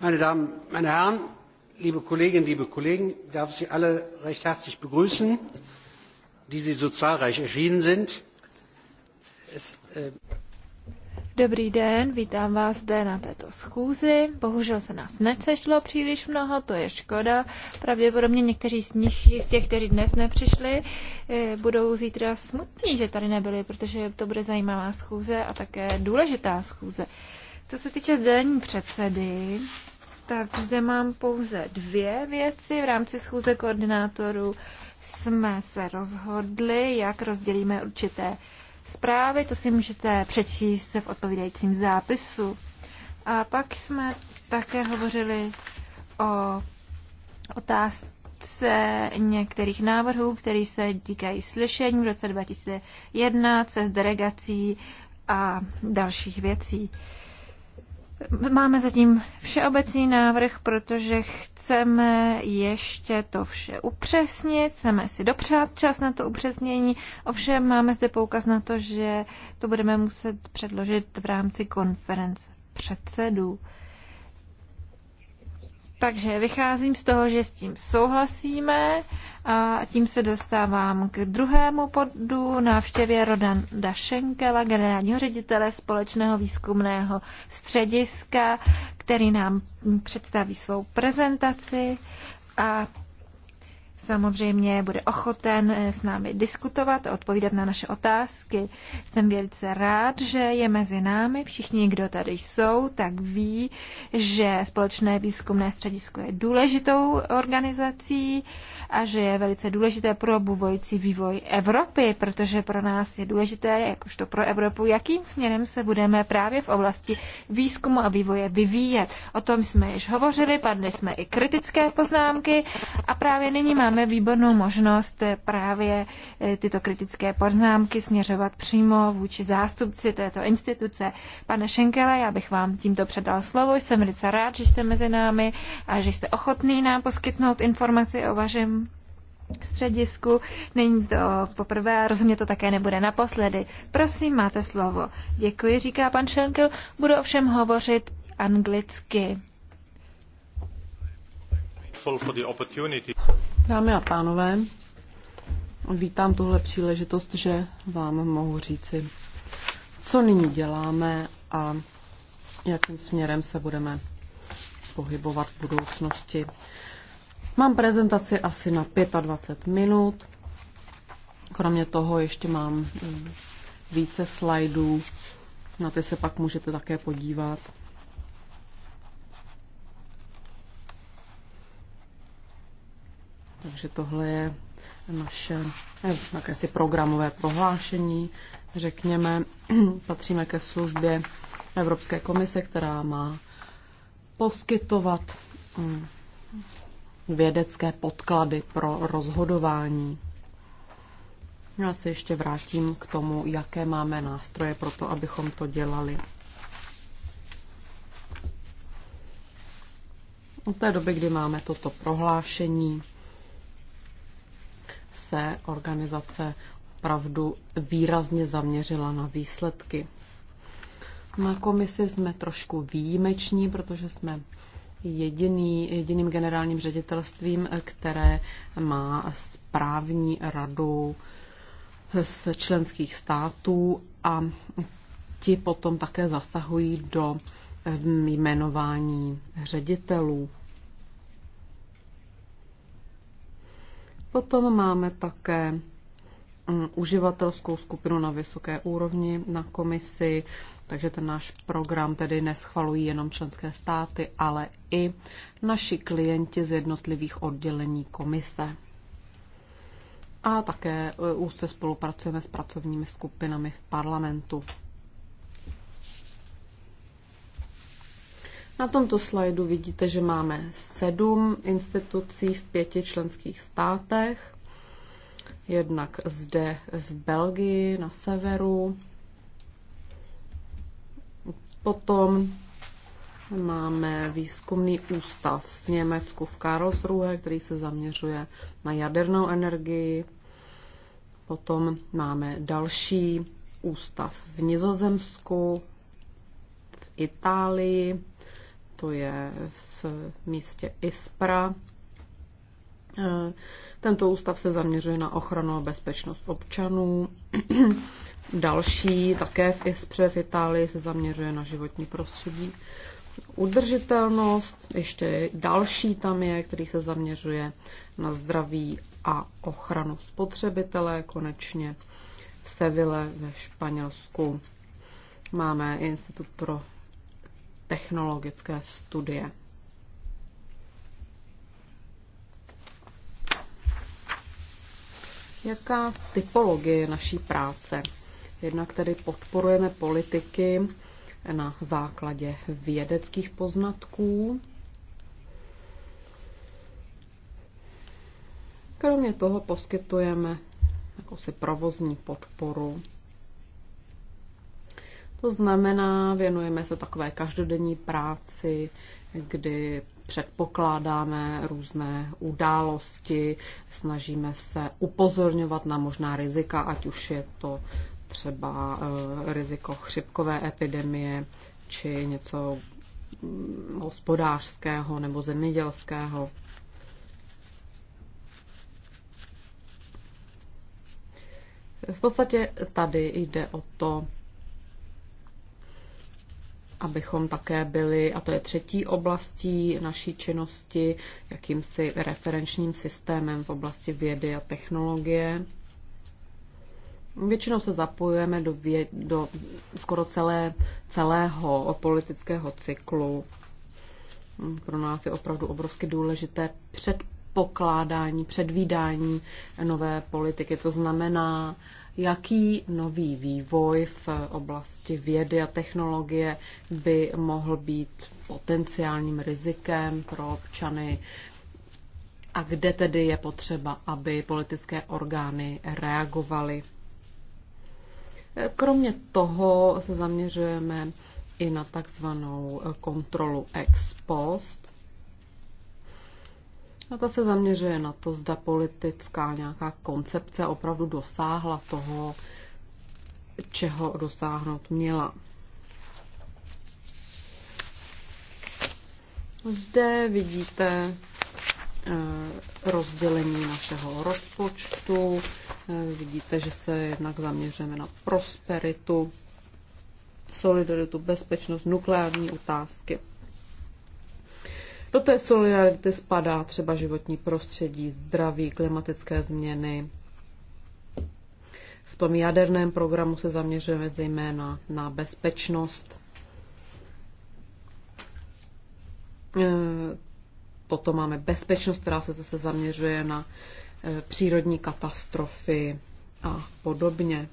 Meine Damen, meine Herren, liebe Kolleginnen, liebe Kollegen, ich darf Sie alle recht herzlich begrüßen, die Sie so zahlreich erschienen sind. Es, äh Dobrý den, vítám vás zde na této schůzi. Bohužel se nás necešlo příliš mnoho, to je škoda. Pravděpodobně někteří z nich, z těch, kteří dnes nepřišli, eh, budou zítra smutní, že tady nebyli, protože to bude zajímavá schůze a také důležitá schůze. Co se týče denní předsedy, tak zde mám pouze dvě věci. V rámci schůze koordinátorů jsme se rozhodli, jak rozdělíme určité zprávy, to si můžete přečíst v odpovídajícím zápisu. A pak jsme také hovořili o otázce některých návrhů, které se týkají slyšení v roce 2001, cest delegací a dalších věcí. Máme zatím všeobecný návrh, protože chceme ještě to vše upřesnit, chceme si dopřát čas na to upřesnění, ovšem máme zde poukaz na to, že to budeme muset předložit v rámci konference předsedů. Takže vycházím z toho, že s tím souhlasíme a tím se dostávám k druhému podu návštěvě Rodan Dašenkela, generálního ředitele Společného výzkumného střediska, který nám představí svou prezentaci a samozřejmě bude ochoten eh, s námi diskutovat a odpovídat na naše otázky. Jsem velice rád, že je mezi námi. Všichni, kdo tady jsou, tak ví, že společné výzkumné středisko je důležitou organizací a že je velice důležité pro bubojící vývoj Evropy, protože pro nás je důležité, jakožto pro Evropu, jakým směrem se budeme právě v oblasti výzkumu a vývoje vyvíjet. O tom jsme již hovořili, padly jsme i kritické poznámky a právě nyní máme výbornou možnost eh, právě eh, tyto kritické poznámky směřovat přímo vůči zástupci této instituce. Pane Šenkele, já bych vám tímto předal slovo, jsem velice rád, že jste mezi námi a že jste ochotný nám poskytnout informaci o vašem středisku. Není to poprvé a rozhodně to také nebude naposledy. Prosím, máte slovo. Děkuji, říká pan Schenkel. Budu ovšem hovořit anglicky. Dámy a pánové, vítám tuhle příležitost, že vám mohu říci, co nyní děláme a jakým směrem se budeme pohybovat v budoucnosti. Mám prezentaci asi na 25 minut. Kromě toho ještě mám eh, více slajdů, na ty se pak můžete také podívat. Takže tohle je naše ne, eh, jakési programové prohlášení. Řekněme, patříme ke službě Evropské komise, která má poskytovat mm, vědecké podklady pro rozhodování. Já se ještě vrátím k tomu, jaké máme nástroje pro to, abychom to dělali. Od té doby, kdy máme toto prohlášení, se organizace opravdu výrazně zaměřila na výsledky. Na komisi jsme trošku výjimeční, protože jsme jediný, jediným generálním ředitelstvím, které má správní radu z členských států a ti potom také zasahují do jmenování ředitelů. Potom máme také mm, uživatelskou skupinu na vysoké úrovni na komisi, takže ten náš program tedy neschvalují jenom členské státy, ale i naši klienti z jednotlivých oddělení komise. A také úzce spolupracujeme s pracovními skupinami v parlamentu. Na tomto slajdu vidíte, že máme sedm institucí v pěti členských státech. Jednak zde v Belgii na severu, Potom máme výzkumný ústav v Německu v Karlsruhe, který se zaměřuje na jadernou energii. Potom máme další ústav v Nizozemsku, v Itálii, to je v místě Ispra. Tento ústav se zaměřuje na ochranu a bezpečnost občanů. Další také v ISPRE v Itálii se zaměřuje na životní prostředí. Udržitelnost, ještě další tam je, který se zaměřuje na zdraví a ochranu spotřebitele. Konečně v Seville ve Španělsku máme Institut pro technologické studie. Jaká typologie naší práce? Jednak tedy podporujeme politiky na základě vědeckých poznatků. Kromě toho poskytujeme jakousi provozní podporu. To znamená, věnujeme se takové každodenní práci, kdy předpokládáme různé události, snažíme se upozorňovat na možná rizika, ať už je to třeba eh, riziko chřipkové epidemie či něco mm, hospodářského nebo zemědělského. V podstatě tady jde o to, abychom také byli, a to je třetí oblastí naší činnosti, jakýmsi referenčním systémem v oblasti vědy a technologie. Většinou se zapojujeme do, vě, do skoro celé, celého politického cyklu. Pro nás je opravdu obrovsky důležité předpokládání, předvídání nové politiky. To znamená, jaký nový vývoj v oblasti vědy a technologie by mohl být potenciálním rizikem pro občany a kde tedy je potřeba, aby politické orgány reagovaly Kromě toho se zaměřujeme i na takzvanou kontrolu ex post. A ta se zaměřuje na to, zda politická nějaká koncepce opravdu dosáhla toho, čeho dosáhnout měla. Zde vidíte Eh, rozdělení našeho rozpočtu. Eh, vidíte, že se jednak zaměřujeme na prosperitu, solidaritu, bezpečnost, nukleární otázky. Do té solidarity spadá třeba životní prostředí, zdraví, klimatické změny. V tom jaderném programu se zaměřujeme zejména na bezpečnost eh, Potom máme bezpečnost, která se zase zaměřuje na eh, přírodní katastrofy a podobně.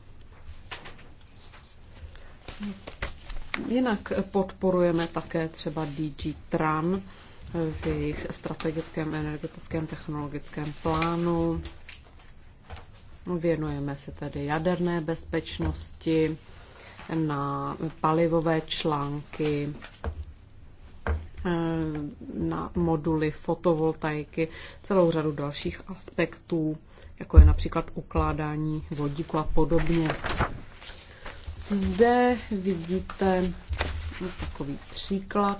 Jinak podporujeme také třeba DG Tran eh, v jejich strategickém, energetickém, technologickém plánu. Věnujeme se tedy jaderné bezpečnosti, na palivové články, na moduly fotovoltaiky, celou řadu dalších aspektů, jako je například ukládání vodíku a podobně. Zde vidíte takový příklad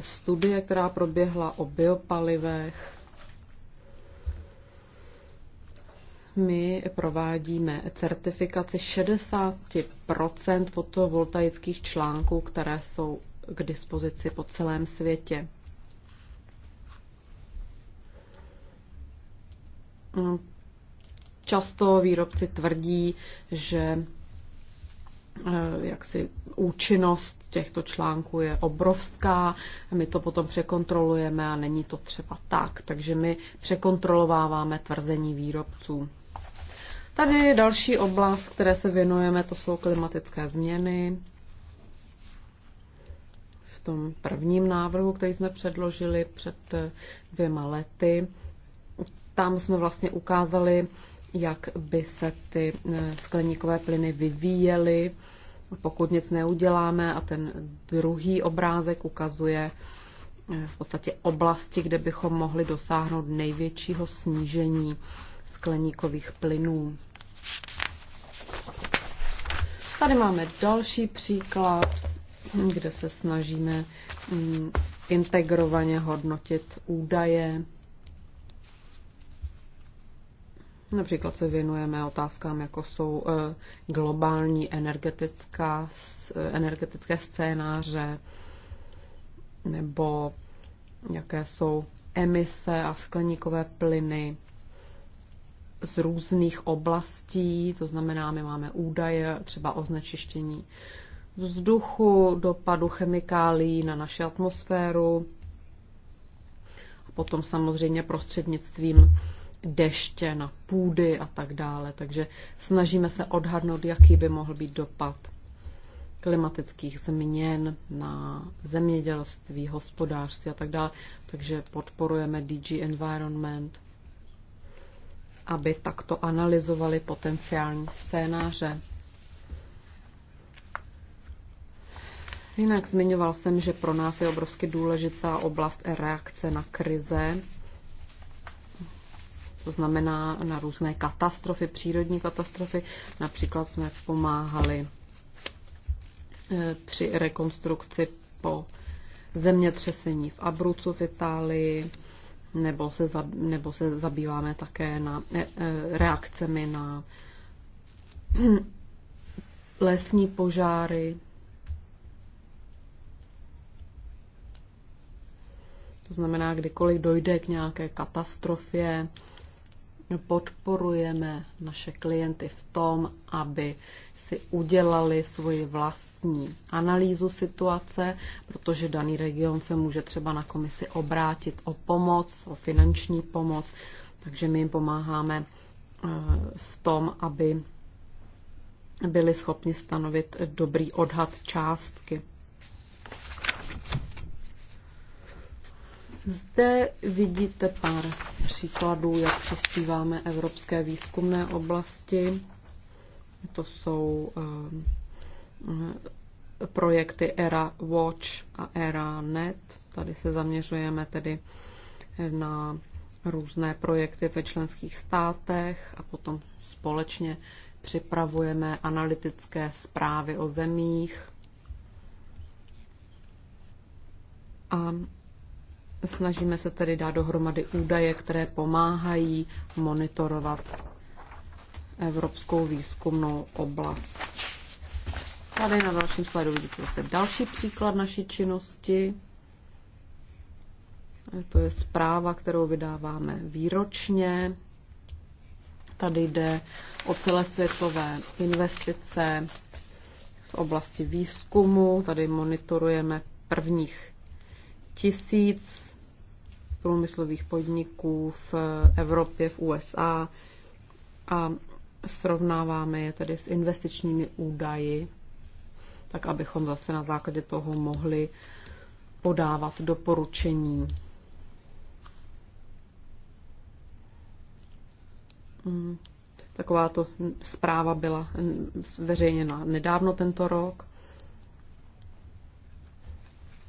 studie, která proběhla o biopalivech. My provádíme certifikaci 60 fotovoltaických článků, které jsou k dispozici po celém světě. Mm. Často výrobci tvrdí, že eh, jaksi účinnost těchto článků je obrovská, my to potom překontrolujeme a není to třeba tak, takže my překontrolováváme tvrzení výrobců. Tady je další oblast, které se věnujeme, to jsou klimatické změny tom prvním návrhu, který jsme předložili před dvěma lety. Tam jsme vlastně ukázali, jak by se ty eh, skleníkové plyny vyvíjely, pokud nic neuděláme. A ten druhý obrázek ukazuje eh, v podstatě oblasti, kde bychom mohli dosáhnout největšího snížení skleníkových plynů. Tady máme další příklad kde se snažíme mm, integrovaně hodnotit údaje. Například se věnujeme otázkám, jako jsou e, globální energetická, e, energetické scénáře nebo jaké jsou emise a skleníkové plyny z různých oblastí, to znamená, my máme údaje třeba o znečištění vzduchu, dopadu chemikálií na naši atmosféru a potom samozřejmě prostřednictvím deště na půdy a tak dále. Takže snažíme se odhadnout, jaký by mohl být dopad klimatických změn na zemědělství, hospodářství a tak dále. Takže podporujeme DG Environment, aby takto analyzovali potenciální scénáře. Jinak zmiňoval jsem, že pro nás je obrovsky důležitá oblast reakce na krize, to znamená na různé katastrofy, přírodní katastrofy. Například jsme pomáhali eh, při rekonstrukci po zemětřesení v Abrucu v Itálii, nebo se, za, nebo se zabýváme také na eh, eh, reakcemi na lesní požáry To znamená, kdykoliv dojde k nějaké katastrofě, podporujeme naše klienty v tom, aby si udělali svoji vlastní analýzu situace, protože daný region se může třeba na komisi obrátit o pomoc, o finanční pomoc, takže my jim pomáháme eh, v tom, aby byli schopni stanovit dobrý odhad částky. Zde vidíte pár příkladů, jak přispíváme evropské výzkumné oblasti. To jsou eh, projekty Era Watch a Era Net. Tady se zaměřujeme tedy na různé projekty ve členských státech a potom společně připravujeme analytické zprávy o zemích. A Snažíme se tedy dát dohromady údaje, které pomáhají monitorovat evropskou výzkumnou oblast. Tady na dalším slajdu vidíte zase další příklad naší činnosti. To je zpráva, kterou vydáváme výročně. Tady jde o celosvětové investice v oblasti výzkumu. Tady monitorujeme prvních tisíc průmyslových podniků v Evropě, v USA a srovnáváme je tedy s investičními údaji, tak abychom zase na základě toho mohli podávat doporučení. Hmm. Takováto zpráva byla zveřejněna nedávno tento rok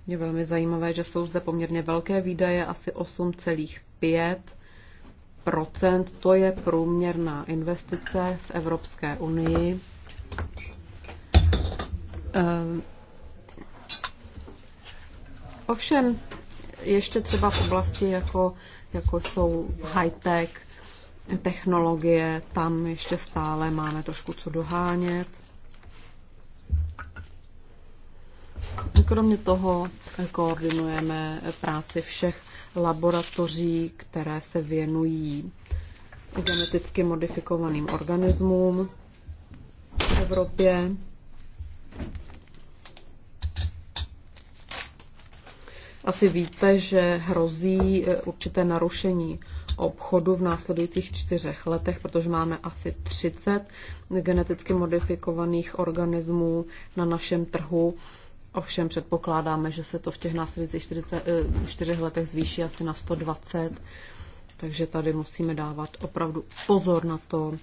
je velmi zajímavé, že jsou zde poměrně velké výdaje, asi 8,5 To je průměrná investice v Evropské unii. Eh, ovšem, ještě třeba v oblasti, jako, jako jsou high-tech, technologie, tam ještě stále máme trošku co dohánět. Kromě toho koordinujeme práci všech laboratoří, které se věnují geneticky modifikovaným organismům v Evropě. Asi víte, že hrozí eh, určité narušení obchodu v následujících čtyřech letech, protože máme asi 30 geneticky modifikovaných organismů na našem trhu Ovšem předpokládáme, že se to v těch následujících 4 eh, letech zvýší asi na 120, takže tady musíme dávat opravdu pozor na to,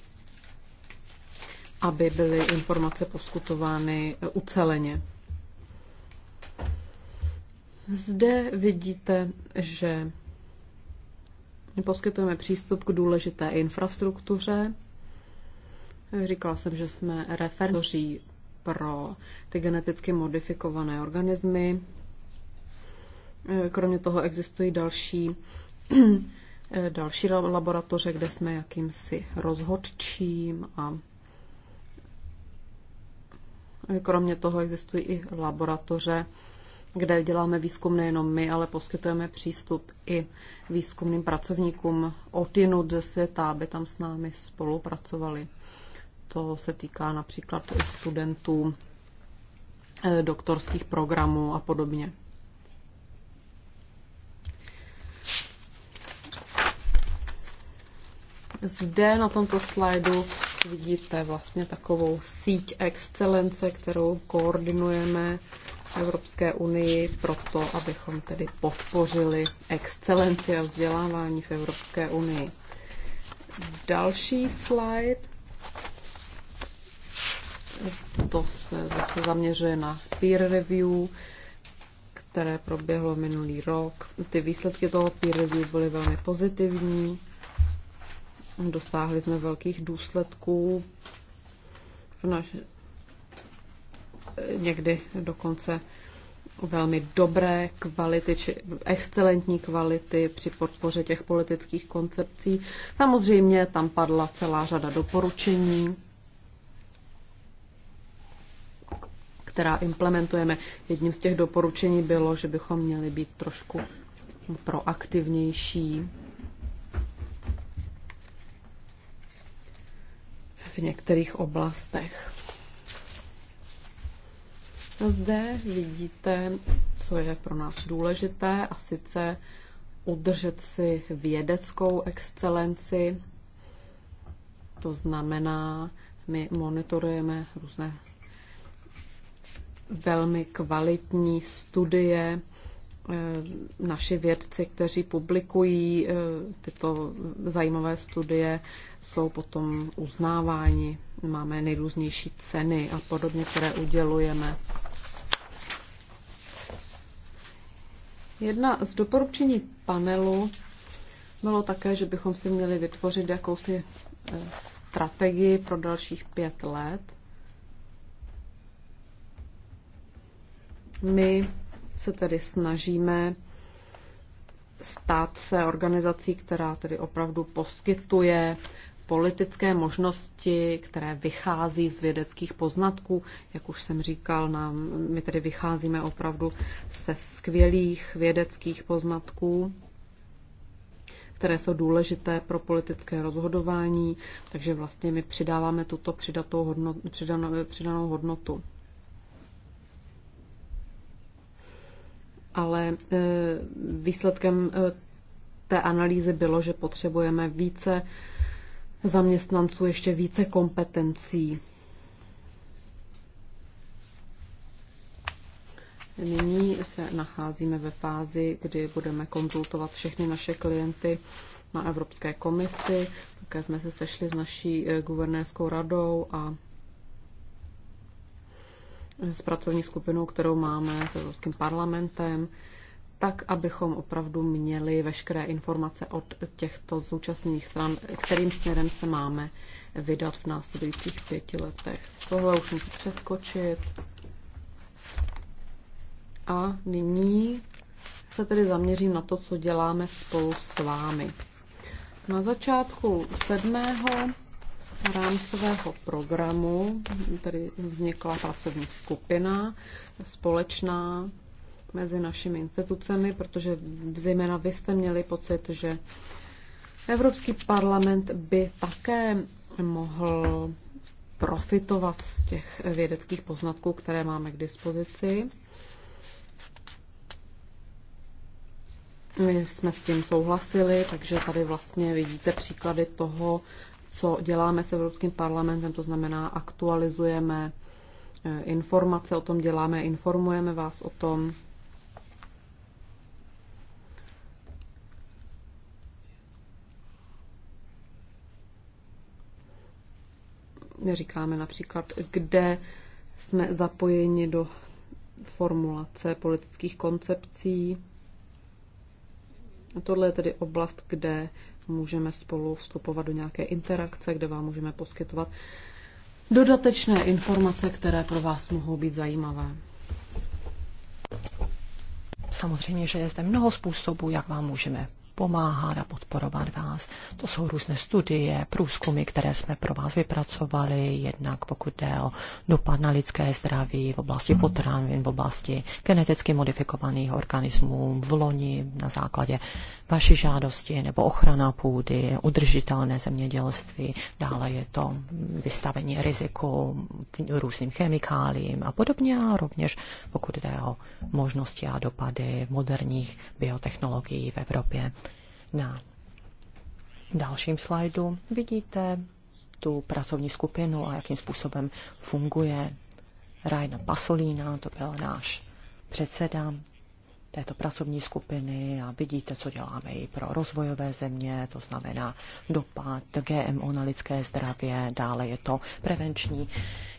aby byly informace poskutovány eh, uceleně. Zde vidíte, že poskytujeme přístup k důležité infrastruktuře. Říkala jsem, že jsme referentoří pro ty geneticky modifikované organismy. Eh, kromě toho existují další, eh, další laboratoře, kde jsme jakýmsi rozhodčím a eh, kromě toho existují i laboratoře, kde děláme výzkum nejenom my, ale poskytujeme přístup i výzkumným pracovníkům jinut ze světa, aby tam s námi spolupracovali. To se týká například studentů eh, doktorských programů a podobně. Zde na tomto slajdu vidíte vlastně takovou síť excelence, kterou koordinujeme v Evropské unii to, abychom tedy podpořili excelenci a vzdělávání v Evropské unii. Další slide to se zase zaměřuje na peer review, které proběhlo minulý rok. Ty výsledky toho peer review byly velmi pozitivní. Dosáhli jsme velkých důsledků. V naš... Někdy dokonce velmi dobré kvality, či excelentní kvality při podpoře těch politických koncepcí. Samozřejmě tam padla celá řada doporučení. která implementujeme. Jedním z těch doporučení bylo, že bychom měli být trošku proaktivnější v některých oblastech. Zde vidíte, co je pro nás důležité, a sice udržet si vědeckou excelenci. To znamená, my monitorujeme různé velmi kvalitní studie. E, naši vědci, kteří publikují e, tyto zajímavé studie, jsou potom uznáváni. Máme nejrůznější ceny a podobně, které udělujeme. Jedna z doporučení panelu bylo také, že bychom si měli vytvořit jakousi e, strategii pro dalších pět let My se tedy snažíme stát se organizací, která tedy opravdu poskytuje politické možnosti, které vychází z vědeckých poznatků. Jak už jsem říkal, nám, my tedy vycházíme opravdu se skvělých vědeckých poznatků, které jsou důležité pro politické rozhodování, takže vlastně my přidáváme tuto přidatou hodnotu, přidanou, přidanou hodnotu. ale e, výsledkem e, té analýzy bylo, že potřebujeme více zaměstnanců, ještě více kompetencí. Nyní se nacházíme ve fázi, kdy budeme konzultovat všechny naše klienty na Evropské komisi. Také jsme se sešli s naší e, guvernérskou radou a s pracovní skupinou, kterou máme s Evropským parlamentem, tak, abychom opravdu měli veškeré informace od těchto zúčastněných stran, kterým směrem se máme vydat v následujících pěti letech. Tohle už můžu přeskočit. A nyní se tedy zaměřím na to, co děláme spolu s vámi. Na začátku sedmého rámcového programu tady vznikla pracovní skupina společná mezi našimi institucemi, protože zejména vy jste měli pocit, že Evropský parlament by také mohl profitovat z těch vědeckých poznatků, které máme k dispozici. My jsme s tím souhlasili, takže tady vlastně vidíte příklady toho, co děláme s Evropským parlamentem, to znamená aktualizujeme eh, informace o tom děláme, informujeme vás o tom. Říkáme například, kde jsme zapojeni do formulace politických koncepcí. Tohle je tedy oblast, kde můžeme spolu vstupovat do nějaké interakce, kde vám můžeme poskytovat dodatečné informace, které pro vás mohou být zajímavé. Samozřejmě, že je zde mnoho způsobů, jak vám můžeme pomáhat a podporovat vás. To jsou různé studie, průzkumy, které jsme pro vás vypracovali, jednak pokud jde o dopad na lidské zdraví v oblasti potravin, v oblasti geneticky modifikovaných organismů, v loni na základě vaší žádosti nebo ochrana půdy, udržitelné zemědělství, dále je to vystavení riziku různým chemikáliím a podobně a rovněž pokud jde o možnosti a dopady moderních biotechnologií v Evropě. Na dalším slajdu vidíte tu pracovní skupinu a jakým způsobem funguje. Rajna Pasolína, to byl náš předseda této pracovní skupiny a vidíte, co děláme i pro rozvojové země, to znamená dopad GMO na lidské zdravě, dále je to prevenční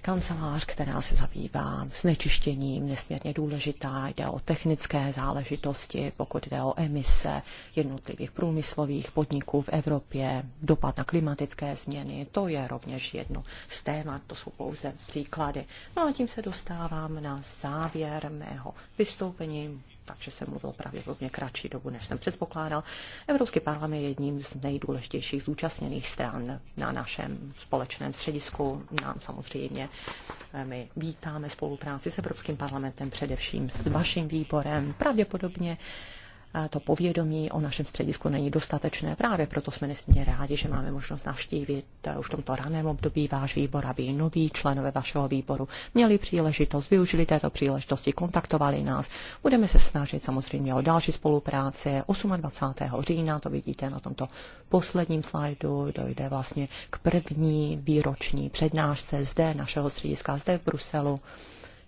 kancelář, která se zabývá znečištěním, nesmírně důležitá, jde o technické záležitosti, pokud jde o emise jednotlivých průmyslových podniků v Evropě, dopad na klimatické změny, to je rovněž jedno z témat, to jsou pouze příklady. No a tím se dostávám na závěr mého vystoupení takže jsem mluvil pravděpodobně kratší dobu, než jsem předpokládal. Evropský parlament je jedním z nejdůležitějších zúčastněných stran na našem společném středisku. Nám samozřejmě eh, my vítáme spolupráci s Evropským parlamentem, především s vaším výborem. Pravděpodobně to povědomí o našem středisku není dostatečné. Právě proto jsme nesmírně rádi, že máme možnost navštívit eh, už v tomto raném období váš výbor, aby i noví členové vašeho výboru měli příležitost, využili této příležitosti, kontaktovali nás. Budeme se snažit samozřejmě o další spolupráci. 28. října, to vidíte na tomto posledním slajdu, dojde vlastně k první výroční přednášce zde našeho střediska, zde v Bruselu.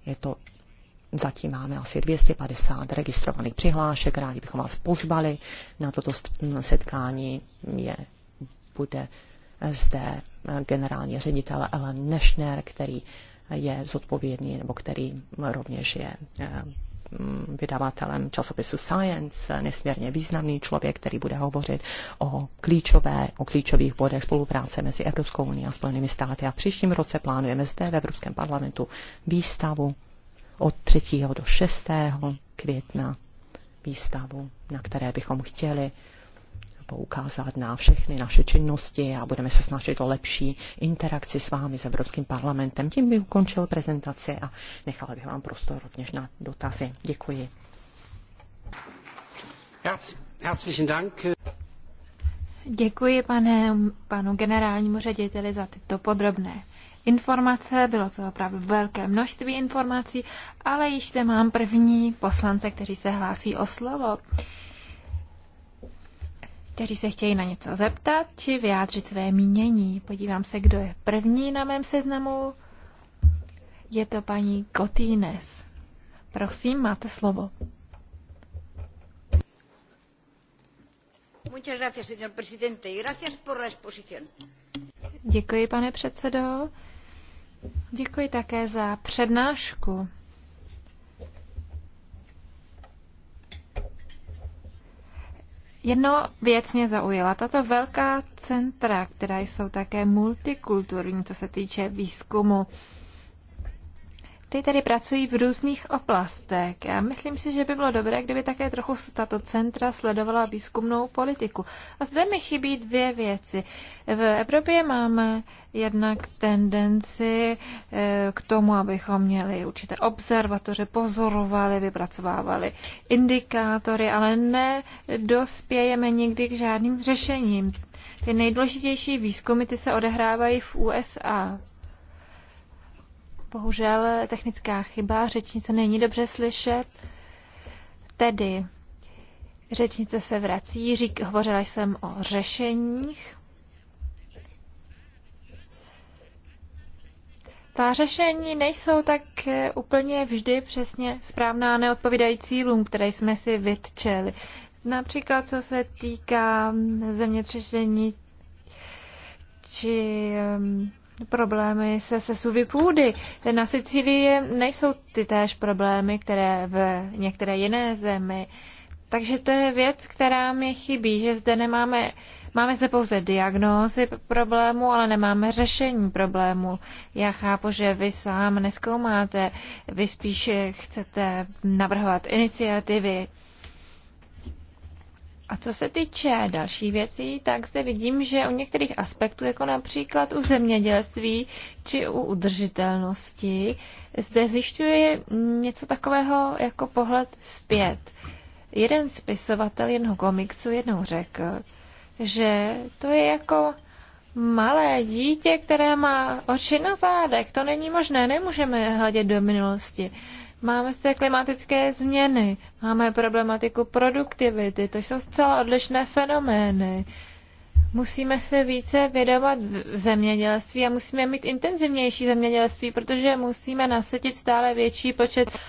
Je to Zatím máme asi 250 registrovaných přihlášek. Rádi bychom vás pozvali na toto setkání. Je, bude zde eh, generální ředitel Ellen Nešner, který je zodpovědný, nebo který rovněž je eh, mm, vydavatelem časopisu Science, nesmírně významný člověk, který bude hovořit o klíčové, o klíčových bodech spolupráce mezi Evropskou unii a Spojenými státy. A v příštím roce plánujeme zde v Evropském parlamentu výstavu od 3. do 6. května výstavu, na které bychom chtěli poukázat na všechny naše činnosti a budeme se snažit o lepší interakci s vámi, s Evropským parlamentem. Tím bych ukončil prezentaci a nechala bych vám prostor rovněž na dotazy. Děkuji. Herzlichen Děkuji pane, panu generálnímu řediteli za tyto podrobné informace, bylo to opravdu velké množství informací, ale již zde mám první poslance, kteří se hlásí o slovo, kteří se chtějí na něco zeptat či vyjádřit své mínění. Podívám se, kdo je první na mém seznamu. Je to paní Kotýnes. Prosím, máte slovo. Děkuji, pane předsedo. Děkuji také za přednášku. Jedno věc mě zaujala. Tato velká centra, která jsou také multikulturní, co se týče výzkumu, ty tedy pracují v různých oblastech. Já myslím si, že by bylo dobré, kdyby také trochu tato centra sledovala výzkumnou politiku. A zde mi chybí dvě věci. V Evropě máme jednak tendenci eh, k tomu, abychom měli určité observatoře, pozorovali, vypracovávali indikátory, ale nedospějeme nikdy k žádným řešením. Ty nejdůležitější výzkumy ty se odehrávají v USA. Bohužel technická chyba, řečnice není dobře slyšet. Tedy řečnice se vrací, řík, hovořila jsem o řešeních. Ta řešení nejsou tak eh, úplně vždy přesně správná, neodpovídají cílům, které jsme si vytčeli. Například co se týká zemětřešení či um, problémy se sesuvy půdy. Na Sicílii nejsou ty též problémy, které v některé jiné zemi. Takže to je věc, která mi chybí, že zde nemáme, máme zde pouze diagnózy problému, ale nemáme řešení problému. Já chápu, že vy sám neskoumáte, vy spíše chcete navrhovat iniciativy, a co se týče další věcí, tak zde vidím, že u některých aspektů, jako například u zemědělství či u udržitelnosti, zde zjišťuje něco takového jako pohled zpět. Jeden spisovatel jednoho komiksu jednou řekl, že to je jako malé dítě, které má oči na zádech. To není možné, nemůžeme hledět do minulosti. Máme zde klimatické změny, máme problematiku produktivity, to jsou zcela odlišné fenomény musíme se více vědovat v zemědělství a musíme mít intenzivnější zemědělství, protože musíme nasetit stále větší počet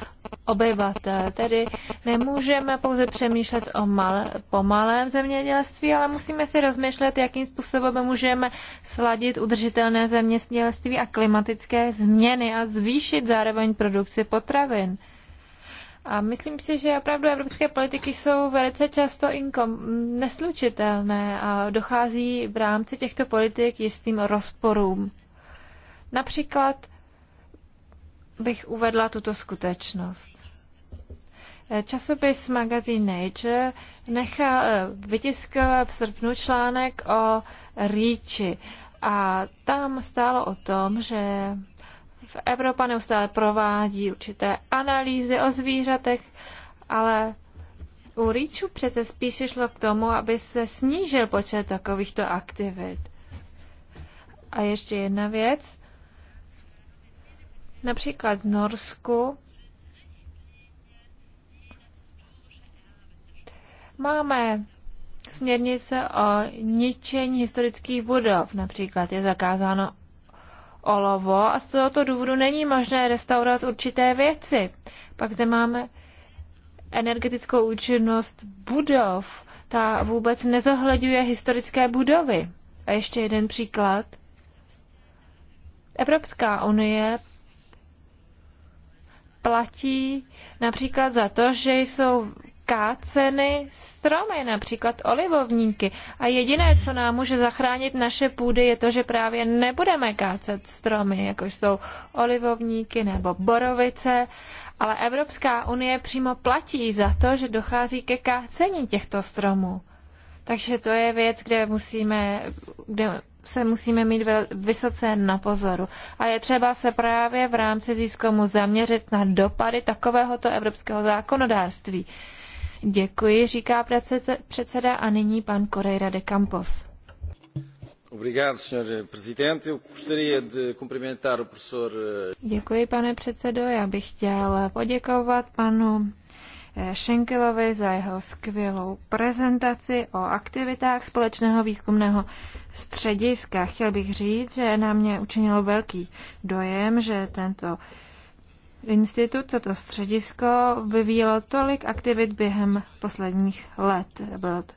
obyvatel. Tedy nemůžeme pouze přemýšlet o mal, pomalém zemědělství, ale musíme si rozmýšlet, jakým způsobem můžeme sladit udržitelné zemědělství a klimatické změny a zvýšit zároveň produkci potravin. A myslím si, že opravdu evropské politiky jsou velice často inkom- neslučitelné a dochází v rámci těchto politik jistým rozporům. Například bych uvedla tuto skutečnost. Časopis magazín Nature nechal, eh, vytiskl v srpnu článek o Ríči a tam stálo o tom, že v Evropa neustále provádí určité analýzy o zvířatech, ale u rýčů přece spíše šlo k tomu, aby se snížil počet takovýchto aktivit. A ještě jedna věc. Například v Norsku máme směrnice o ničení historických budov. Například je zakázáno olovo a z tohoto důvodu není možné restaurovat určité věci. Pak zde máme energetickou účinnost budov. Ta vůbec nezohledňuje historické budovy. A ještě jeden příklad. Evropská unie platí například za to, že jsou skáceny stromy, například olivovníky. A jediné, co nám může zachránit naše půdy, je to, že právě nebudeme kácet stromy, jako jsou olivovníky nebo borovice. Ale Evropská unie přímo platí za to, že dochází ke kácení těchto stromů. Takže to je věc, kde musíme, kde se musíme mít vysoce na pozoru. A je třeba se právě v rámci výzkumu zaměřit na dopady takovéhoto evropského zákonodárství. Děkuji, říká předseda a nyní pan Correira de Campos. Eh, Děkuji, pane předsedo. Já bych chtěl poděkovat panu Schenkelovi eh, za jeho skvělou prezentaci o aktivitách společného výzkumného střediska. Chtěl bych říct, že na mě učinilo velký dojem, že tento institut, toto středisko vyvíjelo tolik aktivit během posledních let. Bylo to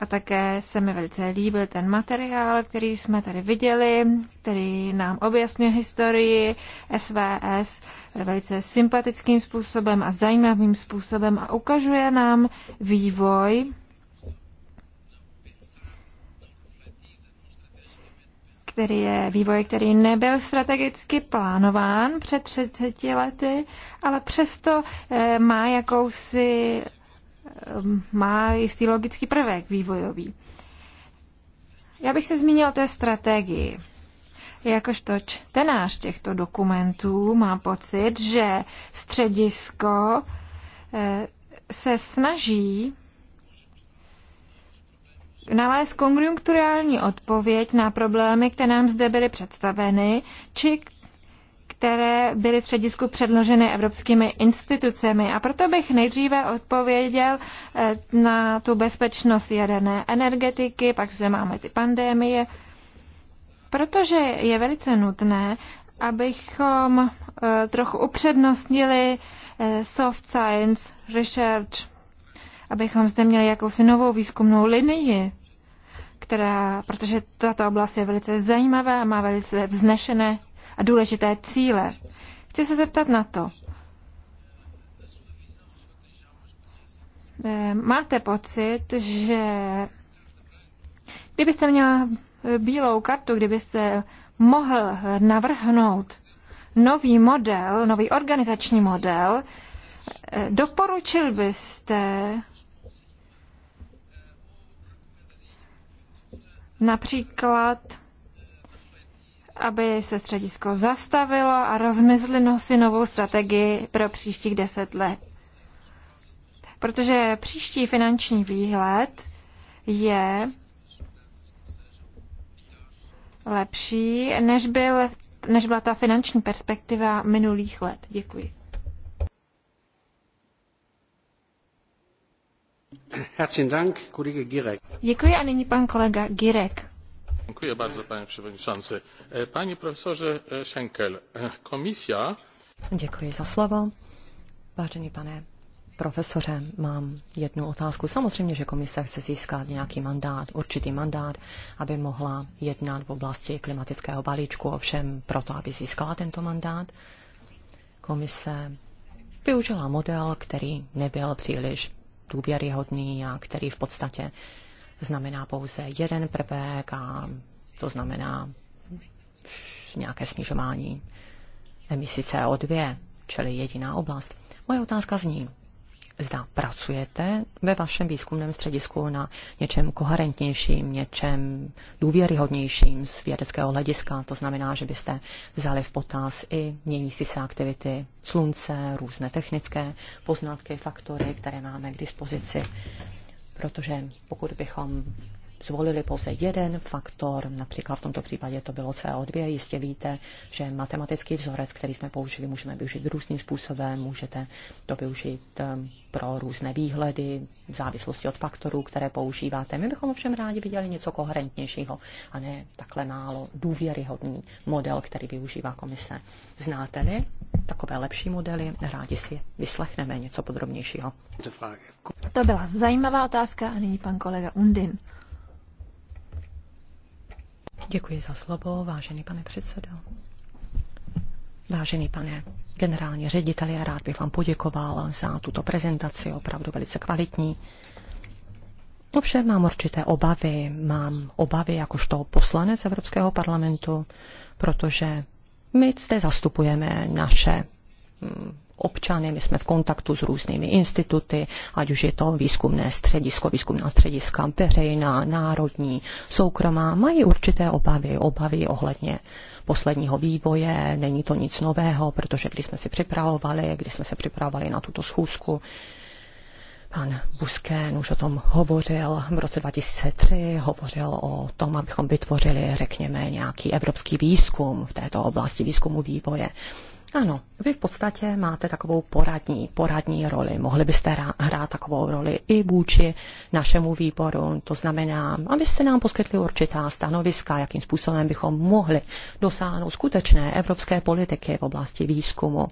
a také se mi velice líbil ten materiál, který jsme tady viděli, který nám objasňuje historii SVS velice sympatickým způsobem a zajímavým způsobem a ukazuje nám vývoj který je vývoj, který nebyl strategicky plánován před 30 lety, ale přesto eh, má jakousi, eh, má jistý logický prvek vývojový. Já bych se zmínil té strategii. Jakožto čtenář těchto dokumentů má pocit, že středisko eh, se snaží nalézt konjunkturální odpověď na problémy, které nám zde byly představeny, či které byly středisku předloženy evropskými institucemi. A proto bych nejdříve odpověděl eh, na tu bezpečnost jaderné energetiky, pak zde máme ty pandémie, protože je velice nutné, abychom eh, trochu upřednostnili eh, soft science, research, abychom zde měli jakousi novou výzkumnou linii, která, protože tato oblast je velice zajímavá a má velice vznešené a důležité cíle. Chci se zeptat na to. Eh, máte pocit, že kdybyste měla bílou kartu, kdybyste mohl navrhnout nový model, nový organizační model, eh, doporučil byste Například, aby se středisko zastavilo a rozmyslilo si novou strategii pro příštích deset let. Protože příští finanční výhled je lepší, než, byl, než byla ta finanční perspektiva minulých let. Děkuji. Herzlichen Dank, kolega Girek. Děkuji a nyní pan kolega Girek. Dziękuję bardzo, panie przewodniczący. E, panie profesorze e, Schenkel, e, komisja... Děkuji za slovo. Vážený pane profesore, mám jednu otázku. Samozřejmě, že komise chce získat nějaký mandát, určitý mandát, aby mohla jednat v oblasti klimatického balíčku, ovšem proto, aby získala tento mandát. Komise využila model, který nebyl příliš důvěryhodný a který v podstatě znamená pouze jeden prvek a to znamená nějaké snižování emisí CO2, čili jediná oblast. Moje otázka zní, zda pracujete ve vašem výzkumném středisku na něčem koherentnějším, něčem důvěryhodnějším z vědeckého hlediska. To znamená, že byste vzali v potaz i měnící se aktivity slunce, různé technické poznatky, faktory, které máme k dispozici. Protože pokud bychom zvolili pouze jeden faktor, například v tomto případě to bylo CO2. Jistě víte, že matematický vzorec, který jsme použili, můžeme využít různým způsobem, můžete to využít ehm, pro různé výhledy v závislosti od faktorů, které používáte. My bychom ovšem rádi viděli něco koherentnějšího a ne takhle málo důvěryhodný model, který využívá komise. Znáte-li takové lepší modely, rádi si vyslechneme něco podrobnějšího. To byla zajímavá otázka a nyní pan kolega Undin. Děkuji za slovo, vážený pane předsedo. Vážený pane generální řediteli, rád bych vám poděkoval za tuto prezentaci, opravdu velice kvalitní. Ovšem mám určité obavy, mám obavy jakožto poslanec Evropského parlamentu, protože my zde zastupujeme naše mm, občany, my jsme v kontaktu s různými instituty, ať už je to výzkumné středisko, výzkumná střediska, veřejná, národní, soukromá, mají určité obavy, obavy ohledně posledního vývoje, není to nic nového, protože když jsme si připravovali, když jsme se připravovali na tuto schůzku, Pan Buskén už o tom hovořil v roce 2003, hovořil o tom, abychom vytvořili, řekněme, nějaký evropský výzkum v této oblasti výzkumu vývoje. Ano, vy v podstatě máte takovou poradní, poradní roli. Mohli byste hrát takovou roli i vůči našemu výboru. To znamená, abyste nám poskytli určitá stanoviska, jakým způsobem bychom mohli dosáhnout skutečné evropské politiky v oblasti výzkumu.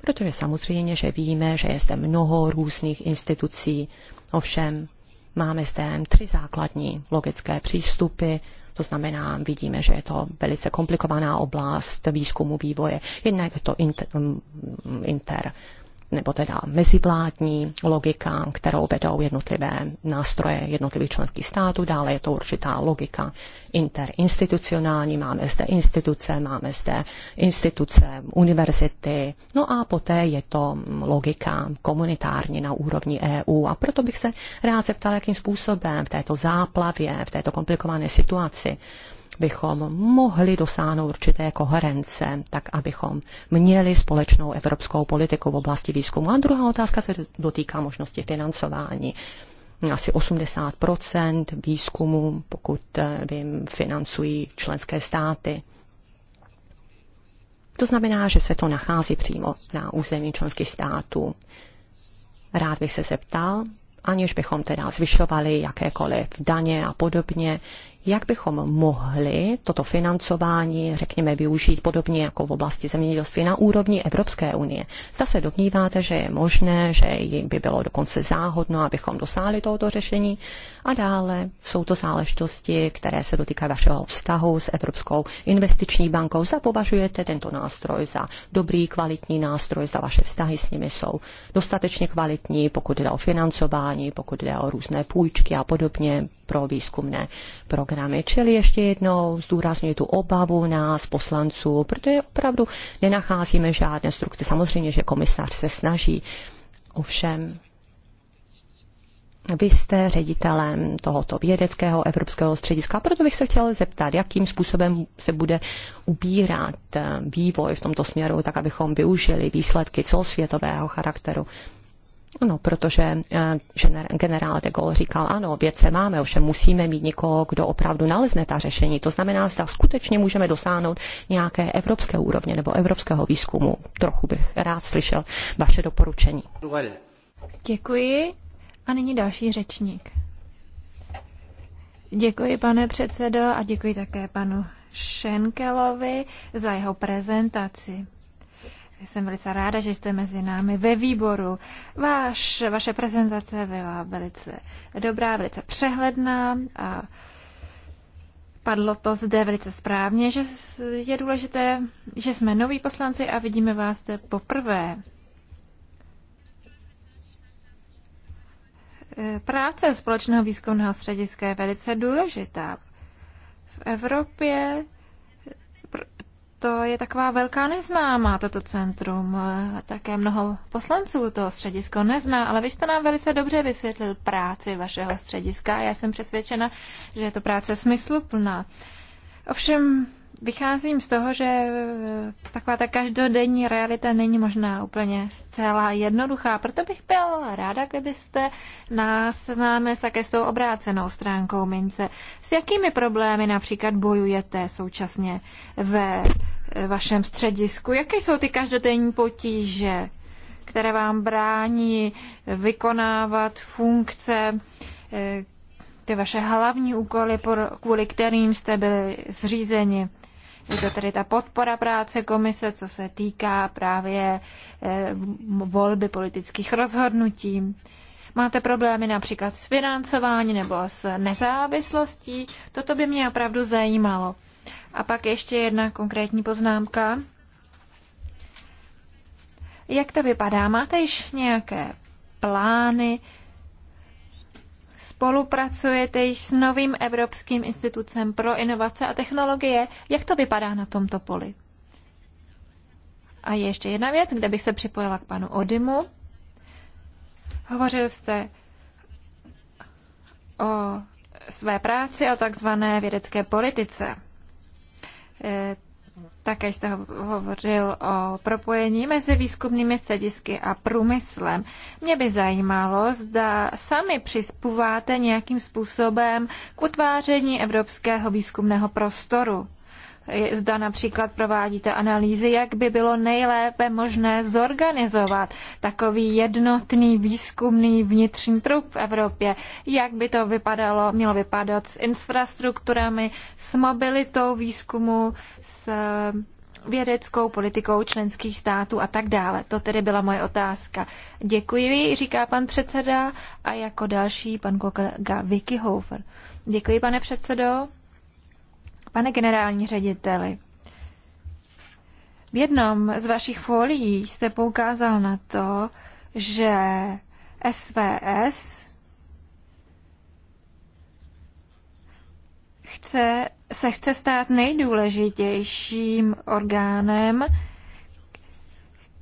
Protože samozřejmě, že víme, že je zde mnoho různých institucí. Ovšem, máme zde tři základní logické přístupy to znamená, vidíme, že je to velice komplikovaná oblast výzkumu vývoje. Jednak je to inter, mm, inter nebo teda mezivládní logika, kterou vedou jednotlivé nástroje jednotlivých členských států. Dále je to určitá logika interinstitucionální. Máme zde instituce, máme zde instituce, univerzity. No a poté je to logika komunitární na úrovni EU. A proto bych se rád zeptal, jakým způsobem v této záplavě, v této komplikované situaci bychom mohli dosáhnout určité koherence, tak abychom měli společnou evropskou politiku v oblasti výzkumu. A druhá otázka se dotýká možnosti financování asi 80 výzkumu, pokud eh, vím, financují členské státy. To znamená, že se to nachází přímo na území členských států. Rád bych se zeptal, aniž bychom teda zvyšovali jakékoliv daně a podobně, jak bychom mohli toto financování, řekněme, využít podobně jako v oblasti zemědělství na úrovni Evropské unie. Zda se domníváte, že je možné, že by bylo dokonce záhodno, abychom dosáhli tohoto řešení. A dále jsou to záležitosti, které se dotýkají vašeho vztahu s Evropskou investiční bankou. Zda považujete tento nástroj za dobrý, kvalitní nástroj, zda vaše vztahy s nimi jsou dostatečně kvalitní, pokud jde o financování, pokud jde o různé půjčky a podobně pro výzkumné programy programy. Čili ještě jednou zdůrazňuji tu obavu nás, poslanců, protože opravdu nenacházíme žádné struktury. Samozřejmě, že komisař se snaží, ovšem vy jste ředitelem tohoto vědeckého evropského střediska, proto bych se chtěl zeptat, jakým způsobem se bude ubírat eh, vývoj v tomto směru, tak abychom využili výsledky celosvětového charakteru No, protože eh, generál de Gaulle říkal, ano, vědce máme, ovšem musíme mít někoho, kdo opravdu nalezne ta řešení. To znamená, zda skutečně můžeme dosáhnout nějaké evropské úrovně nebo evropského výzkumu. Trochu bych rád slyšel vaše doporučení. Děkuji. A nyní další řečník. Děkuji, pane předsedo, a děkuji také panu Šenkelovi za jeho prezentaci. Jsem velice ráda, že jste mezi námi ve výboru. Váš, vaše prezentace byla velice dobrá, velice přehledná a padlo to zde velice správně, že je důležité, že jsme noví poslanci a vidíme vás zde poprvé. Práce společného výzkumného střediska je velice důležitá. V Evropě to je taková velká neznámá, toto centrum. Také mnoho poslanců to středisko nezná, ale vy jste nám velice dobře vysvětlil práci vašeho střediska já jsem přesvědčena, že je to práce smysluplná. Ovšem Vycházím z toho, že taková ta každodenní realita není možná úplně zcela jednoduchá, proto bych byla ráda, kdybyste nás s také s tou obrácenou stránkou mince. S jakými problémy například bojujete současně ve vašem středisku? Jaké jsou ty každodenní potíže, které vám brání vykonávat funkce, eh, ty vaše hlavní úkoly, kvůli kterým jste byli zřízeni. Je to tedy ta podpora práce komise, co se týká právě eh, volby politických rozhodnutí. Máte problémy například s financování nebo s nezávislostí? Toto by mě opravdu zajímalo. A pak ještě jedna konkrétní poznámka. Jak to vypadá? Máte již nějaké plány, spolupracujete již s novým Evropským institucem pro inovace a technologie. Jak to vypadá na tomto poli? A je ještě jedna věc, kde bych se připojila k panu Odimu. Hovořil jste o své práci, o takzvané vědecké politice. Eh, také jste hovořil o propojení mezi výzkumnými středisky a průmyslem. Mě by zajímalo, zda sami přispíváte nějakým způsobem k utváření evropského výzkumného prostoru. Zda například provádíte analýzy, jak by bylo nejlépe možné zorganizovat takový jednotný výzkumný vnitřní trup v Evropě. Jak by to vypadalo, mělo vypadat s infrastrukturami, s mobilitou výzkumu, Eh, vědeckou politikou členských států a tak dále. To tedy byla moje otázka. Děkuji, říká pan předseda a jako další pan kolega Vicky Hofer. Děkuji, pane předsedo. Pane generální řediteli, v jednom z vašich folií jste poukázal na to, že SVS chce, se chce stát nejdůležitějším orgánem,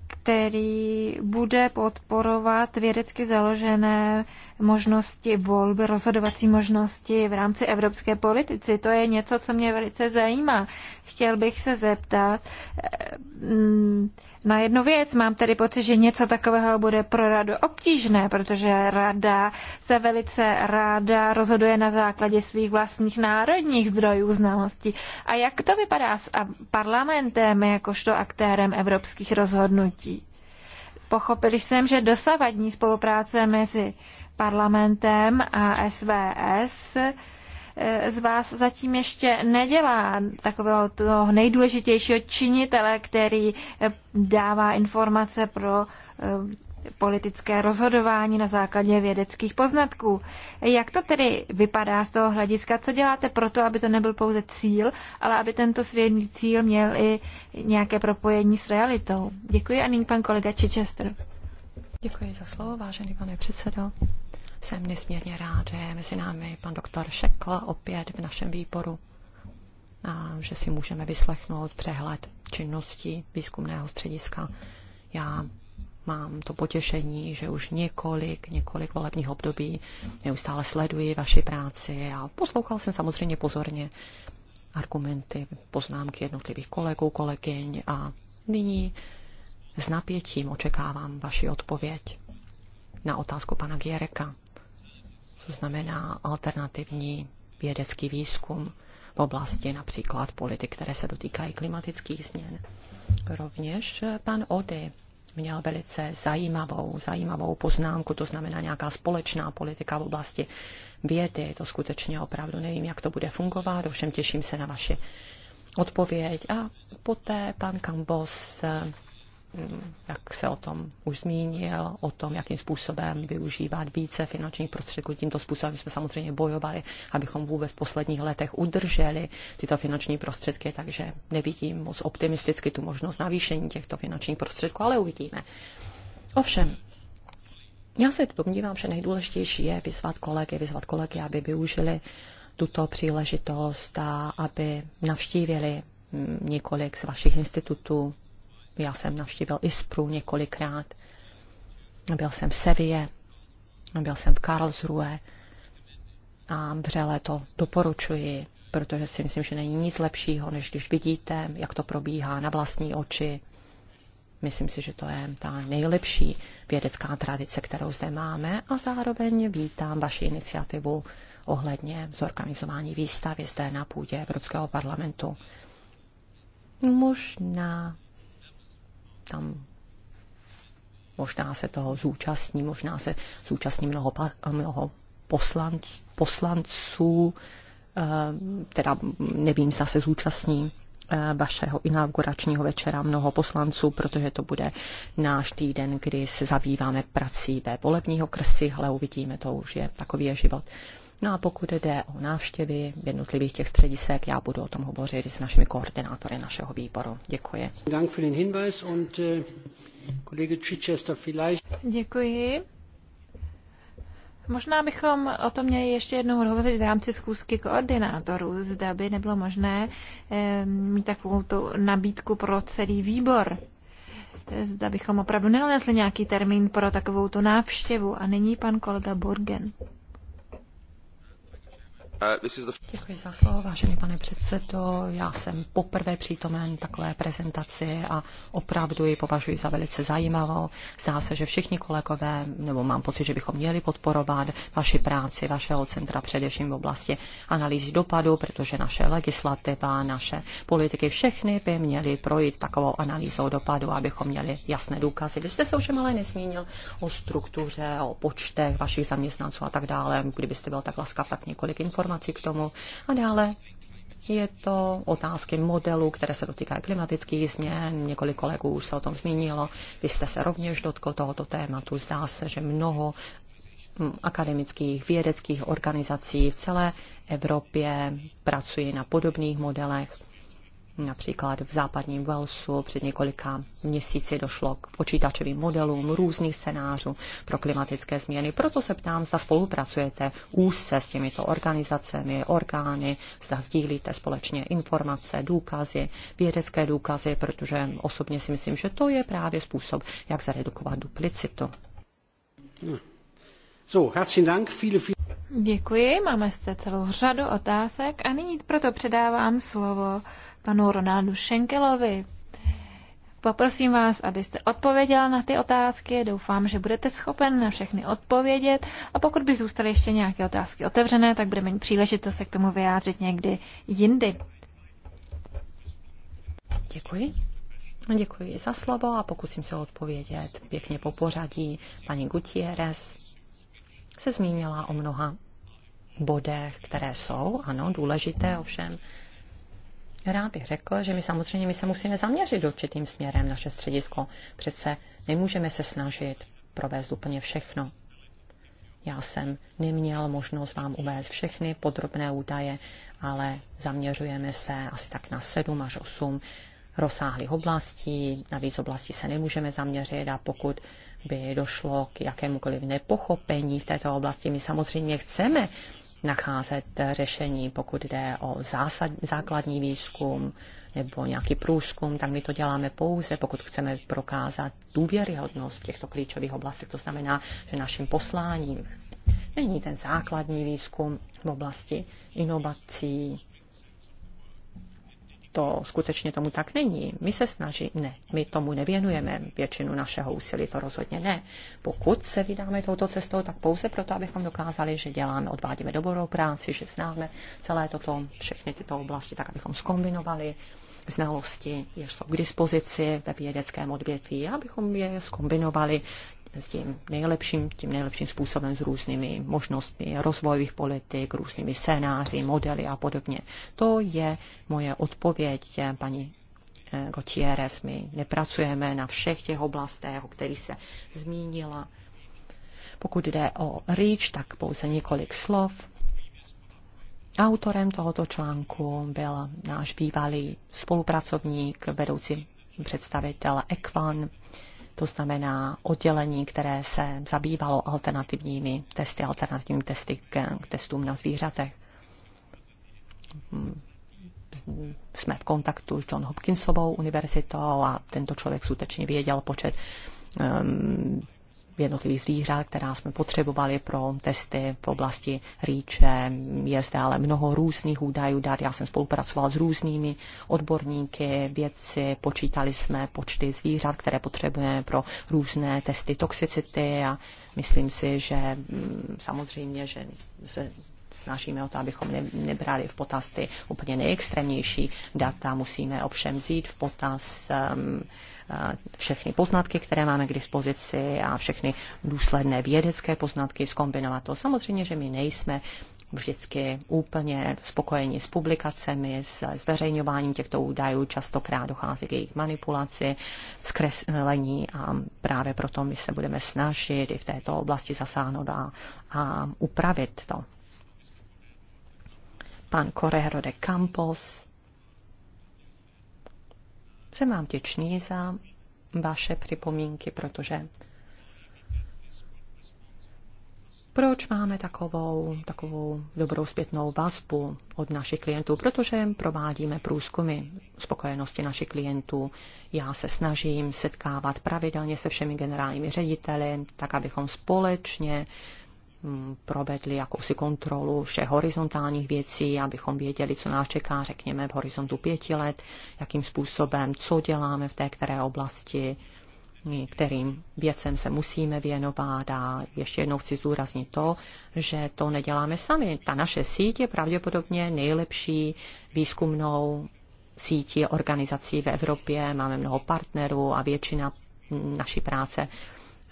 který bude podporovat vědecky založené možnosti volby, rozhodovací možnosti v rámci evropské politici. To je něco, co mě velice zajímá. Chtěl bych se zeptat, eh, mm, na jednu věc. Mám tedy pocit, že něco takového bude pro radu obtížné, protože rada se velice ráda rozhoduje na základě svých vlastních národních zdrojů znalostí. A jak to vypadá s parlamentem jakožto aktérem evropských rozhodnutí? Pochopili jsem, že dosavadní spolupráce mezi parlamentem a SVS z vás zatím ještě nedělá takového toho nejdůležitějšího činitele, který eh, dává informace pro eh, politické rozhodování na základě vědeckých poznatků. Jak to tedy vypadá z toho hlediska? Co děláte proto, aby to nebyl pouze cíl, ale aby tento svědný cíl měl i nějaké propojení s realitou? Děkuji a nyní pan kolega Chichester. Děkuji za slovo, vážený pane předsedo. Jsem nesmírně rád, že je mezi námi pan doktor Šekl opět v našem výboru a že si můžeme vyslechnout přehled činnosti výzkumného střediska. Já mám to potěšení, že už několik, několik volebních období neustále sleduji vaši práci a poslouchal jsem samozřejmě pozorně argumenty, poznámky jednotlivých kolegů, kolegyň a nyní s napětím očekávám vaši odpověď na otázku pana Giereka. Co znamená alternativní vědecký výzkum v oblasti například politik, které se dotýkají klimatických změn. Rovněž eh, pan Ody měl velice zajímavou, zajímavou poznámku, to znamená nějaká společná politika v oblasti vědy. To skutečně opravdu nevím, jak to bude fungovat, ovšem těším se na vaši odpověď. A poté pan Kambos eh, jak se o tom už zmínil, o tom, jakým způsobem využívat více finančních prostředků. Tímto způsobem jsme samozřejmě bojovali, abychom vůbec v posledních letech udrželi tyto finanční prostředky, takže nevidím moc optimisticky tu možnost navýšení těchto finančních prostředků, ale uvidíme. Ovšem, já se domnívám, že nejdůležitější je vyzvat kolegy, vyzvat kolegy, aby využili tuto příležitost a aby navštívili mm, několik z vašich institutů, já jsem navštívil Ispru několikrát, byl jsem v Sevě, byl jsem v Karlsruhe a vřele to doporučuji, protože si myslím, že není nic lepšího, než když vidíte, jak to probíhá na vlastní oči. Myslím si, že to je ta nejlepší vědecká tradice, kterou zde máme a zároveň vítám vaši iniciativu ohledně zorganizování výstavy zde na půdě Evropského parlamentu. Možná tam možná se toho zúčastní, možná se zúčastní mnoho, mnoho poslanc, poslanců, eh, teda nevím, zda se zúčastní eh, vašeho inauguračního večera mnoho poslanců, protože to bude náš týden, kdy se zabýváme prací ve volebního ale uvidíme, to už je, takový je život. No a pokud jde o návštěvy jednotlivých těch středisek, já budu o tom hovořit s našimi koordinátory našeho výboru. Děkuji. Äh, Děkuji. Možná bychom o tom měli ještě jednou hovořit v rámci zkusky koordinátorů. Zda by nebylo možné eh, mít takovou tu nabídku pro celý výbor. Zda bychom opravdu nenalezli nějaký termín pro takovou tu návštěvu. A nyní pan kolega Borgen. Uh, Děkuji za slovo, vážený pane předsedo. Já jsem poprvé přítomen takové prezentaci a opravdu ji považuji za velice zajímavou. Zdá se, že všichni kolegové, nebo mám pocit, že bychom měli podporovat vaši práci, vašeho centra především v oblasti analýzy dopadu, protože naše legislativa, naše politiky, všechny by měly projít takovou analýzou dopadu, abychom měli jasné důkazy. Vy jste se už ale nezmínil o struktuře, o počtech vašich zaměstnanců a tak dále. Kdybyste byl tak laskav, tak několik informací informací k tomu. A dále je to otázky modelů, které se dotýkají klimatických změn. Několik kolegů už se o tom zmínilo. Vy jste se rovněž dotkl tohoto tématu. Zdá se, že mnoho hm, akademických, vědeckých organizací v celé Evropě pracují na podobných modelech. Například v západním Walesu před několika měsíci došlo k počítačovým modelům různých scénářů pro klimatické změny. Proto se ptám, zda spolupracujete úzce s těmito organizacemi, orgány, zda sdílíte společně informace, důkazy, vědecké důkazy, protože osobně si myslím, že to je právě způsob, jak zaredukovat duplicitu. Hmm. So, herzlichen Dank, viele, viele... Děkuji, máme zde celou řadu otázek a nyní proto předávám slovo panu Ronaldu Schenkelovi. Poprosím vás, abyste odpověděl na ty otázky. Doufám, že budete schopen na všechny odpovědět. A pokud by zůstaly ještě nějaké otázky otevřené, tak budeme mít příležitost se k tomu vyjádřit někdy jindy. Děkuji. Děkuji za slovo a pokusím se odpovědět pěkně po pořadí. Paní Gutierrez se zmínila o mnoha bodech, které jsou, ano, důležité ovšem Rád bych řekl, že my samozřejmě my se musíme zaměřit určitým směrem naše středisko. Přece nemůžeme se snažit provést úplně všechno. Já jsem neměl možnost vám uvést všechny podrobné údaje, ale zaměřujeme se asi tak na 7 až 8 rozsáhlých oblastí. Na oblasti se nemůžeme zaměřit a pokud by došlo k jakémukoliv nepochopení v této oblasti, my samozřejmě chceme nacházet řešení, pokud jde o zásad, základní výzkum nebo nějaký průzkum, tak my to děláme pouze, pokud chceme prokázat důvěryhodnost v těchto klíčových oblastech. To znamená, že naším posláním není ten základní výzkum v oblasti inovací, to skutečně tomu tak není. My se snažíme, ne, my tomu nevěnujeme většinu našeho úsilí, to rozhodně ne. Pokud se vydáme touto cestou, tak pouze proto, abychom dokázali, že děláme, odvádíme dobrou práci, že známe celé toto, všechny tyto oblasti, tak abychom skombinovali znalosti, jež jsou k dispozici ve vědeckém odvětví, abychom je skombinovali s tím nejlepším, tím nejlepším způsobem s různými možnostmi rozvojových politik, různými scénáři, modely a podobně. To je moje odpověď paní eh, Gotieres. My nepracujeme na všech těch oblastech, o kterých se zmínila. Pokud jde o REACH, tak pouze několik slov. Autorem tohoto článku byl náš bývalý spolupracovník, vedoucí představitel Ekvan, to znamená oddělení, které se zabývalo alternativními testy, alternativními testy k, k testům na zvířatech. Jsme v kontaktu s John Hopkinsovou univerzitou a tento člověk skutečně věděl počet um, jednotlivých zvířat, která jsme potřebovali pro testy v oblasti rýče. Je zde ale mnoho různých údajů Dát, Já jsem spolupracoval s různými odborníky, vědci, počítali jsme počty zvířat, které potřebujeme pro různé testy toxicity a myslím si, že mm, samozřejmě, že se snažíme o to, abychom nebrali v potaz ty úplně nejextrémnější data. Musíme ovšem vzít v potaz um, všechny poznatky, které máme k dispozici a všechny důsledné vědecké poznatky, zkombinovat to. Samozřejmě, že my nejsme vždycky úplně spokojeni s publikacemi, s zveřejňováním těchto údajů, častokrát dochází k jejich manipulaci, zkreslení a právě proto my se budeme snažit i v této oblasti zasáhnout a, a upravit to. Pan Correro de Campos jsem vám vděčný za vaše připomínky, protože proč máme takovou, takovou dobrou zpětnou vazbu od našich klientů? Protože provádíme průzkumy spokojenosti našich klientů. Já se snažím setkávat pravidelně se všemi generálními řediteli, tak abychom společně uh, Mm, provedli jakousi kontrolu všech horizontálních věcí, abychom věděli, co nás čeká, řekněme, v horizontu pěti let, jakým způsobem, co děláme v té které oblasti, kterým věcem se musíme věnovat a ještě jednou chci zdůraznit to, že to neděláme sami. Ta naše síť je pravděpodobně nejlepší výzkumnou sítí organizací v Evropě, máme mnoho partnerů a většina mm, naší práce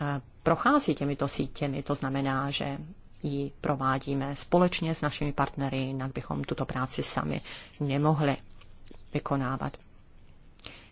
Eh, prochází těmito sítěmi. To znamená, že ji provádíme společně s našimi partnery, jinak bychom tuto práci sami nemohli vykonávat.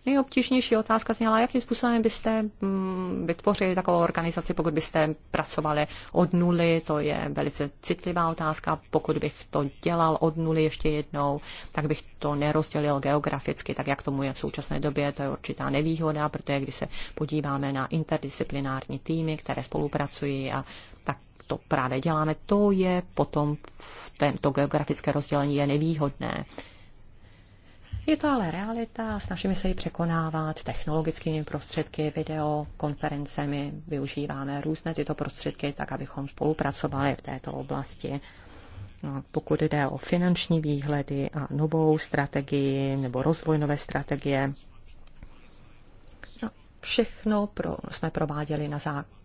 Nejobtížnější otázka zněla, jakým způsobem byste mm, vytvořili takovou organizaci, pokud byste pracovali od nuly, to je velice citlivá otázka. Pokud bych to dělal od nuly ještě jednou, tak bych to nerozdělil geograficky, tak jak tomu je v současné době, to je určitá nevýhoda, protože když se podíváme na interdisciplinární týmy, které spolupracují a tak to právě děláme, to je potom v tento geografické rozdělení je nevýhodné. Je to ale realita, snažíme se ji překonávat technologickými prostředky, videokonferencemi, využíváme různé tyto prostředky, tak abychom spolupracovali v této oblasti. A pokud jde o finanční výhledy a novou strategii nebo rozvoj nové strategie, no, všechno pro, jsme prováděli na základě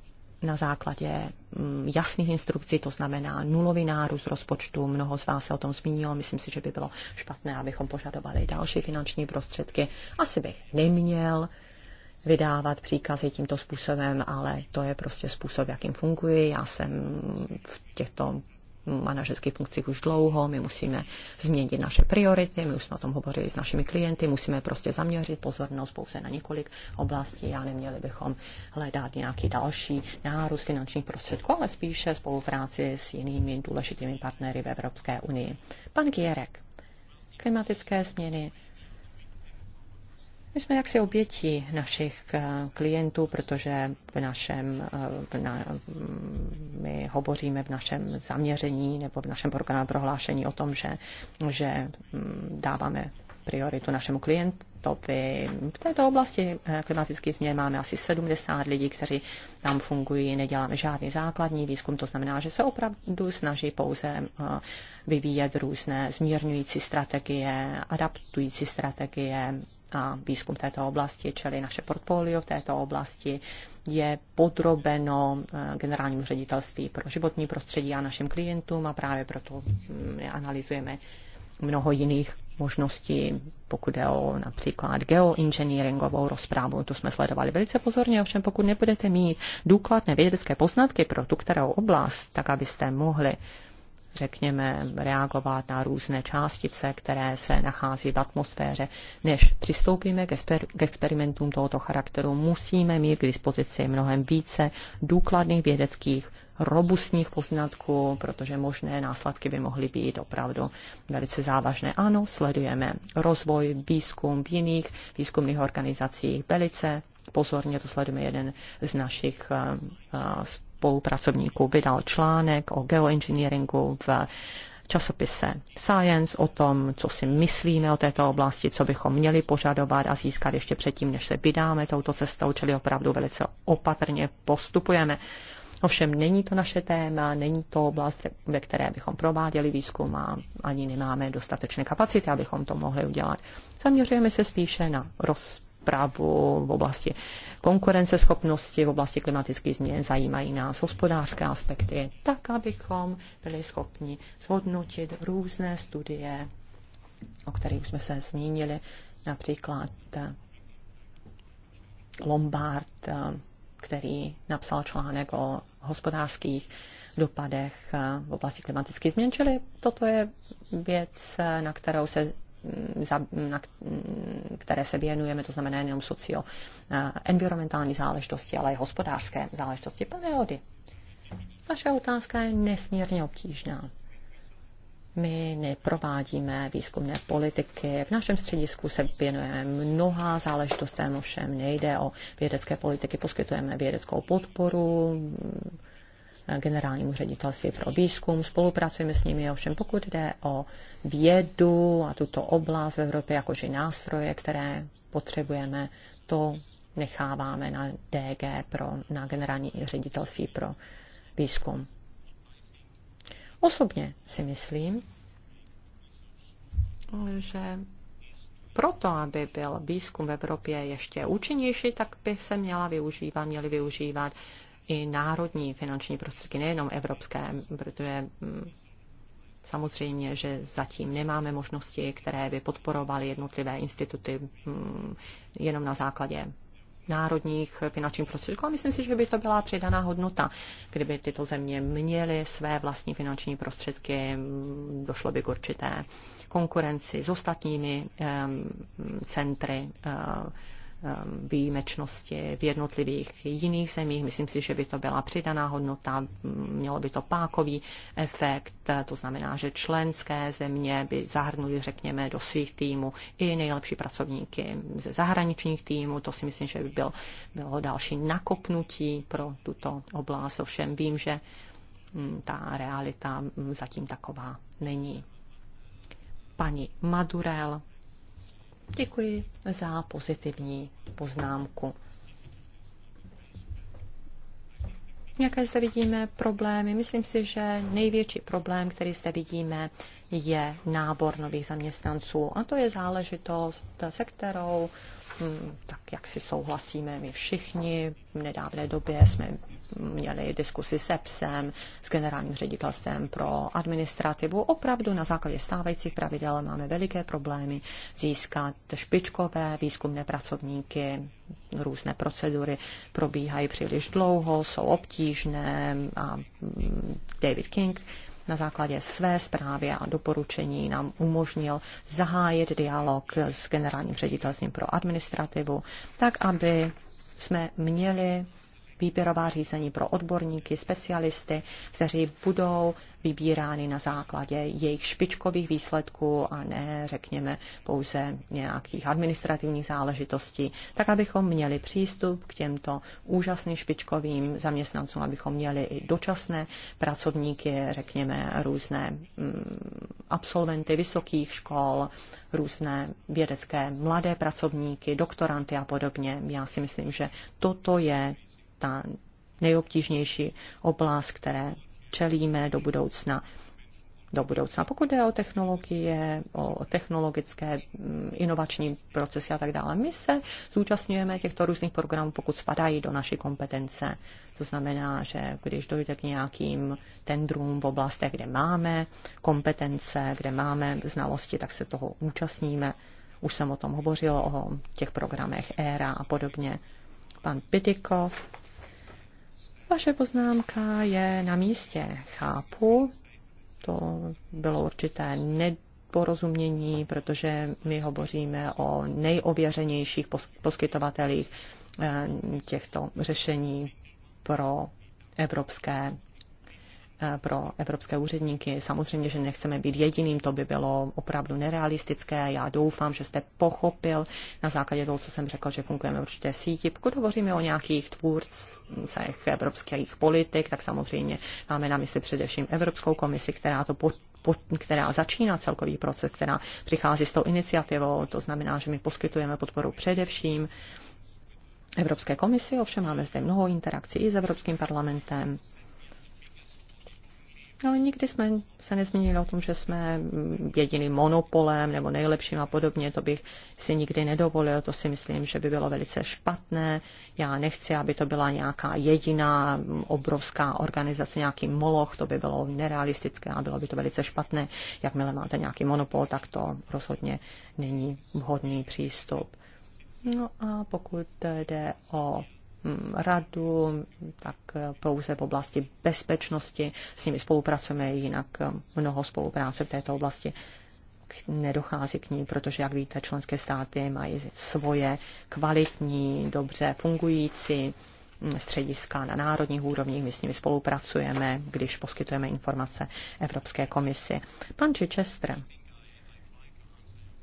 na základě mm, jasných instrukcí, to znamená nulový nárůst rozpočtu. Mnoho z vás se o tom zmínilo. Myslím si, že by bylo špatné, abychom požadovali další finanční prostředky. Asi bych neměl vydávat příkazy tímto způsobem, ale to je prostě způsob, jakým funguji. Já jsem v těchto manažerských funkcích už dlouho, my musíme změnit naše priority, my už jsme o tom hovořili s našimi klienty, musíme prostě zaměřit pozornost pouze na několik oblastí a neměli bychom hledat nějaký další nárůst finančních prostředků, ale spíše spolupráci s jinými důležitými partnery v Evropské unii. Pan Kierek, klimatické změny, my jsme jaksi oběti našich eh, klientů, protože v našem, eh, v na, my hovoříme v našem zaměření nebo v našem programu prohlášení o tom, že, že mm, dáváme prioritu našemu klientovi. V této oblasti eh, klimatických změn máme asi 70 lidí, kteří tam fungují, neděláme žádný základní výzkum, to znamená, že se opravdu snaží pouze vyvíjet různé zmírňující strategie, adaptující strategie, a výzkum této oblasti, čili naše portfolio v této oblasti je podrobeno eh, generálnímu ředitelství pro životní prostředí a našim klientům a právě proto hm, analyzujeme mnoho jiných možností, pokud je o například geoinženýringovou rozprávu, tu jsme sledovali velice pozorně, ovšem pokud nebudete mít důkladné vědecké poznatky pro tu kterou oblast, tak abyste mohli řekněme, reagovat na různé částice, které se nachází v atmosféře. Než přistoupíme k, exper- k experimentům tohoto charakteru, musíme mít k dispozici mnohem více důkladných vědeckých robustních poznatků, protože možné následky by mohly být opravdu velice závažné. Ano, sledujeme rozvoj, výzkum v jiných výzkumných organizacích velice pozorně, to sledujeme jeden z našich eh, eh, spolupracovníků vydal článek o geoengineeringu v časopise Science o tom, co si myslíme o této oblasti, co bychom měli požadovat a získat ještě předtím, než se vydáme touto cestou, čili opravdu velice opatrně postupujeme. Ovšem není to naše téma, není to oblast, ve které bychom prováděli výzkum a ani nemáme dostatečné kapacity, abychom to mohli udělat. Zaměřujeme se spíše na roz, právu v oblasti konkurenceschopnosti, v oblasti klimatických změn zajímají nás hospodářské aspekty, tak abychom byli schopni zhodnotit různé studie, o kterých jsme se zmínili, například eh, Lombard, eh, který napsal článek o hospodářských dopadech eh, v oblasti klimatických změn. Čili toto je věc, na kterou se na které se věnujeme, to znamená nejenom socio-environmentální eh, záležitosti, ale i hospodářské záležitosti. Pane Ody, vaše otázka je nesmírně obtížná. My neprovádíme výzkumné politiky. V našem středisku se věnujeme mnoha záležitostem, ovšem nejde o vědecké politiky. Poskytujeme vědeckou podporu, generálnímu ředitelství pro výzkum, spolupracujeme s nimi, ovšem pokud jde o vědu a tuto oblast v Evropě, jakože nástroje, které potřebujeme, to necháváme na DG, pro, na generální ředitelství pro výzkum. Osobně si myslím, že proto, aby byl výzkum v Evropě ještě účinnější, tak by se měla využívat, měly využívat i národní finanční prostředky, nejenom evropské, protože mm, samozřejmě, že zatím nemáme možnosti, které by podporovaly jednotlivé instituty mm, jenom na základě národních finančních prostředků. A myslím si, že by to byla přidaná hodnota, kdyby tyto země měly své vlastní finanční prostředky, mm, došlo by k určité konkurenci s ostatními centry eh, Um, výjimečnosti v jednotlivých jiných zemích. Myslím si, že by to byla přidaná hodnota, mělo by to pákový efekt, to znamená, že členské země by zahrnuli, řekněme, do svých týmů i nejlepší pracovníky ze zahraničních týmů. To si myslím, že by byl, bylo další nakopnutí pro tuto oblast. Ovšem vím, že mm, ta realita zatím taková není. Paní Madurel Děkuji za pozitivní poznámku. Jaké zde vidíme problémy? Myslím si, že největší problém, který zde vidíme, je nábor nových zaměstnanců. A to je záležitost, se kterou Hmm, tak jak si souhlasíme my všichni. V nedávné době jsme měli diskusi se PSem, s generálním ředitelstvem pro administrativu. Opravdu na základě stávajících pravidel máme veliké problémy získat špičkové výzkumné pracovníky. Různé procedury probíhají příliš dlouho, jsou obtížné a David King na základě své zprávy a doporučení nám umožnil zahájit dialog s generálním ředitelstvím pro administrativu, tak aby jsme měli výběrová řízení pro odborníky, specialisty, kteří budou vybírány na základě jejich špičkových výsledků a ne, řekněme, pouze nějakých administrativních záležitostí, tak abychom měli přístup k těmto úžasným špičkovým zaměstnancům, abychom měli i dočasné pracovníky, řekněme, různé mm, absolventy vysokých škol, různé vědecké mladé pracovníky, doktoranty a podobně. Já si myslím, že toto je ta nejobtížnější oblast, které čelíme do budoucna. Do budoucna. Pokud jde o technologie, o technologické mm, inovační procesy a tak dále, my se zúčastňujeme těchto různých programů, pokud spadají do naší kompetence. To znamená, že když dojde k nějakým tendrům v oblastech, kde máme kompetence, kde máme znalosti, tak se toho účastníme. Už jsem o tom hovořil o těch programech ERA a podobně. Pan Pitikov vaše poznámka je na místě. Chápu, to bylo určité neporozumění, protože my hovoříme o nejověřenějších poskytovatelích eh, těchto řešení pro evropské Eh, pro evropské úředníky. Samozřejmě, že nechceme být jediným, to by bylo opravdu nerealistické. Já doufám, že jste pochopil na základě toho, co jsem řekl, že fungujeme určité síti. Pokud hovoříme o nějakých tvůrcech evropských politik, tak samozřejmě máme na mysli především Evropskou komisi, která to pod která začíná celkový proces, která přichází s tou iniciativou. To znamená, že my poskytujeme podporu především Evropské komisi, ovšem máme zde mnoho interakcí i s Evropským parlamentem, ale nikdy jsme se nezmínili o tom, že jsme jediným monopolem nebo nejlepším a podobně. To bych si nikdy nedovolil. To si myslím, že by bylo velice špatné. Já nechci, aby to byla nějaká jediná obrovská organizace, nějaký moloch. To by bylo nerealistické a bylo by to velice špatné. Jakmile máte nějaký monopol, tak to rozhodně není vhodný přístup. No a pokud jde o radu, tak pouze v oblasti bezpečnosti. S nimi spolupracujeme, jinak mnoho spolupráce v této oblasti nedochází k ní, protože, jak víte, členské státy mají svoje kvalitní, dobře fungující střediska na národních úrovních, my s nimi spolupracujeme, když poskytujeme informace Evropské komisi. Pan Čičestr,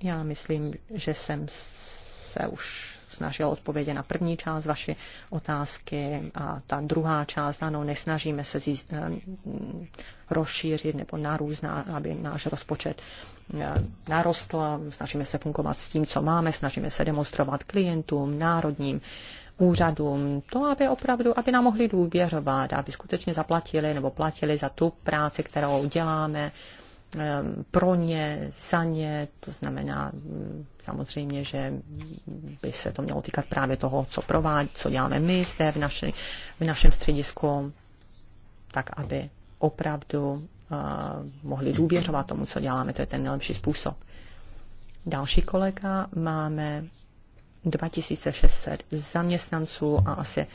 já myslím, že jsem se už snažil odpovědět na první část vaší otázky a ta druhá část, ano, nesnažíme se zís, rozšířit nebo narůst, aby náš rozpočet eh, narostl, snažíme se fungovat s tím, co máme, snažíme se demonstrovat klientům, národním úřadům, to, aby opravdu, aby nám mohli důvěřovat, aby skutečně zaplatili nebo platili za tu práci, kterou děláme, Ehm, pro ně, za ně, to znamená hm, samozřejmě, že by se to mělo týkat právě toho, co provádí, co děláme my zde v, naši, v našem středisku, tak aby opravdu uh, mohli důvěřovat tomu, co děláme. To je ten nejlepší způsob. Další kolega máme 2600 zaměstnanců a asi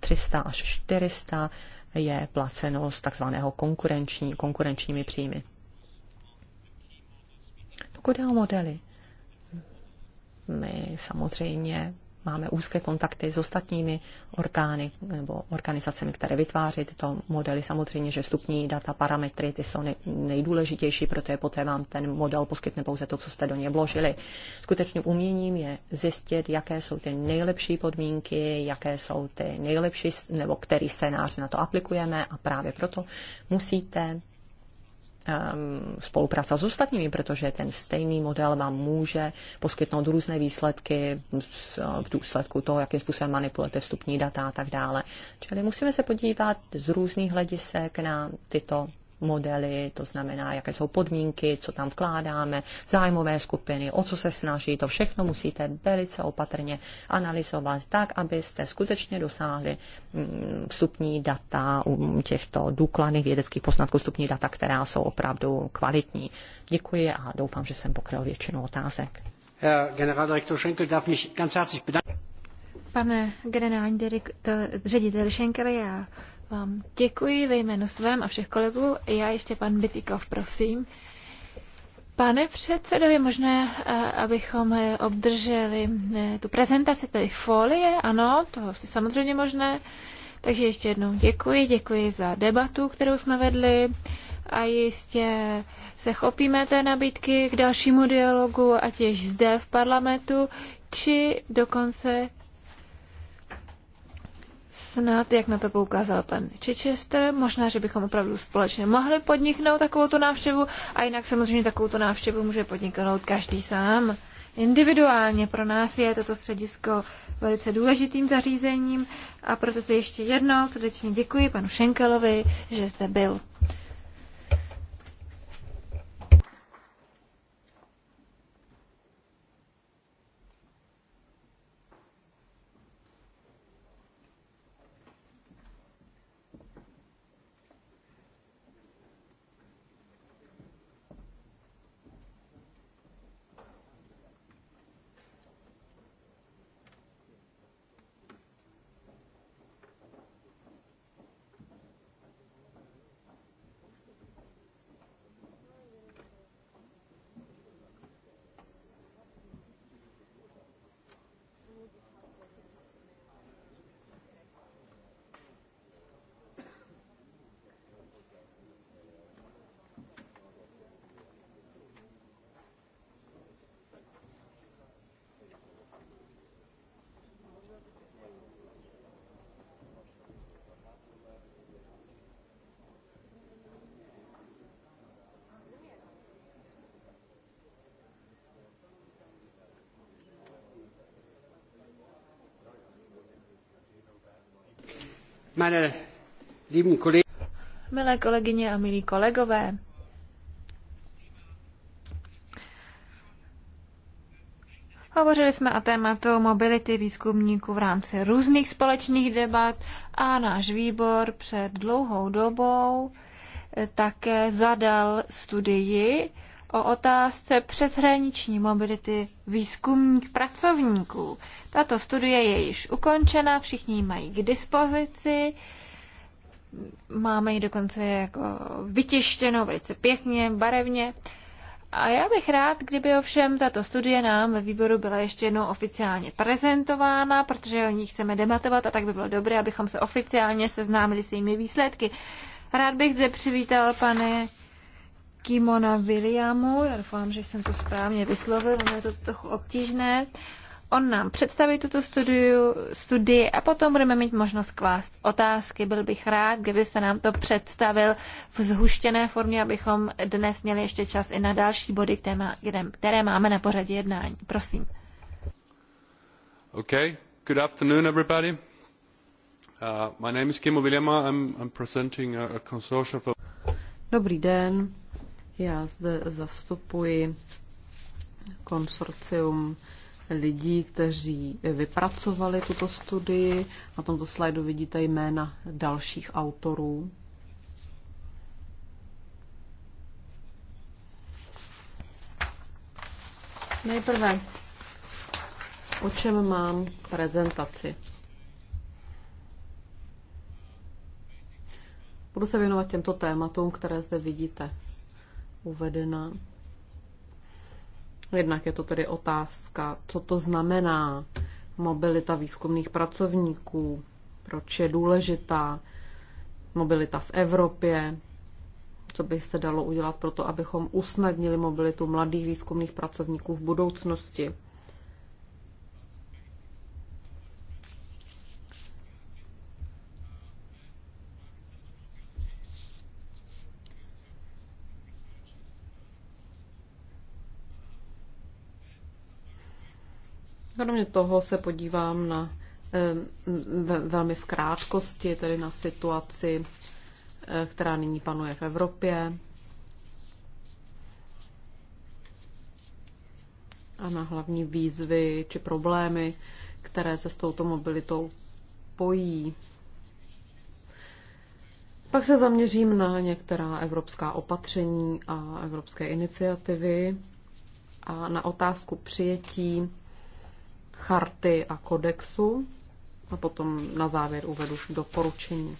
300 až 400 je placeno z takzvaného konkurenční, konkurenčními příjmy. Pokud jde o modely, my samozřejmě máme úzké kontakty s ostatními orgány nebo organizacemi, které vytváří tyto modely. Samozřejmě, že vstupní data, parametry, ty jsou nejdůležitější, protože poté vám ten model poskytne pouze to, co jste do něj vložili. Skutečným uměním je zjistit, jaké jsou ty nejlepší podmínky, jaké jsou ty nejlepší, nebo který scénář na to aplikujeme a právě proto musíte Ehm, Spolupráca s ostatními, protože ten stejný model vám může poskytnout různé výsledky v důsledku toho, jakým způsobem manipulujete vstupní data a tak dále. Čili musíme se podívat z různých hledisek na tyto modely, to znamená, jaké jsou podmínky, co tam vkládáme, zájmové skupiny, o co se snaží, to všechno musíte velice opatrně analyzovat tak, abyste skutečně dosáhli mm, vstupní data u těchto důkladných vědeckých poznatků, vstupní data, která jsou opravdu kvalitní. Děkuji a doufám, že jsem pokryl většinu otázek. Schenkel Pane generální ředitel Schenkel, já vám děkuji ve jménu svém a všech kolegů. Já ještě pan Bytikov, prosím. Pane předsedo, je možné, eh, abychom eh, obdrželi eh, tu prezentaci, tedy folie, ano, to je samozřejmě možné. Takže ještě jednou děkuji, děkuji za debatu, kterou jsme vedli a jistě se chopíme té nabídky k dalšímu dialogu, ať již zde v parlamentu, či dokonce snad, jak na to poukázal pan Chichester, možná, že bychom opravdu společně mohli podniknout takovou tu návštěvu a jinak samozřejmě tu návštěvu může podniknout každý sám. Individuálně pro nás je toto středisko velice důležitým zařízením a proto se ještě jednou srdečně děkuji panu Šenkelovi, že zde byl. Milé kolegyně a milí kolegové, Hovořili jsme o tématu mobility výzkumníků v rámci různých společných debat a náš výbor před dlouhou dobou také zadal studii o otázce přeshraniční mobility výzkumník pracovníků. Tato studie je již ukončena, všichni ji mají k dispozici. Máme ji dokonce jako vytištěnou velice pěkně, barevně. A já bych rád, kdyby ovšem tato studie nám ve výboru byla ještě jednou oficiálně prezentována, protože o ní chceme debatovat a tak by bylo dobré, abychom se oficiálně seznámili s jejími výsledky. Rád bych zde přivítal pane Kimona Williamu. Já doufám, že jsem to správně vyslovil, ono je to trochu obtížné. On nám představí tuto studiu, studii a potom budeme mít možnost klást otázky. Byl bych rád, kdybyste nám to představil v zhuštěné formě, abychom dnes měli ještě čas i na další body, téma, které máme na pořadě jednání. Prosím. Okay. Good afternoon, everybody. Uh, my name is Kimo Williama. I'm, I'm presenting a, a consortium for... Dobrý den. Já zde zastupuji konsorcium lidí, kteří vypracovali tuto studii. Na tomto slajdu vidíte jména dalších autorů. Nejprve, o čem mám prezentaci? Budu se věnovat těmto tématům, které zde vidíte uvedena. Jednak je to tedy otázka, co to znamená mobilita výzkumných pracovníků, proč je důležitá mobilita v Evropě, co by se dalo udělat pro to, abychom usnadnili mobilitu mladých výzkumných pracovníků v budoucnosti. Kromě toho se podívám na eh, velmi v krátkosti, tedy na situaci, eh, která nyní panuje v Evropě a na hlavní výzvy či problémy, které se s touto mobilitou pojí. Pak se zaměřím na některá evropská opatření a evropské iniciativy a na otázku přijetí charty a kodexu a potom na závěr uvedu doporučení.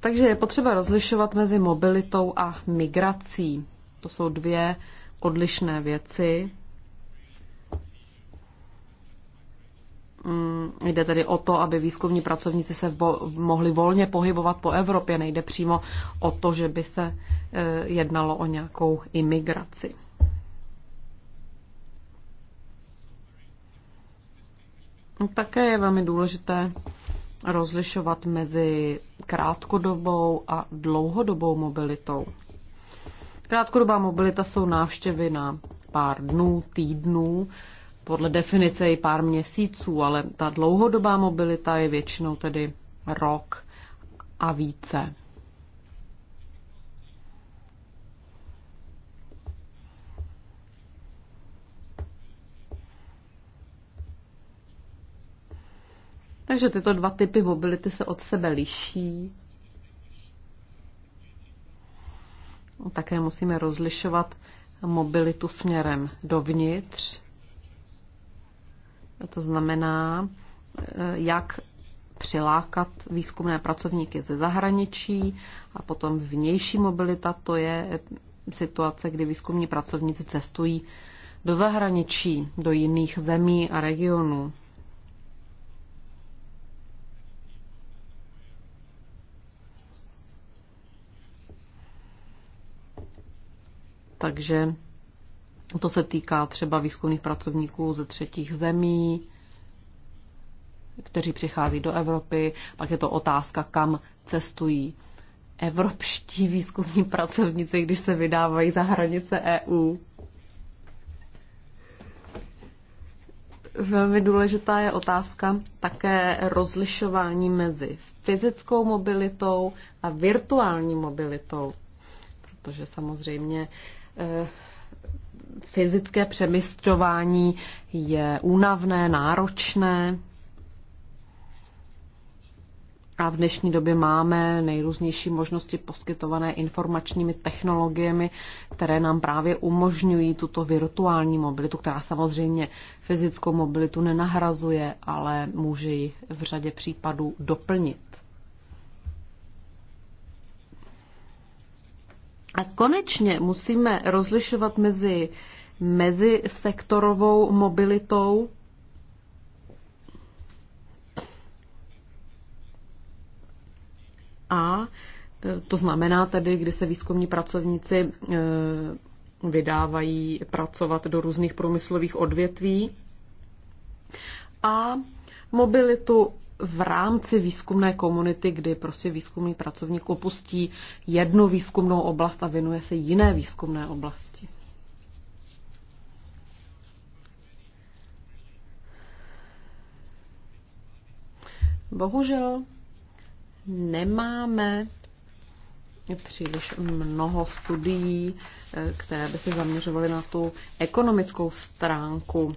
Takže je potřeba rozlišovat mezi mobilitou a migrací. To jsou dvě odlišné věci. Mm, jde tedy o to, aby výzkumní pracovníci se vo, mohli volně pohybovat po Evropě. Nejde přímo o to, že by se eh, jednalo o nějakou imigraci. Také je velmi důležité rozlišovat mezi krátkodobou a dlouhodobou mobilitou. Krátkodobá mobilita jsou návštěvy na pár dnů, týdnů, podle definice i pár měsíců, ale ta dlouhodobá mobilita je většinou tedy rok a více. Takže tyto dva typy mobility se od sebe liší. Také musíme rozlišovat mobilitu směrem dovnitř to znamená, eh, jak přilákat výzkumné pracovníky ze zahraničí a potom vnější mobilita, to je eh, situace, kdy výzkumní pracovníci cestují do zahraničí, do jiných zemí a regionů. Takže to se týká třeba výzkumných pracovníků ze třetích zemí, kteří přichází do Evropy. Pak je to otázka, kam cestují evropští výzkumní pracovníci, když se vydávají za hranice EU. Velmi důležitá je otázka také rozlišování mezi fyzickou mobilitou a virtuální mobilitou, protože samozřejmě eh, fyzické přemysťování je únavné, náročné. A v dnešní době máme nejrůznější možnosti poskytované informačními technologiemi, které nám právě umožňují tuto virtuální mobilitu, která samozřejmě fyzickou mobilitu nenahrazuje, ale může ji v řadě případů doplnit. A konečně musíme rozlišovat mezi mezisektorovou mobilitou a e, to znamená tedy, kdy se výzkumní pracovníci e, vydávají pracovat do různých průmyslových odvětví a mobilitu v rámci výzkumné komunity, kdy prostě výzkumný pracovník opustí jednu výzkumnou oblast a věnuje se jiné výzkumné oblasti. Bohužel nemáme příliš mnoho studií, eh, které by se zaměřovaly na tu ekonomickou stránku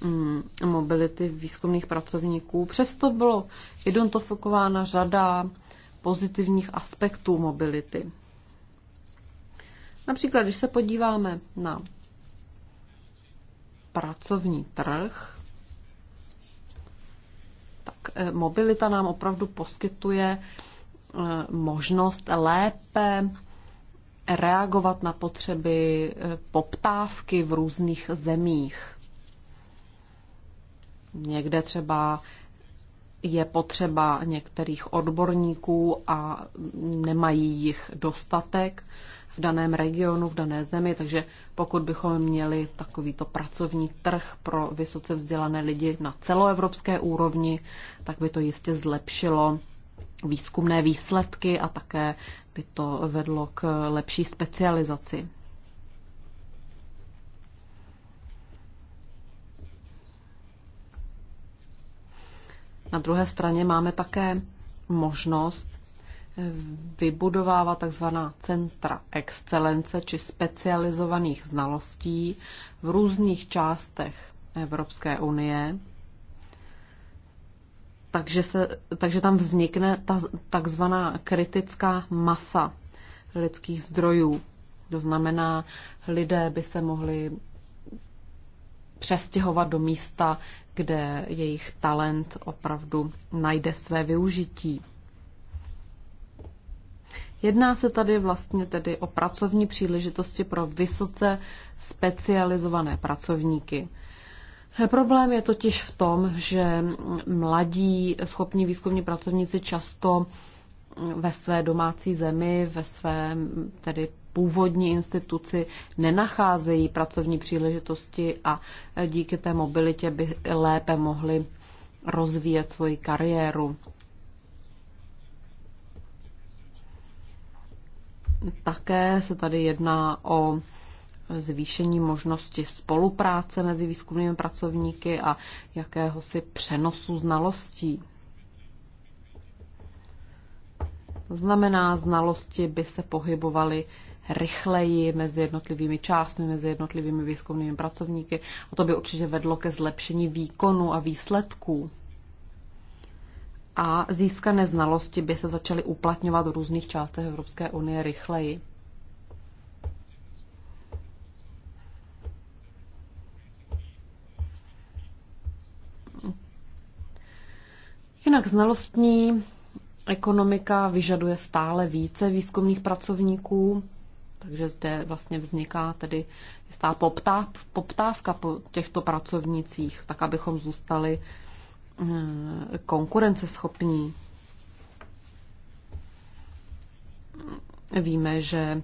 Mm, mobility výzkumných pracovníků. Přesto bylo identifikována řada pozitivních aspektů mobility. Například, když se podíváme na pracovní trh, tak eh, mobilita nám opravdu poskytuje eh, možnost lépe reagovat na potřeby eh, poptávky v různých zemích. Někde třeba je potřeba některých odborníků a nemají jich dostatek v daném regionu, v dané zemi, takže pokud bychom měli takovýto pracovní trh pro vysoce vzdělané lidi na celoevropské úrovni, tak by to jistě zlepšilo výzkumné výsledky a také by to vedlo k lepší specializaci. Na druhé straně máme také možnost vybudovávat takzvaná centra excelence či specializovaných znalostí v různých částech Evropské unie. Takže, se, takže tam vznikne ta takzvaná kritická masa lidských zdrojů. To znamená, lidé by se mohli přestěhovat do místa, kde jejich talent opravdu najde své využití. Jedná se tady vlastně tedy o pracovní příležitosti pro vysoce specializované pracovníky. Problém je totiž v tom, že mladí schopní výzkumní pracovníci často ve své domácí zemi, ve svém tedy původní instituci nenacházejí pracovní příležitosti a díky té mobilitě by lépe mohli rozvíjet svoji kariéru. Také se tady jedná o zvýšení možnosti spolupráce mezi výzkumnými pracovníky a jakéhosi přenosu znalostí. To znamená, znalosti by se pohybovaly rychleji mezi jednotlivými částmi, mezi jednotlivými výzkumnými pracovníky a to by určitě vedlo ke zlepšení výkonu a výsledků. A získané znalosti by se začaly uplatňovat v různých částech Evropské unie rychleji. Jinak znalostní ekonomika vyžaduje stále více výzkumných pracovníků takže zde vlastně vzniká tedy jistá poptávka po těchto pracovnicích, tak abychom zůstali eh, konkurenceschopní. Víme, že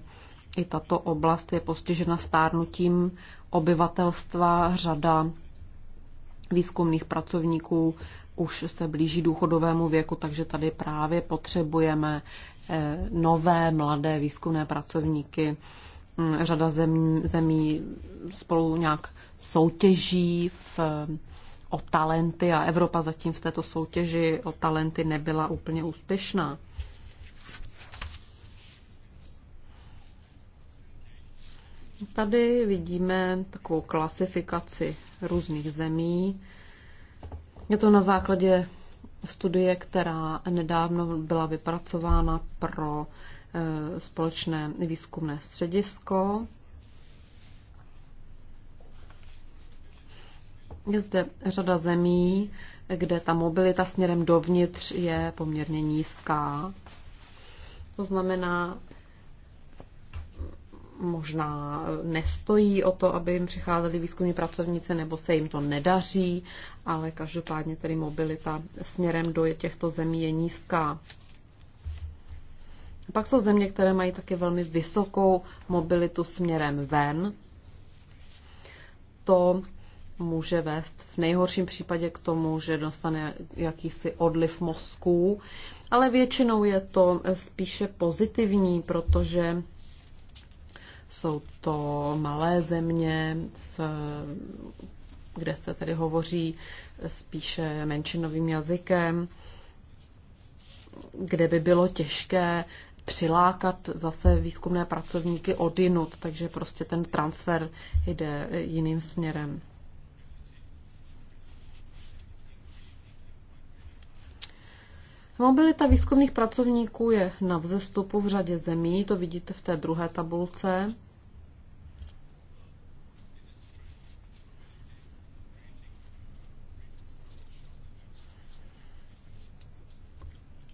i tato oblast je postižena stárnutím obyvatelstva. Řada výzkumných pracovníků už se blíží důchodovému věku, takže tady právě potřebujeme Eh, nové, mladé výzkumné pracovníky. Mm, řada zemí, zemí spolu nějak soutěží v, o talenty a Evropa zatím v této soutěži o talenty nebyla úplně úspěšná. Tady vidíme takovou klasifikaci různých zemí. Je to na základě studie, která nedávno byla vypracována pro eh, společné výzkumné středisko. Je zde řada zemí, kde ta mobilita směrem dovnitř je poměrně nízká. To znamená, možná nestojí o to, aby jim přicházeli výzkumní pracovníci, nebo se jim to nedaří, ale každopádně tedy mobilita směrem do těchto zemí je nízká. Pak jsou země, které mají taky velmi vysokou mobilitu směrem ven. To může vést v nejhorším případě k tomu, že dostane jakýsi odliv mozků, ale většinou je to spíše pozitivní, protože jsou to malé země, s, kde se tedy hovoří spíše menšinovým jazykem, kde by bylo těžké přilákat zase výzkumné pracovníky odinut, takže prostě ten transfer jde jiným směrem. Mobilita výzkumných pracovníků je na vzestupu v řadě zemí, to vidíte v té druhé tabulce.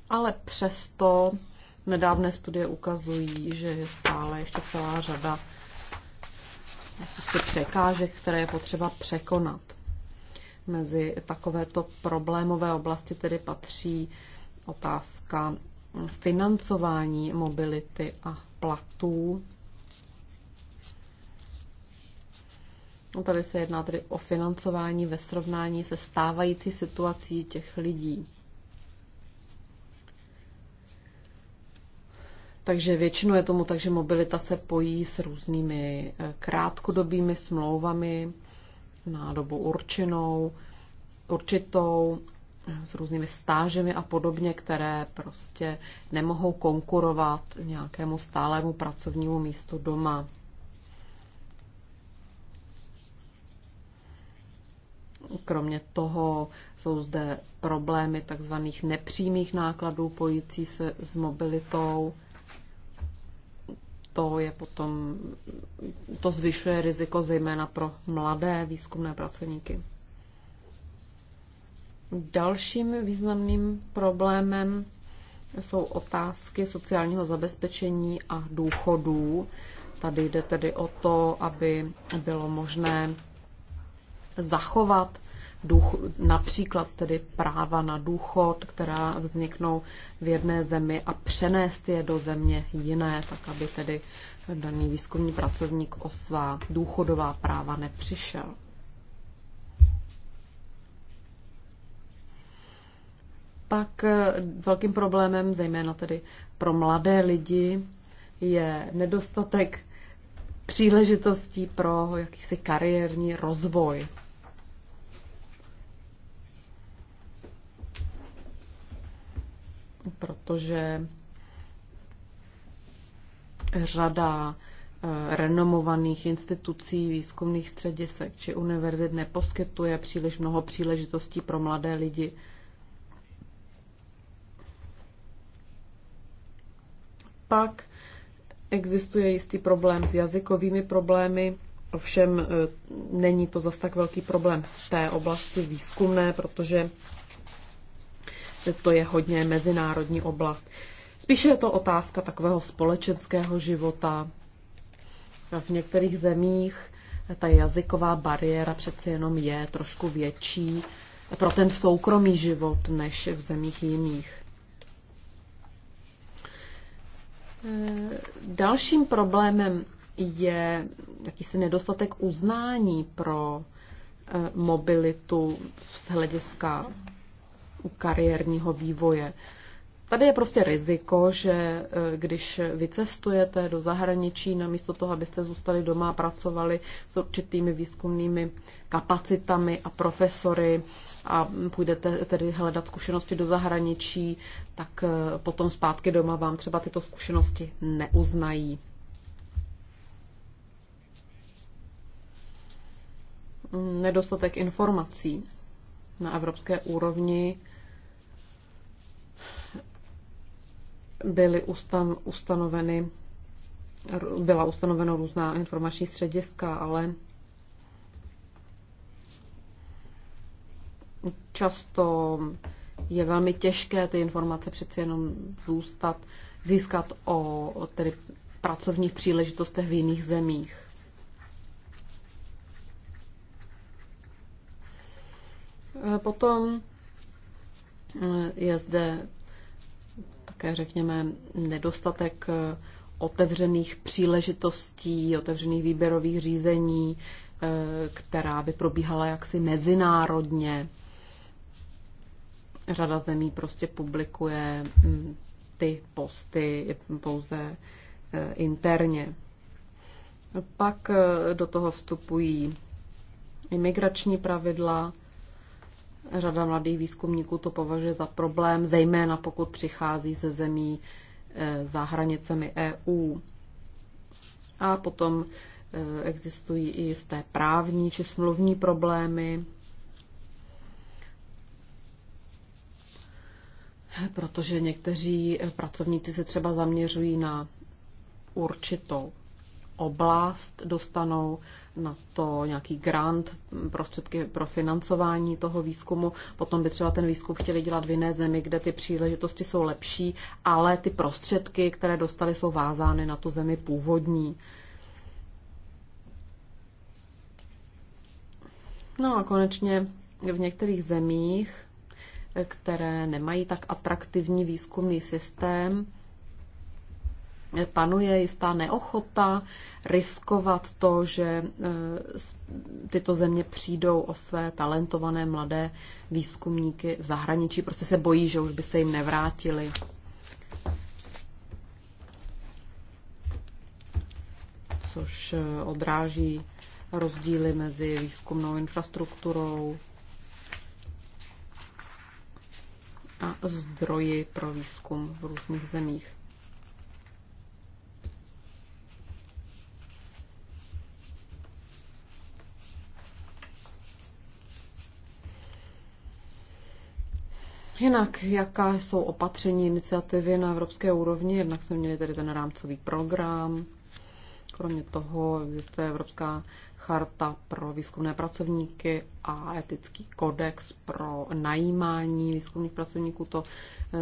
Ale přesto nedávné studie ukazují, že je stále ještě celá řada překážek, které je potřeba překonat. Mezi takovéto problémové oblasti tedy patří otázka financování mobility a platů. No Tady se jedná tedy o financování ve srovnání se stávající situací těch lidí. Takže většinou je tomu tak, že mobilita se pojí s různými eh, krátkodobými smlouvami na dobu určenou, určitou s různými stážemi a podobně, které prostě nemohou konkurovat nějakému stálému pracovnímu místu doma. Kromě toho jsou zde problémy tzv. nepřímých nákladů pojící se s mobilitou. To je potom, to zvyšuje riziko zejména pro mladé výzkumné pracovníky. Dalším významným problémem jsou otázky sociálního zabezpečení a důchodů. Tady jde tedy o to, aby bylo možné zachovat duch, například tedy práva na důchod, která vzniknou v jedné zemi a přenést je do země jiné, tak aby tedy daný výzkumní pracovník o svá důchodová práva nepřišel. Pak eh, velkým problémem, zejména tedy pro mladé lidi, je nedostatek příležitostí pro jakýsi kariérní rozvoj. Protože řada eh, renomovaných institucí, výzkumných středisek či univerzit neposkytuje příliš mnoho příležitostí pro mladé lidi Pak existuje jistý problém s jazykovými problémy, ovšem e, není to zas tak velký problém v té oblasti výzkumné, protože to je hodně mezinárodní oblast. Spíše je to otázka takového společenského života. V některých zemích ta jazyková bariéra přece jenom je trošku větší pro ten soukromý život než v zemích jiných. Eh, dalším problémem je jakýsi nedostatek uznání pro eh, mobilitu z hlediska kariérního vývoje. Tady je prostě riziko, že e, když vycestujete do zahraničí, namísto toho, abyste zůstali doma a pracovali s určitými výzkumnými kapacitami a profesory a půjdete tedy hledat zkušenosti do zahraničí, tak e, potom zpátky doma vám třeba tyto zkušenosti neuznají. Nedostatek informací na evropské úrovni byly ustan, ustanoveny, byla ustanovena různá informační střediska, ale často je velmi těžké ty informace přeci jenom zůstat, získat o, o tedy pracovních příležitostech v jiných zemích. E, potom e, je zde také, řekněme, nedostatek eh, otevřených příležitostí, otevřených výběrových řízení, eh, která by probíhala jaksi mezinárodně. Řada zemí prostě publikuje mm, ty posty pouze eh, interně. Pak do toho vstupují imigrační pravidla, Řada mladých výzkumníků to považuje za problém, zejména pokud přichází ze zemí eh, za hranicemi EU. A potom eh, existují i jisté právní či smluvní problémy, protože někteří eh, pracovníci se třeba zaměřují na určitou oblast, dostanou na to nějaký grant, prostředky pro financování toho výzkumu. Potom by třeba ten výzkum chtěli dělat v jiné zemi, kde ty příležitosti jsou lepší, ale ty prostředky, které dostali, jsou vázány na tu zemi původní. No a konečně v některých zemích, které nemají tak atraktivní výzkumný systém, panuje jistá neochota riskovat to, že e, tyto země přijdou o své talentované mladé výzkumníky v zahraničí. Prostě se bojí, že už by se jim nevrátili. Což e, odráží rozdíly mezi výzkumnou infrastrukturou a zdroji pro výzkum v různých zemích. Jinak, jaká jsou opatření, iniciativy na evropské úrovni? Jednak jsme měli tady ten rámcový program. Kromě toho existuje Evropská charta pro výzkumné pracovníky a etický kodex pro najímání výzkumných pracovníků. To eh,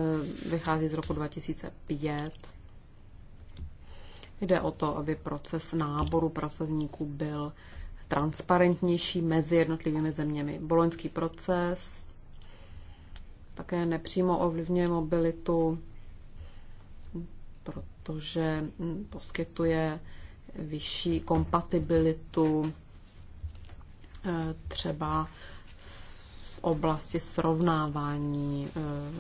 vychází z roku 2005. Jde o to, aby proces náboru pracovníků byl transparentnější mezi jednotlivými zeměmi. Boloňský proces také nepřímo ovlivňuje mobilitu, protože mm, poskytuje vyšší kompatibilitu eh, třeba v oblasti srovnávání eh,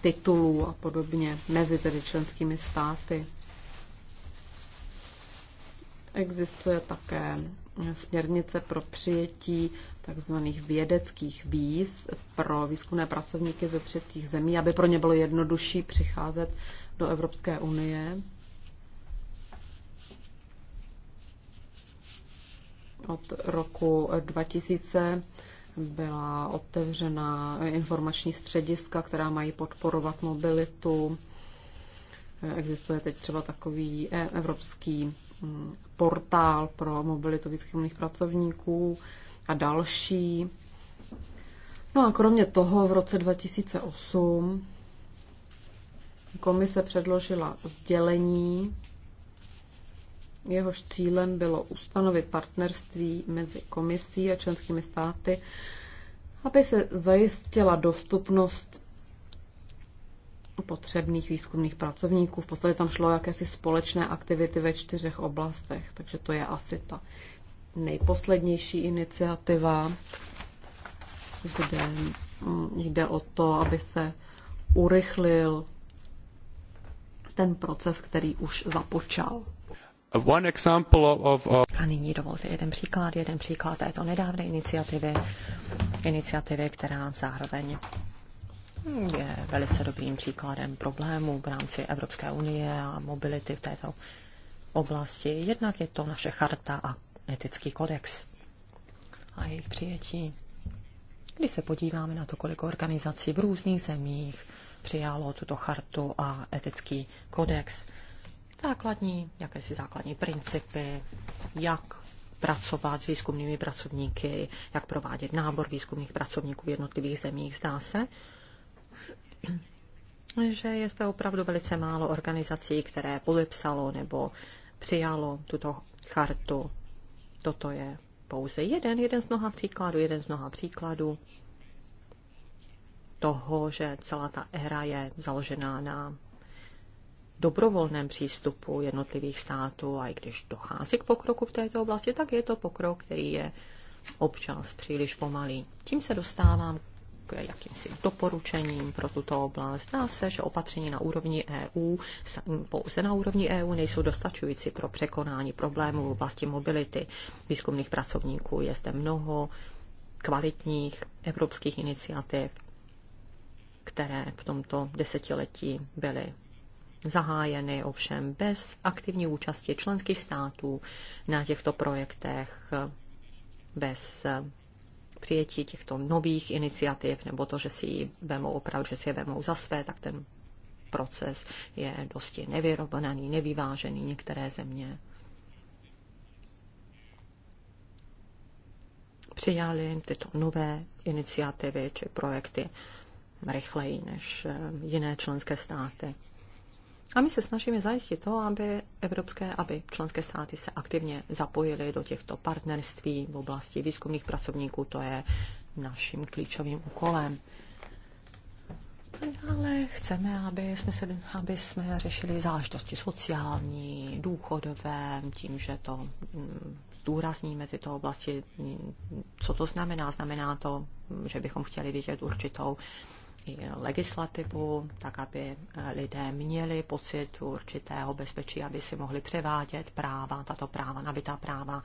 titulů a podobně mezi tedy členskými státy. Existuje také směrnice pro přijetí takzvaných vědeckých víz pro výzkumné pracovníky ze třetích zemí, aby pro ně bylo jednodušší přicházet do Evropské unie. Od roku 2000 byla otevřena informační střediska, která mají podporovat mobilitu. Existuje teď třeba takový eh, evropský mm, portál pro mobilitu výzkumných pracovníků a další. No a kromě toho v roce 2008 komise předložila sdělení, jehož cílem bylo ustanovit partnerství mezi komisí a členskými státy, aby se zajistila dostupnost potřebných výzkumných pracovníků. V podstatě tam šlo jakési společné aktivity ve čtyřech oblastech, takže to je asi ta nejposlednější iniciativa, kde mm, jde o to, aby se urychlil ten proces, který už započal. One example of, of... A nyní dovolte jeden příklad, jeden příklad této nedávné iniciativy, iniciativy, která zároveň je velice dobrým příkladem problémů v rámci Evropské unie a mobility v této oblasti. Jednak je to naše charta a etický kodex a jejich přijetí. Když se podíváme na to, kolik organizací v různých zemích přijalo tuto chartu a etický kodex, základní, jaké si základní principy, jak pracovat s výzkumnými pracovníky, jak provádět nábor výzkumných pracovníků v jednotlivých zemích, zdá se, že je zde opravdu velice málo organizací, které podepsalo nebo přijalo tuto chartu Toto je pouze jeden, jeden z mnoha příkladů, jeden z mnoha příkladů toho, že celá ta éra je založená na dobrovolném přístupu jednotlivých států a i když dochází k pokroku v této oblasti, tak je to pokrok, který je občas příliš pomalý. Tím se dostávám jakýmsi doporučením pro tuto oblast. Zdá se, že opatření na úrovni EU, pouze na úrovni EU, nejsou dostačující pro překonání problémů v oblasti mobility výzkumných pracovníků. Je zde mnoho kvalitních evropských iniciativ, které v tomto desetiletí byly zahájeny ovšem bez aktivní účasti členských států na těchto projektech, bez přijetí těchto nových iniciativ, nebo to, že si ji vemou opravdu, že si je vemou za své, tak ten proces je dosti nevyrovnaný, nevyvážený některé země. Přijali tyto nové iniciativy či projekty rychleji než eh, jiné členské státy. A my se snažíme zajistit to, aby evropské, aby členské státy se aktivně zapojily do těchto partnerství v oblasti výzkumných pracovníků. To je naším klíčovým úkolem. Ale chceme, aby jsme, se, aby jsme řešili záležitosti sociální, důchodové, tím, že to mm, zdůrazníme tyto oblasti. Co to znamená? Znamená to, že bychom chtěli vidět určitou legislativu, tak aby eh, lidé měli pocit určitého bezpečí, aby si mohli převádět práva, tato práva, nabitá práva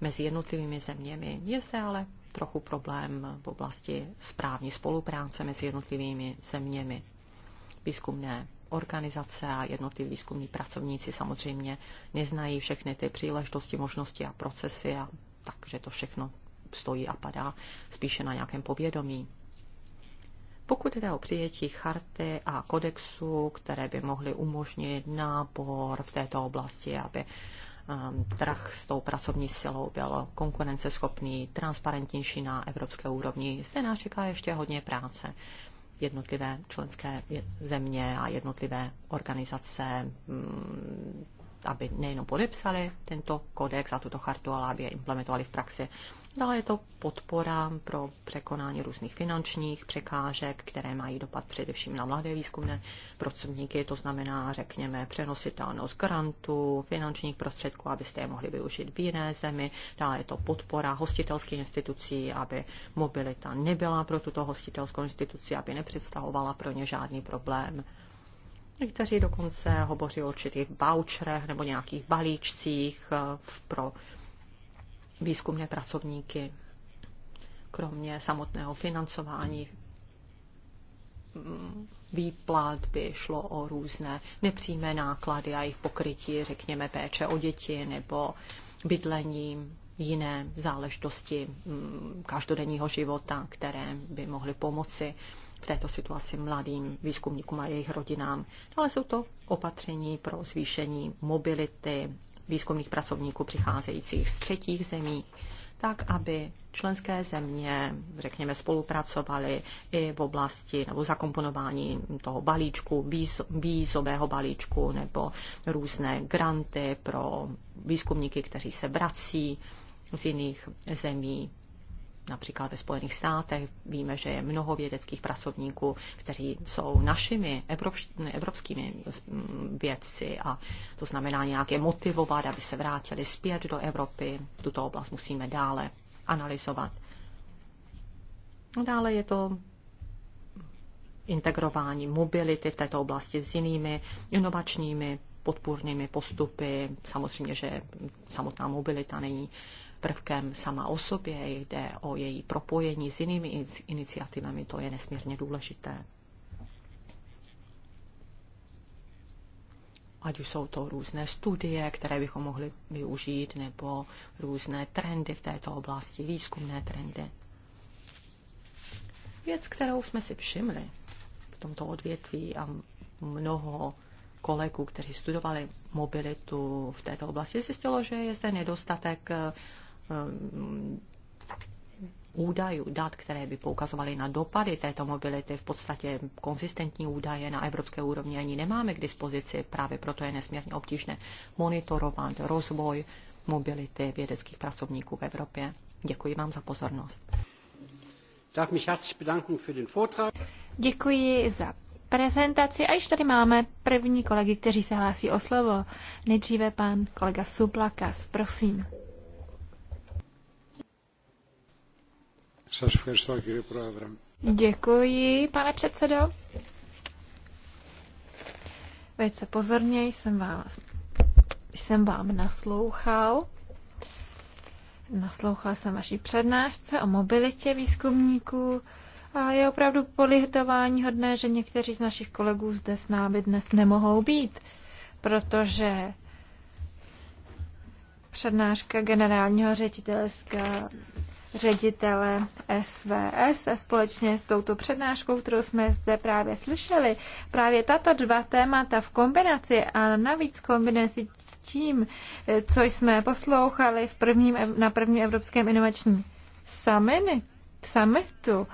mezi jednotlivými zeměmi. Je zde ale trochu problém v oblasti správní spolupráce mezi jednotlivými zeměmi. Výzkumné organizace a jednotliví výzkumní pracovníci samozřejmě neznají všechny ty příležitosti, možnosti a procesy, a takže to všechno stojí a padá spíše na nějakém povědomí. Pokud jde o přijetí charty a kodexu, které by mohly umožnit nábor v této oblasti, aby um, trh s tou pracovní silou byl konkurenceschopný, transparentnější na evropské úrovni. Zde nás čeká ještě hodně práce. Jednotlivé členské země a jednotlivé organizace, mm, aby nejenom podepsali tento kodex a tuto chartu, ale aby je implementovali v praxi. Dále je to podpora pro překonání různých finančních překážek, které mají dopad především na mladé výzkumné pracovníky, to znamená, řekněme, přenositelnost grantů, finančních prostředků, abyste je mohli využít v jiné zemi. Dále je to podpora hostitelských institucí, aby mobilita nebyla pro tuto hostitelskou instituci, aby nepředstavovala pro ně žádný problém. Někteří dokonce hovoří o určitých voucherech nebo nějakých balíčcích eh, pro výzkumné pracovníky, kromě samotného financování mm, výplat by šlo o různé nepřímé náklady a jejich pokrytí, řekněme péče o děti nebo bydlením, jiné záležitosti mm, každodenního života, které by mohly pomoci v této situaci mladým výzkumníkům a jejich rodinám. No, ale jsou to opatření pro zvýšení mobility výzkumných pracovníků přicházejících z třetích zemí, tak aby členské země, řekněme, spolupracovaly i v oblasti nebo zakomponování toho balíčku, výzového balíčku nebo různé granty pro výzkumníky, kteří se vrací z jiných zemí například ve Spojených státech. Víme, že je mnoho vědeckých pracovníků, kteří jsou našimi evropskými mm, vědci a to znamená nějak je motivovat, aby se vrátili zpět do Evropy. Tuto oblast musíme dále analyzovat. No, dále je to integrování mobility v této oblasti s jinými inovačními podpůrnými postupy. Samozřejmě, že samotná mobilita není prvkem sama o sobě, jde o její propojení s jinými iniciativami, to je nesmírně důležité. ať už jsou to různé studie, které bychom mohli využít, nebo různé trendy v této oblasti, výzkumné trendy. Věc, kterou jsme si všimli v tomto odvětví a mnoho kolegů, kteří studovali mobilitu v této oblasti, zjistilo, že je zde nedostatek Um, údajů, dat, které by poukazovaly na dopady této mobility, v podstatě konzistentní údaje na evropské úrovni ani nemáme k dispozici, právě proto je nesmírně obtížné monitorovat rozvoj mobility vědeckých pracovníků v Evropě. Děkuji vám za pozornost. Děkuji za prezentaci a již tady máme první kolegy, kteří se hlásí o slovo. Nejdříve pan kolega Suplakas, prosím. Děkuji, pane předsedo. Velice pozorně jsem vám, jsem vám naslouchal. Naslouchal jsem vaší přednášce o mobilitě výzkumníků a je opravdu polihtování hodné, že někteří z našich kolegů zde s námi dnes nemohou být, protože přednáška generálního ředitelska ředitele SVS a společně s touto přednáškou, kterou jsme zde právě slyšeli, právě tato dva témata v kombinaci a navíc kombinaci tím, co jsme poslouchali v prvním, na prvním Evropském inovačním summitu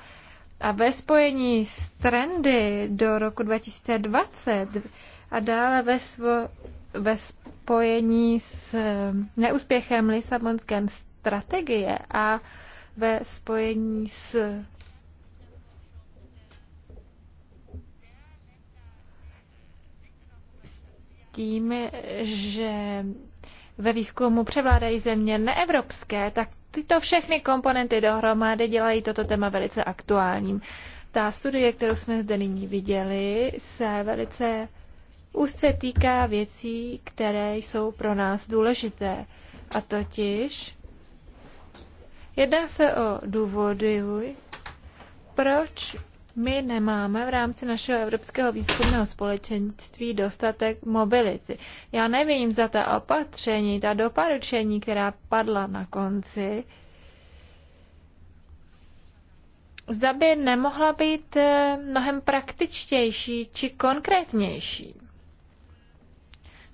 a ve spojení s trendy do roku 2020 a dále ve, svo, ve spojení s neúspěchem Lisabonské strategie a ve spojení s tím, že ve výzkumu převládají země neevropské, tak tyto všechny komponenty dohromady dělají toto téma velice aktuálním. Ta studie, kterou jsme zde nyní viděli, se velice úzce týká věcí, které jsou pro nás důležité. A totiž Jedná se o důvody, proč my nemáme v rámci našeho evropského výzkumného společenství dostatek mobility. Já nevím, za ta opatření, ta doporučení, která padla na konci, zda by nemohla být eh, mnohem praktičtější či konkrétnější.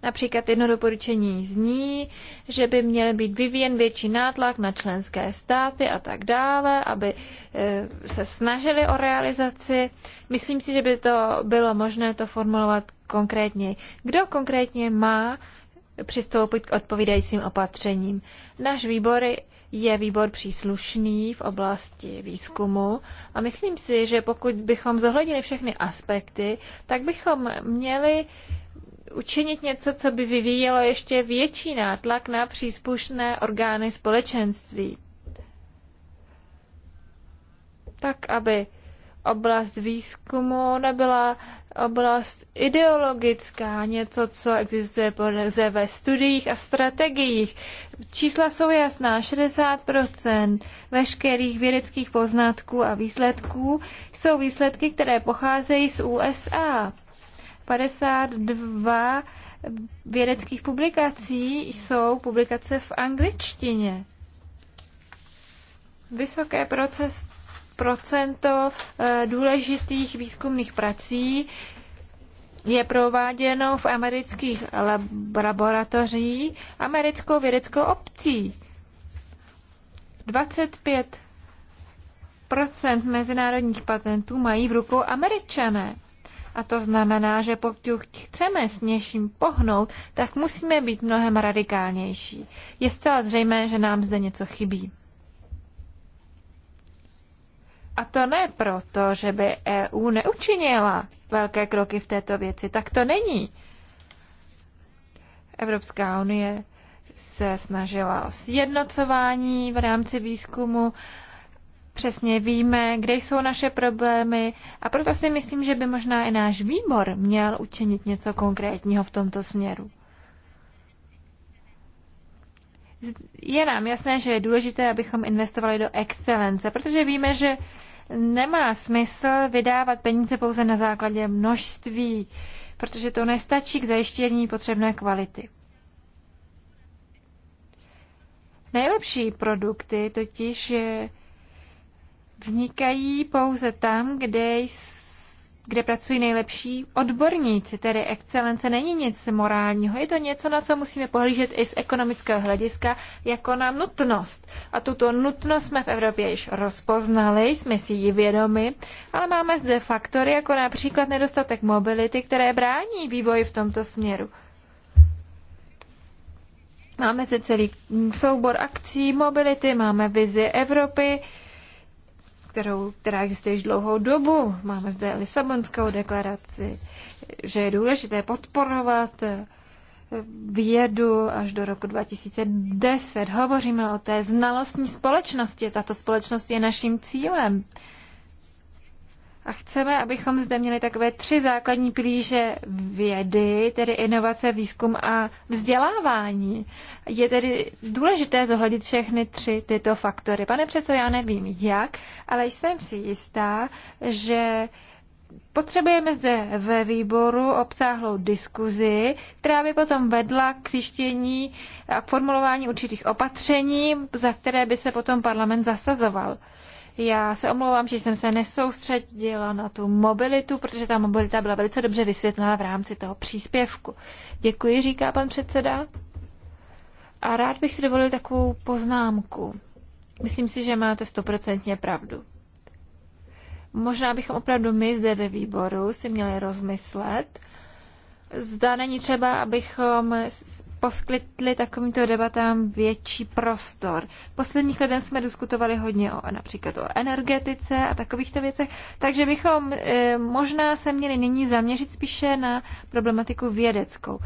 Například jedno doporučení zní, že by měl být vyvíjen větší nátlak na členské státy a tak dále, aby e, se snažili o realizaci. Myslím si, že by to bylo možné to formulovat konkrétně. Kdo konkrétně má přistoupit k odpovídajícím opatřením? Náš výbor je výbor příslušný v oblasti výzkumu a myslím si, že pokud bychom zohlednili všechny aspekty, tak bychom měli učinit něco, co by vyvíjelo ještě větší nátlak na příslušné orgány společenství. Tak, aby oblast výzkumu nebyla oblast ideologická, něco, co existuje pouze ve studiích a strategiích. Čísla jsou jasná, 60% veškerých vědeckých poznatků a výsledků jsou výsledky, které pocházejí z USA. 52 vědeckých publikací jsou publikace v angličtině. Vysoké proces, procento eh, důležitých výzkumných prací je prováděno v amerických laboratořích americkou vědeckou obcí. 25 mezinárodních patentů mají v rukou američané. A to znamená, že pokud chceme s něčím pohnout, tak musíme být mnohem radikálnější. Je zcela zřejmé, že nám zde něco chybí. A to ne proto, že by EU neučinila velké kroky v této věci. Tak to není. Evropská unie se snažila o sjednocování v rámci výzkumu přesně víme, kde jsou naše problémy a proto si myslím, že by možná i náš výbor měl učinit něco konkrétního v tomto směru. Je nám jasné, že je důležité, abychom investovali do excelence, protože víme, že nemá smysl vydávat peníze pouze na základě množství, protože to nestačí k zajištění potřebné kvality. Nejlepší produkty totiž je vznikají pouze tam, kde, kde pracují nejlepší odborníci, tedy excelence není nic morálního, je to něco, na co musíme pohlížet i z ekonomického hlediska jako na nutnost. A tuto nutnost jsme v Evropě již rozpoznali, jsme si ji vědomi, ale máme zde faktory, jako například nedostatek mobility, které brání vývoji v tomto směru. Máme zde celý soubor akcí mobility, máme vizi Evropy, kterou, která existuje již dlouhou dobu. Máme zde Lisabonskou deklaraci, že je důležité podporovat eh, vědu až do roku 2010. Hovoříme o té znalostní společnosti. Tato společnost je naším cílem. A chceme, abychom zde měli takové tři základní pilíře vědy, tedy inovace, výzkum a vzdělávání. Je tedy důležité zohlednit všechny tři tyto faktory. Pane předsedo, já nevím jak, ale jsem si jistá, že Potřebujeme zde ve výboru obsáhlou diskuzi, která by potom vedla k zjištění a k formulování určitých opatření, za které by se potom parlament zasazoval. Já se omlouvám, že jsem se nesoustředila na tu mobilitu, protože ta mobilita byla velice dobře vysvětlena v rámci toho příspěvku. Děkuji, říká pan předseda. A rád bych si dovolil takovou poznámku. Myslím si, že máte stoprocentně pravdu. Možná bychom opravdu my zde ve výboru si měli rozmyslet, zda není třeba, abychom poskytli takovýmto debatám větší prostor. posledních letech jsme diskutovali hodně o například o energetice a takovýchto věcech, takže bychom e, možná se měli nyní zaměřit spíše na problematiku vědeckou.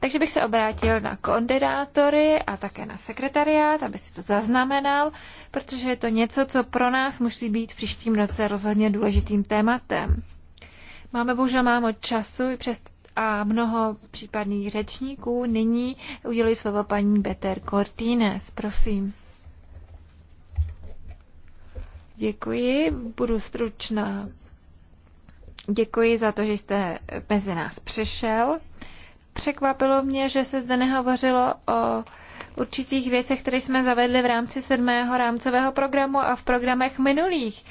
Takže bych se obrátil na koordinátory a také na sekretariát, aby si to zaznamenal, protože je to něco, co pro nás musí být v příštím roce rozhodně důležitým tématem. Máme bohužel mámo času i přes a mnoho případných řečníků. Nyní uděluji slovo paní Beter Cortines. Prosím. Děkuji, budu stručná. Děkuji za to, že jste mezi nás přišel. Překvapilo mě, že se zde nehovořilo o určitých věcech, které jsme zavedli v rámci sedmého rámcového programu a v programech minulých.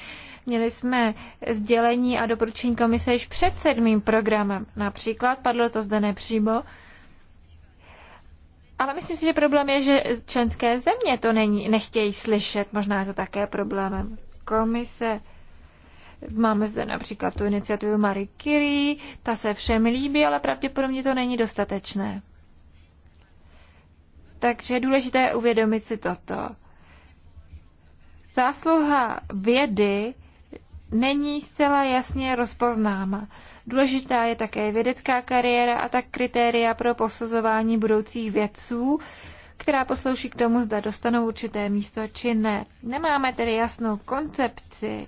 Měli jsme sdělení a doporučení komise již před sedmým programem. Například padlo to zde nepřímo. Ale myslím si, že problém je, že členské země to není, nechtějí slyšet. Možná je to také problémem komise. Máme zde například tu iniciativu Marie Curie, ta se všem líbí, ale pravděpodobně to není dostatečné. Takže je důležité uvědomit si toto. Zásluha vědy není zcela jasně rozpoznáma. Důležitá je také vědecká kariéra a tak kritéria pro posuzování budoucích vědců, která poslouží k tomu, zda dostanou určité místo či ne. Nemáme tedy jasnou koncepci,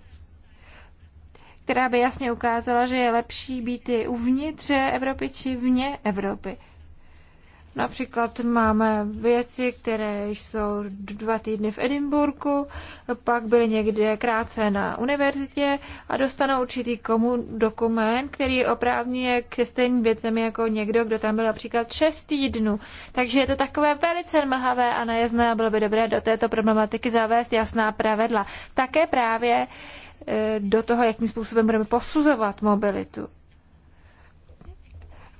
která by jasně ukázala, že je lepší být i uvnitř Evropy či vně Evropy. Například máme věci, které jsou dva týdny v Edinburgu, pak byly někde krátce na univerzitě a dostanou určitý komu dokument, který oprávní je k stejným věcem jako někdo, kdo tam byl například šest týdnů. Takže je to takové velice mlhavé a najezné a bylo by dobré do této problematiky zavést jasná pravidla. Také právě eh, do toho, jakým způsobem budeme posuzovat mobilitu.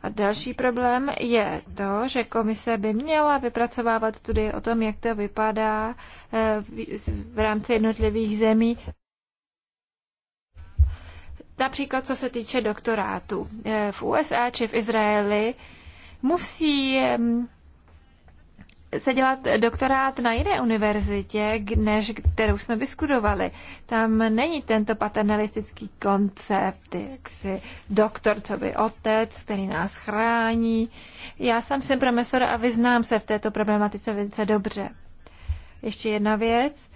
A další problém je to, že komise by měla vypracovávat studie o tom, jak to vypadá eh, v rámci jednotlivých zemí. Například co se týče doktorátu. Eh, v USA či v Izraeli musí se dělat doktorát na jiné univerzitě, než kterou jsme vyskudovali. Tam není tento paternalistický koncept, jak si doktor, co by otec, který nás chrání. Já sám jsem profesor a vyznám se v této problematice velice dobře. Ještě jedna věc.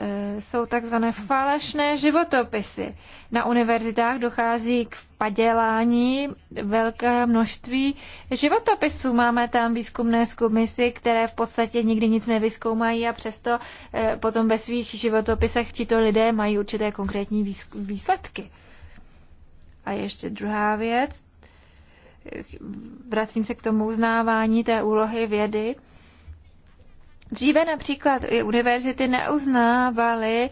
Eh, jsou takzvané falešné životopisy. Na univerzitách dochází k padělání velké množství životopisů. Máme tam výzkumné komisy, které v podstatě nikdy nic nevyskoumají a přesto eh, potom ve svých životopisech tito lidé mají určité konkrétní výsledky. A ještě druhá věc. Eh, vracím se k tomu uznávání té úlohy vědy Dříve například univerzity neuznávaly,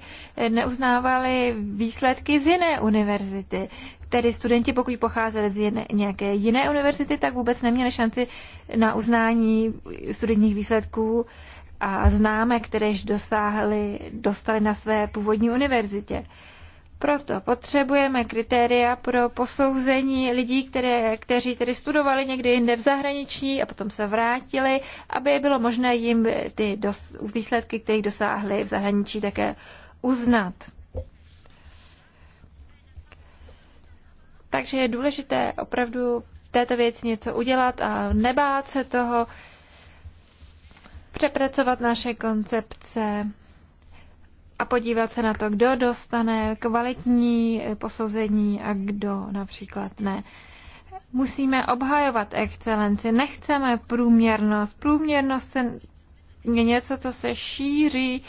neuznávaly výsledky z jiné univerzity. Tedy studenti, pokud pocházeli z jiné, nějaké jiné univerzity, tak vůbec neměli šanci na uznání studijních výsledků a známek, kteréž dosáhli, dostali na své původní univerzitě. Proto potřebujeme kritéria pro posouzení lidí, které, kteří tedy studovali někdy jinde v zahraničí a potom se vrátili, aby bylo možné jim ty dos, výsledky, které dosáhli v zahraničí, také uznat. Takže je důležité opravdu této věci něco udělat a nebát se toho, přepracovat naše koncepce, a podívat se na to, kdo dostane kvalitní posouzení a kdo například ne. Musíme obhajovat excelenci, nechceme průměrnost. Průměrnost je něco, co se šíří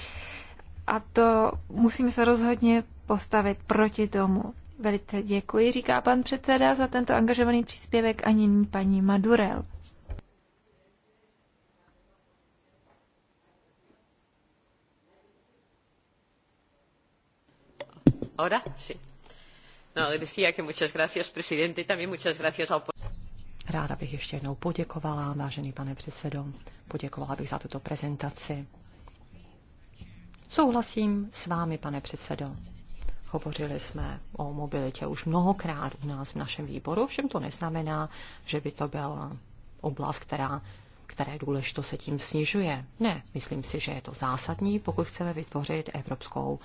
a to musíme se rozhodně postavit proti tomu. Velice děkuji, říká pan předseda, za tento angažovaný příspěvek ani paní Madurel. No, Ráda bych ještě jednou poděkovala, vážený pane předsedo, poděkovala bych za tuto prezentaci. Souhlasím s vámi, pane předsedo. Hovořili jsme o mobilitě už mnohokrát u nás v našem výboru, ovšem to neznamená, že by to byla oblast, která, které důležito se tím snižuje. Ne, myslím si, že je to zásadní, pokud chceme vytvořit evropskou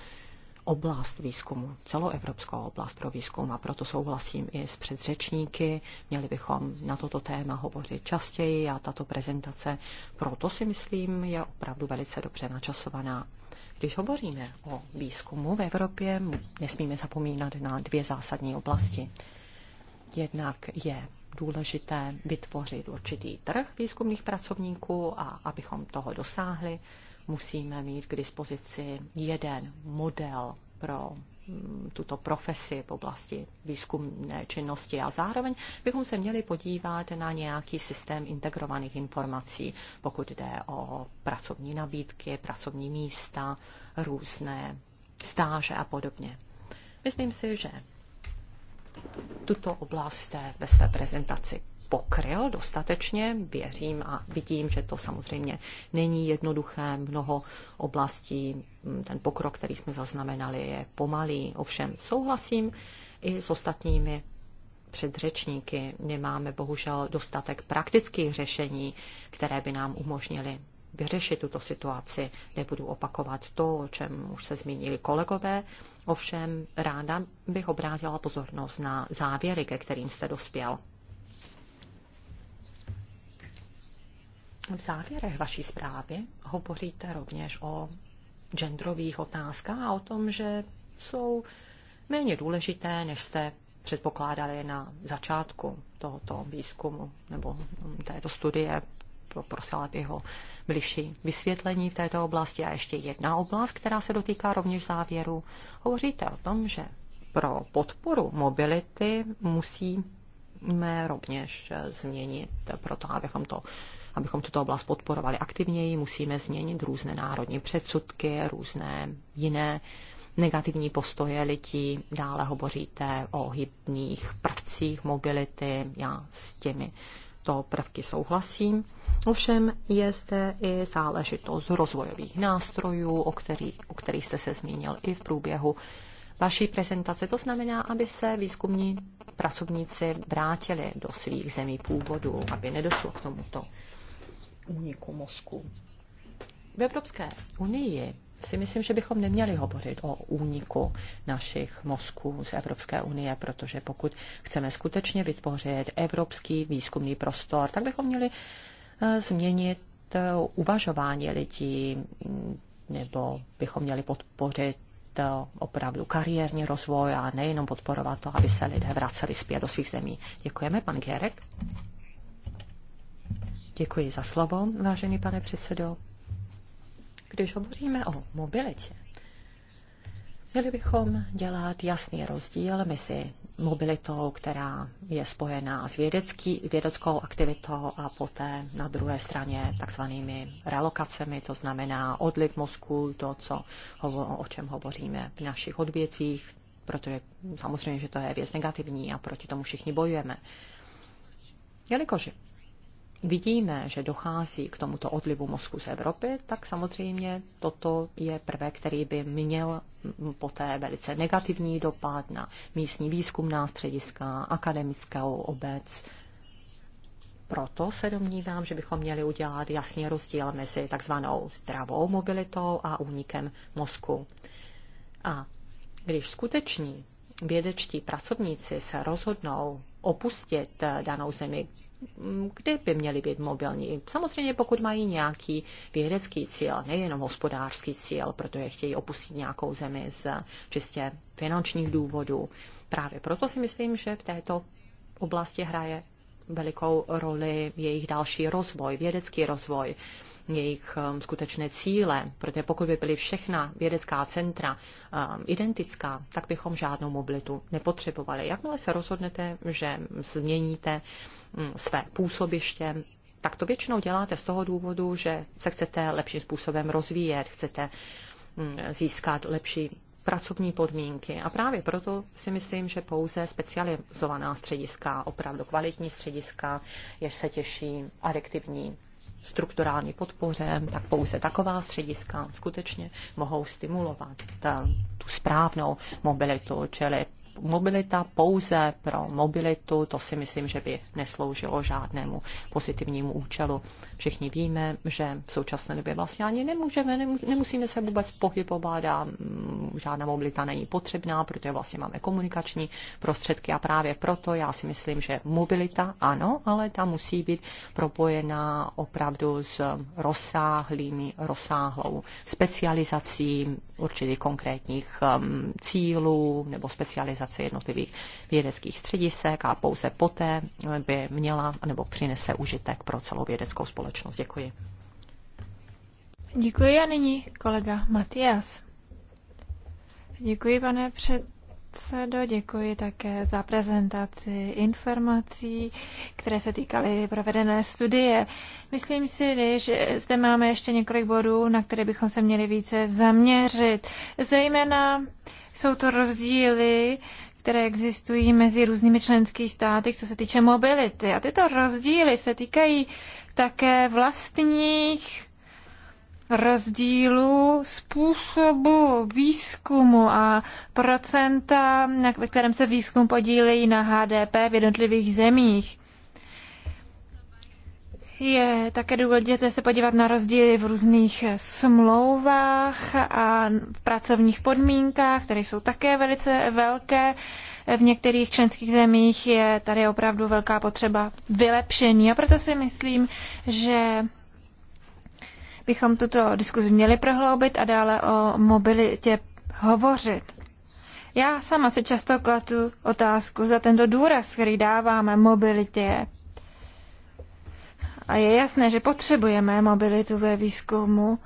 oblast výzkumu, celoevropskou oblast pro výzkum a proto souhlasím i s předřečníky. Měli bychom na toto téma hovořit častěji a tato prezentace proto si myslím je opravdu velice dobře načasovaná. Když hovoříme o výzkumu v Evropě, nesmíme zapomínat na dvě zásadní oblasti. Jednak je důležité vytvořit určitý trh výzkumných pracovníků a abychom toho dosáhli, musíme mít k dispozici jeden model pro mm, tuto profesi v oblasti výzkumné činnosti a zároveň bychom se měli podívat na nějaký systém integrovaných informací, pokud jde o pracovní nabídky, pracovní místa, různé stáže a podobně. Myslím si, že tuto oblast jste ve své prezentaci pokryl dostatečně. Věřím a vidím, že to samozřejmě není jednoduché. Mnoho oblastí, mm, ten pokrok, který jsme zaznamenali, je pomalý. Ovšem souhlasím i s ostatními předřečníky. Nemáme bohužel dostatek praktických řešení, které by nám umožnili vyřešit tuto situaci. Nebudu opakovat to, o čem už se zmínili kolegové, ovšem ráda bych obrátila pozornost na závěry, ke kterým jste dospěl. V závěrech vaší zprávy hovoříte rovněž o genderových otázkách a o tom, že jsou méně důležité, než jste předpokládali na začátku tohoto výzkumu nebo této studie. Poprosila bych ho bližší vysvětlení v této oblasti. A ještě jedna oblast, která se dotýká rovněž závěru. Hovoříte o tom, že pro podporu mobility musíme rovněž změnit, proto abychom to abychom tuto oblast podporovali aktivněji, musíme změnit různé národní předsudky, různé jiné negativní postoje lidí. Dále hovoříte o hybných prvcích mobility. Já s těmi to prvky souhlasím. Ovšem je zde i záležitost rozvojových nástrojů, o kterých, o který jste se zmínil i v průběhu vaší prezentace. To znamená, aby se výzkumní pracovníci vrátili do svých zemí původu, aby nedošlo k tomuto úniku mozku. V Evropské unii si myslím, že bychom neměli hovořit o úniku našich mozků z Evropské unie, protože pokud chceme skutečně vytvořit evropský výzkumný prostor, tak bychom měli eh, změnit eh, uvažování lidí, nebo bychom měli podpořit eh, opravdu kariérní rozvoj a nejenom podporovat to, aby se lidé vraceli zpět do svých zemí. Děkujeme, pan Gerek. Děkuji za slovo, vážený pane předsedo. Když hovoříme o mobilitě, Měli bychom dělat jasný rozdíl mezi mobilitou, která je spojená s vědecký, vědeckou aktivitou a poté na druhé straně takzvanými relokacemi, to znamená odliv mozku, to, co, o čem hovoříme v našich odvětvích, protože samozřejmě, že to je věc negativní a proti tomu všichni bojujeme. Jelikož vidíme, že dochází k tomuto odlivu mozku z Evropy, tak samozřejmě toto je prvek, který by měl poté velice negativní dopad na místní výzkumná střediska, akademickou obec, proto se domnívám, že bychom měli udělat jasný rozdíl mezi takzvanou zdravou mobilitou a únikem mozku. A když skuteční vědečtí pracovníci se rozhodnou opustit danou zemi, Mm, kde by měly být mobilní. Samozřejmě pokud mají nějaký vědecký cíl, nejenom hospodářský cíl, protože chtějí opustit nějakou zemi z čistě finančních důvodů. Právě proto si myslím, že v této oblasti hraje velikou roli jejich další rozvoj, vědecký rozvoj, jejich um, skutečné cíle, protože pokud by byly všechna vědecká centra um, identická, tak bychom žádnou mobilitu nepotřebovali. Jakmile se rozhodnete, že změníte Mm, své působiště, tak to většinou děláte z toho důvodu, že se chcete lepším způsobem rozvíjet, chcete mm, získat lepší pracovní podmínky. A právě proto si myslím, že pouze specializovaná střediska, opravdu kvalitní střediska, jež se těší adektivní strukturální podpoře, tak pouze taková střediska skutečně mohou stimulovat ta, tu správnou mobilitu, čili mobilita pouze pro mobilitu, to si myslím, že by nesloužilo žádnému pozitivnímu účelu. Všichni víme, že v současné době vlastně ani nemůžeme, nemusíme se vůbec pohybovat a mm, žádná mobilita není potřebná, protože vlastně máme komunikační prostředky a právě proto já si myslím, že mobilita ano, ale ta musí být propojená opravdu s rozsáhlými, rozsáhlou specializací určitých konkrétních mm, cílů nebo specializace jednotlivých vědeckých středisek a pouze poté by měla nebo přinese užitek pro celou vědeckou společnost společnost. Děkuji. Děkuji a nyní kolega Matias. Děkuji, pane předsedo, děkuji také za prezentaci informací, které se týkaly provedené studie. Myslím si, že zde máme ještě několik bodů, na které bychom se měli více zaměřit. Zejména jsou to rozdíly, které existují mezi různými členskými státy, co se týče mobility. A tyto rozdíly se týkají také vlastních rozdílů, způsobu výzkumu a procenta, na kterém se výzkum podílejí na HDP v jednotlivých zemích. Je také důležité se podívat na rozdíly v různých smlouvách a v pracovních podmínkách, které jsou také velice velké v některých členských zemích je tady opravdu velká potřeba vylepšení. A proto si myslím, že bychom tuto diskuzi měli prohloubit a dále o mobilitě hovořit. Já sama si často kladu otázku za tento důraz, který dáváme mobilitě. A je jasné, že potřebujeme mobilitu ve výzkumu.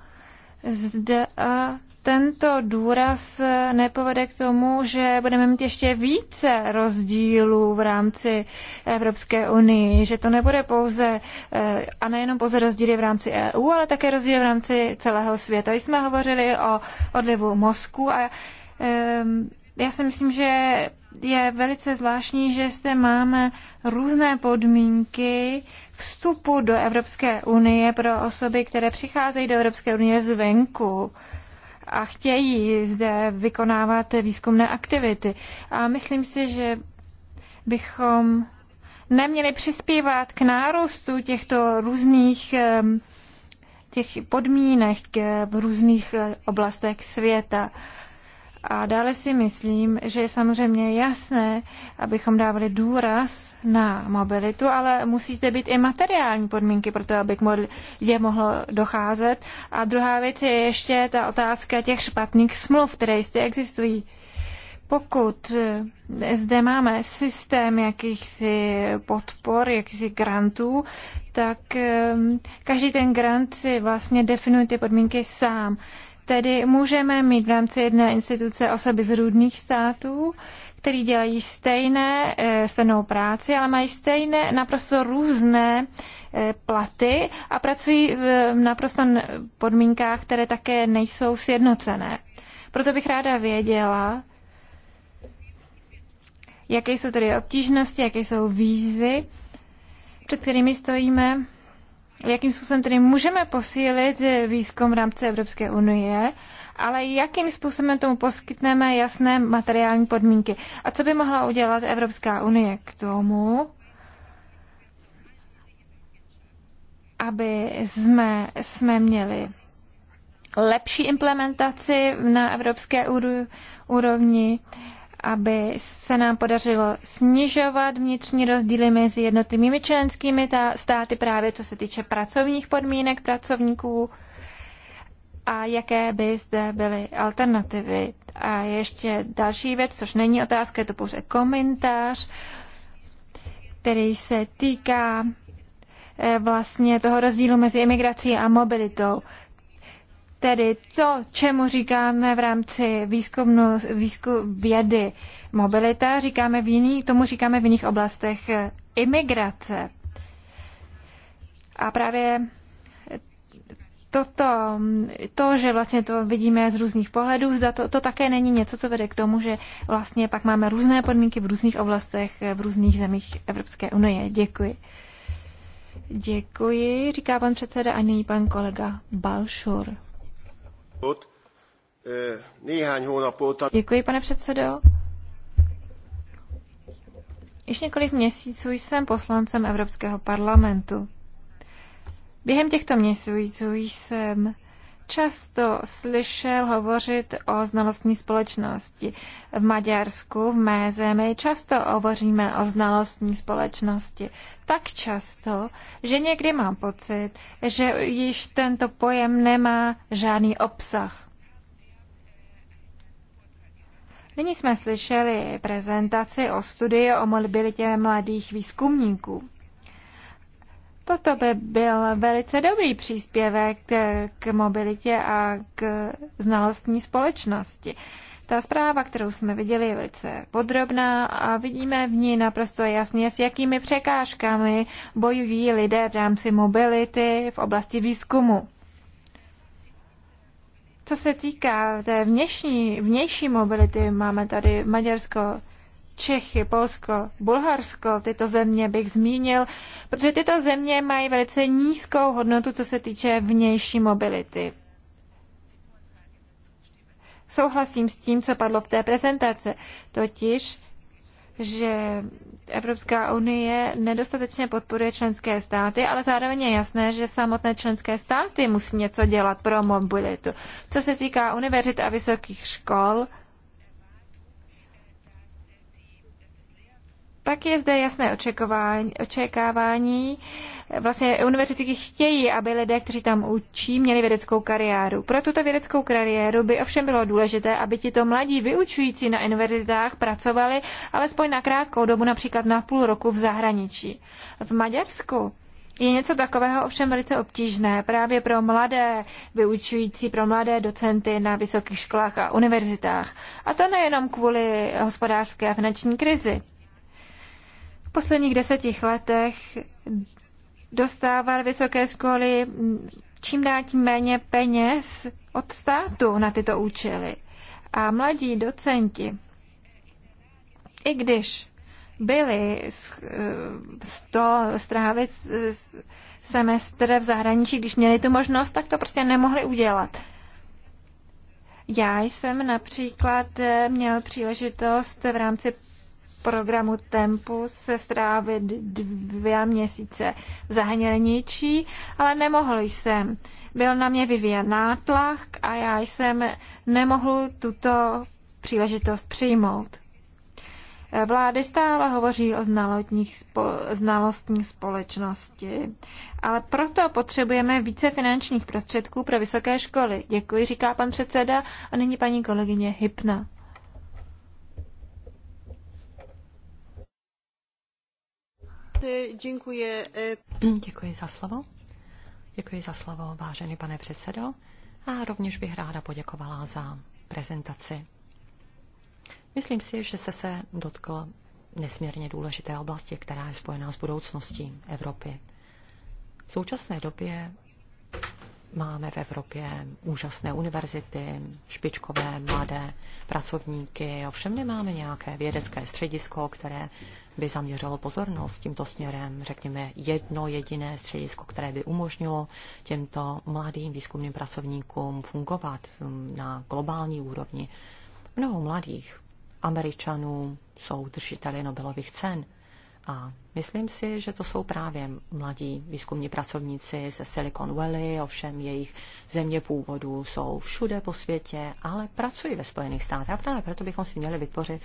Zde a tento důraz nepovede k tomu, že budeme mít ještě více rozdílů v rámci Evropské unii, že to nebude pouze eh, a nejenom pouze rozdíly v rámci EU, ale také rozdíly v rámci celého světa. Když jsme hovořili o odlivu mozku a ehm, já si myslím, že je velice zvláštní, že zde máme různé podmínky vstupu do Evropské unie pro osoby, které přicházejí do Evropské unie zvenku. Uh, a chtějí zde vykonávat výzkumné aktivity. A myslím si, že bychom neměli přispívat k nárůstu těchto různých těch podmínek v různých eh, oblastech světa. A dále si myslím, že je samozřejmě jasné, abychom dávali důraz na mobilitu, ale musí zde být i materiální podmínky pro to, aby k je mohlo docházet. A druhá věc je ještě ta otázka těch špatných smluv, které jistě existují. Pokud eh, zde máme systém jakýchsi podpor, jakýchsi grantů, tak eh, každý ten grant si vlastně definuje ty podmínky sám. Tedy můžeme mít v rámci jedné instituce osoby z různých států, který dělají stejné eh, stejnou práci, ale mají stejné, naprosto různé eh, platy a pracují v naprosto podmínkách, které také nejsou sjednocené. Proto bych ráda věděla, jaké jsou tedy obtížnosti, jaké jsou výzvy, před kterými stojíme jakým způsobem tedy můžeme posílit výzkum v rámci Evropské unie, ale jakým způsobem tomu poskytneme jasné materiální podmínky. A co by mohla udělat Evropská unie k tomu, aby jsme, jsme měli lepší implementaci na evropské úrovni, aby se nám podařilo snižovat vnitřní rozdíly mezi jednotlivými členskými státy právě co se týče pracovních podmínek pracovníků a jaké by zde byly alternativy. A ještě další věc, což není otázka, je to pouze komentář, který se týká eh, vlastně toho rozdílu mezi imigrací a mobilitou. Tedy to, čemu říkáme v rámci výzkumu, výzku, vědy mobilita, říkáme v jiný, tomu říkáme v jiných oblastech eh, imigrace. A právě toto, mm, to, že vlastně to vidíme z různých pohledů, zda to, to také není něco, co vede k tomu, že vlastně pak máme různé podmínky v různých oblastech, eh, v různých zemích Evropské unie. Děkuji. Děkuji, říká pan předseda a nyní pan kolega Balšur. Eh, Děkuji, pane předsedo. Již několik měsíců jsem poslancem Evropského parlamentu. Během těchto měsíců jsem často slyšel hovořit o znalostní společnosti. V Maďarsku, v mé zemi, často hovoříme o znalostní společnosti. Tak často, že někdy mám pocit, že již tento pojem nemá žádný obsah. Nyní jsme slyšeli prezentaci o studii o mobilitě mladých výzkumníků. Toto by byl velice dobrý příspěvek k mobilitě a k znalostní společnosti. Ta zpráva, kterou jsme viděli, je velice podrobná a vidíme v ní naprosto jasně, s jakými překážkami bojují lidé v rámci mobility v oblasti výzkumu. Co se týká té vnější, vnější mobility, máme tady Maďarsko, Čechy, Polsko, Bulharsko, tyto země bych zmínil, protože tyto země mají velice nízkou hodnotu, co se týče vnější mobility. Souhlasím s tím, co padlo v té prezentace, totiž, že Evropská unie nedostatečně podporuje členské státy, ale zároveň je jasné, že samotné členské státy musí něco dělat pro mobilitu. Co se týká univerzit a vysokých škol, Pak je zde jasné očekávání. Vlastně univerzity chtějí, aby lidé, kteří tam učí, měli vědeckou kariéru. Pro tuto vědeckou kariéru by ovšem bylo důležité, aby tito mladí vyučující na univerzitách pracovali alespoň na krátkou dobu, například na půl roku v zahraničí. V Maďarsku je něco takového ovšem velice obtížné právě pro mladé vyučující, pro mladé docenty na vysokých školách a univerzitách. A to nejenom kvůli hospodářské a finanční krizi posledních desetich letech dostávaly vysoké školy čím dál tím méně peněz od státu na tyto účely. A mladí docenti, i když byli z to strávit semestr v zahraničí, když měli tu možnost, tak to prostě nemohli udělat. Já jsem například měl příležitost v rámci programu Tempus se strávit dvě měsíce v zahraničí, ale nemohl jsem. Byl na mě vyvíjen nátlak a já jsem nemohl tuto příležitost přijmout. Vlády stále hovoří o znalostní společnosti, ale proto potřebujeme více finančních prostředků pro vysoké školy. Děkuji, říká pan předseda a nyní paní kolegyně Hypna. Eh, děkuji. za slovo. Děkuji za slovo, vážený pane předsedo. A rovněž bych ráda poděkovala za prezentaci. Myslím si, že jste se dotkl nesmírně důležité oblasti, která je spojená s budoucností Evropy. V současné době máme v Evropě úžasné univerzity, špičkové mladé pracovníky, ovšem nemáme nějaké vědecké středisko, které by zaměřilo pozornost tímto směrem, řekněme jedno jediné středisko, které by umožnilo těmto mladým výzkumným pracovníkům fungovat mm, na globální úrovni. Mnoho mladých Američanů jsou držiteli Nobelových cen. A myslím si, že to jsou právě mladí výzkumní pracovníci ze Silicon Valley, ovšem jejich země původu jsou všude po světě, ale pracují ve Spojených státech. A právě proto bychom si měli vytvořit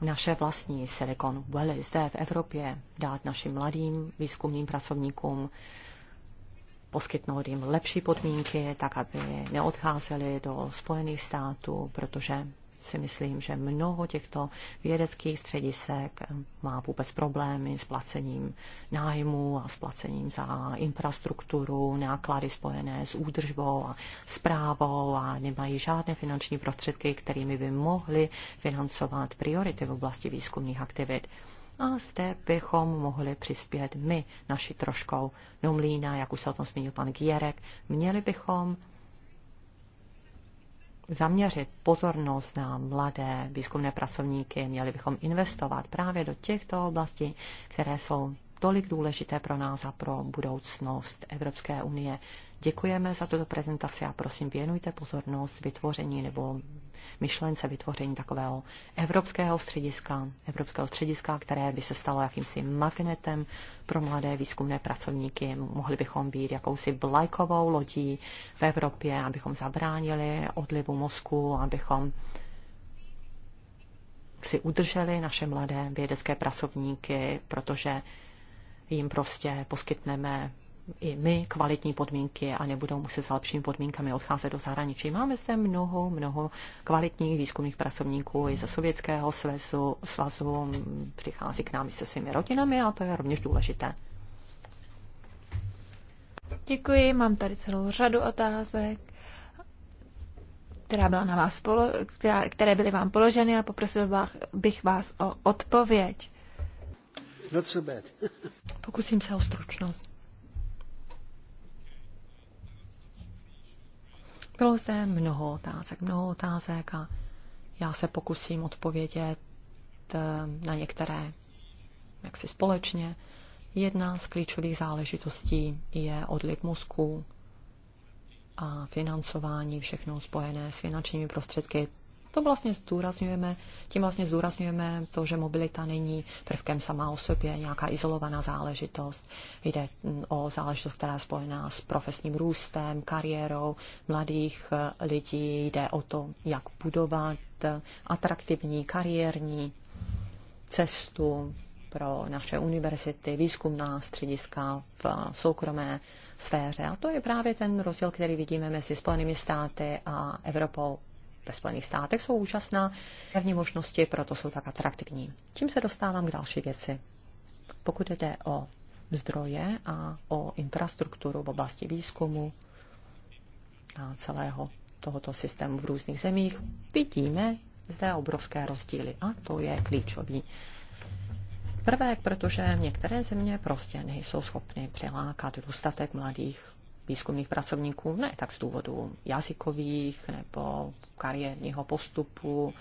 naše vlastní Silicon Valley zde v Evropě, dát našim mladým výzkumným pracovníkům, poskytnout jim lepší podmínky, tak aby neodcházeli do Spojených států, protože si myslím, že mnoho těchto vědeckých středisek má vůbec problémy s placením nájmu a s placením za infrastrukturu, náklady spojené s údržbou a zprávou a nemají žádné finanční prostředky, kterými by mohly financovat priority v oblasti výzkumných aktivit. A zde bychom mohli přispět my naši troškou do no, jak už se o tom zmínil pan Gierek. Měli bychom zaměřit pozornost na mladé výzkumné pracovníky, měli bychom investovat právě do těchto oblastí, které jsou tolik důležité pro nás a pro budoucnost Evropské unie. Děkujeme za tuto prezentaci a prosím věnujte pozornost vytvoření nebo myšlence vytvoření takového evropského střediska, evropského střediska, které by se stalo jakýmsi magnetem pro mladé výzkumné pracovníky. Mohli bychom být jakousi vlajkovou lodí v Evropě, abychom zabránili odlivu mozku, abychom si udrželi naše mladé vědecké pracovníky, protože jim prostě poskytneme i my kvalitní podmínky a nebudou muset s lepšími podmínkami odcházet do zahraničí. Máme zde mnoho, mnoho kvalitních výzkumných pracovníků i ze Sovětského svazu, svazu přichází k nám i se svými rodinami a to je rovněž důležité. Děkuji, mám tady celou řadu otázek, která byla na vás polo, která, které byly vám položeny a poprosil bych vás o odpověď. Not so bad. Pokusím se o stručnost. Bylo zde mnoho otázek, mnoho otázek a já se pokusím odpovědět ehm, na některé jaksi společně. Jedna z klíčových záležitostí je odliv mozku a financování, všechno spojené s finančními prostředky to vlastně zdůrazňujeme, tím vlastně zdůrazňujeme to, že mobilita není prvkem sama o sobě, nějaká izolovaná záležitost. Jde mm, o záležitost, která je spojená s profesním růstem, kariérou mladých eh, lidí, jde o to, jak budovat eh, atraktivní kariérní cestu pro naše univerzity, výzkumná střediska v eh, soukromé sféře. A to je právě ten rozdíl, který vidíme mezi Spojenými státy a Evropou ve Spojených státech jsou úžasná první možnosti, proto jsou tak atraktivní. Tím se dostávám k další věci. Pokud jde o zdroje a o infrastrukturu v oblasti výzkumu a celého tohoto systému v různých zemích, vidíme zde obrovské rozdíly a to je klíčový prvek, protože některé země prostě nejsou schopny přilákat dostatek mladých výzkumných pracovníků, ne tak z důvodu jazykových nebo kariérního postupu,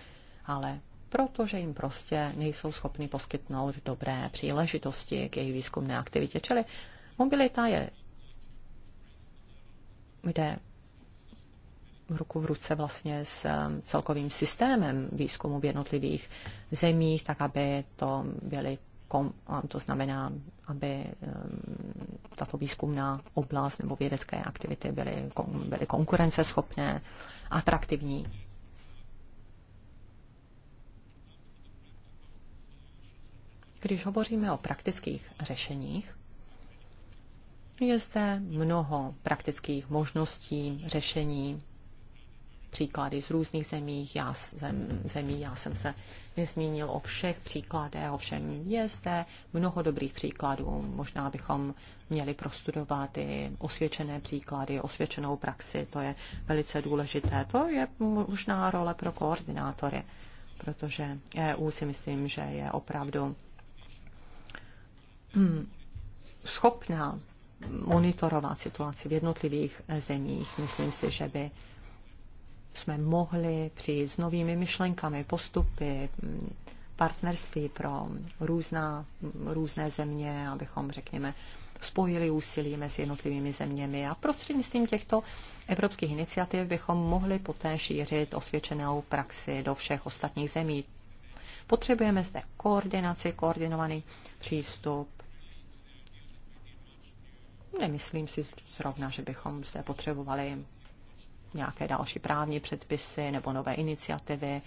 ale protože jim prostě nejsou schopni poskytnout dobré příležitosti k jejich výzkumné aktivitě. Čili mobilita je, jde ruku v ruce vlastně s um, celkovým systémem výzkumu v jednotlivých zemích, tak aby to byly kom, to znamená, aby tato výzkumná oblast nebo vědecké aktivity byly, byly konkurenceschopné, atraktivní. Když hovoříme o praktických řešeních, je zde mnoho praktických možností, řešení, příklady z různých zemí. Já, jsem, zemí. já jsem se nezmínil o všech příkladech, ovšem je zde mnoho dobrých příkladů. Možná bychom měli prostudovat i osvědčené příklady, osvědčenou praxi. To je velice důležité. To je možná role pro koordinátory, protože EU si myslím, že je opravdu hm, schopná monitorovat situaci v jednotlivých zemích. Myslím si, že by jsme mohli přijít s novými myšlenkami, postupy, partnerství pro různá, různé země, abychom, řekněme, spojili úsilí mezi jednotlivými zeměmi a prostřednictvím těchto evropských iniciativ bychom mohli poté šířit osvědčenou praxi do všech ostatních zemí. Potřebujeme zde koordinaci, koordinovaný přístup. Nemyslím si zrovna, že bychom zde potřebovali nějaké další právní předpisy nebo nové iniciativy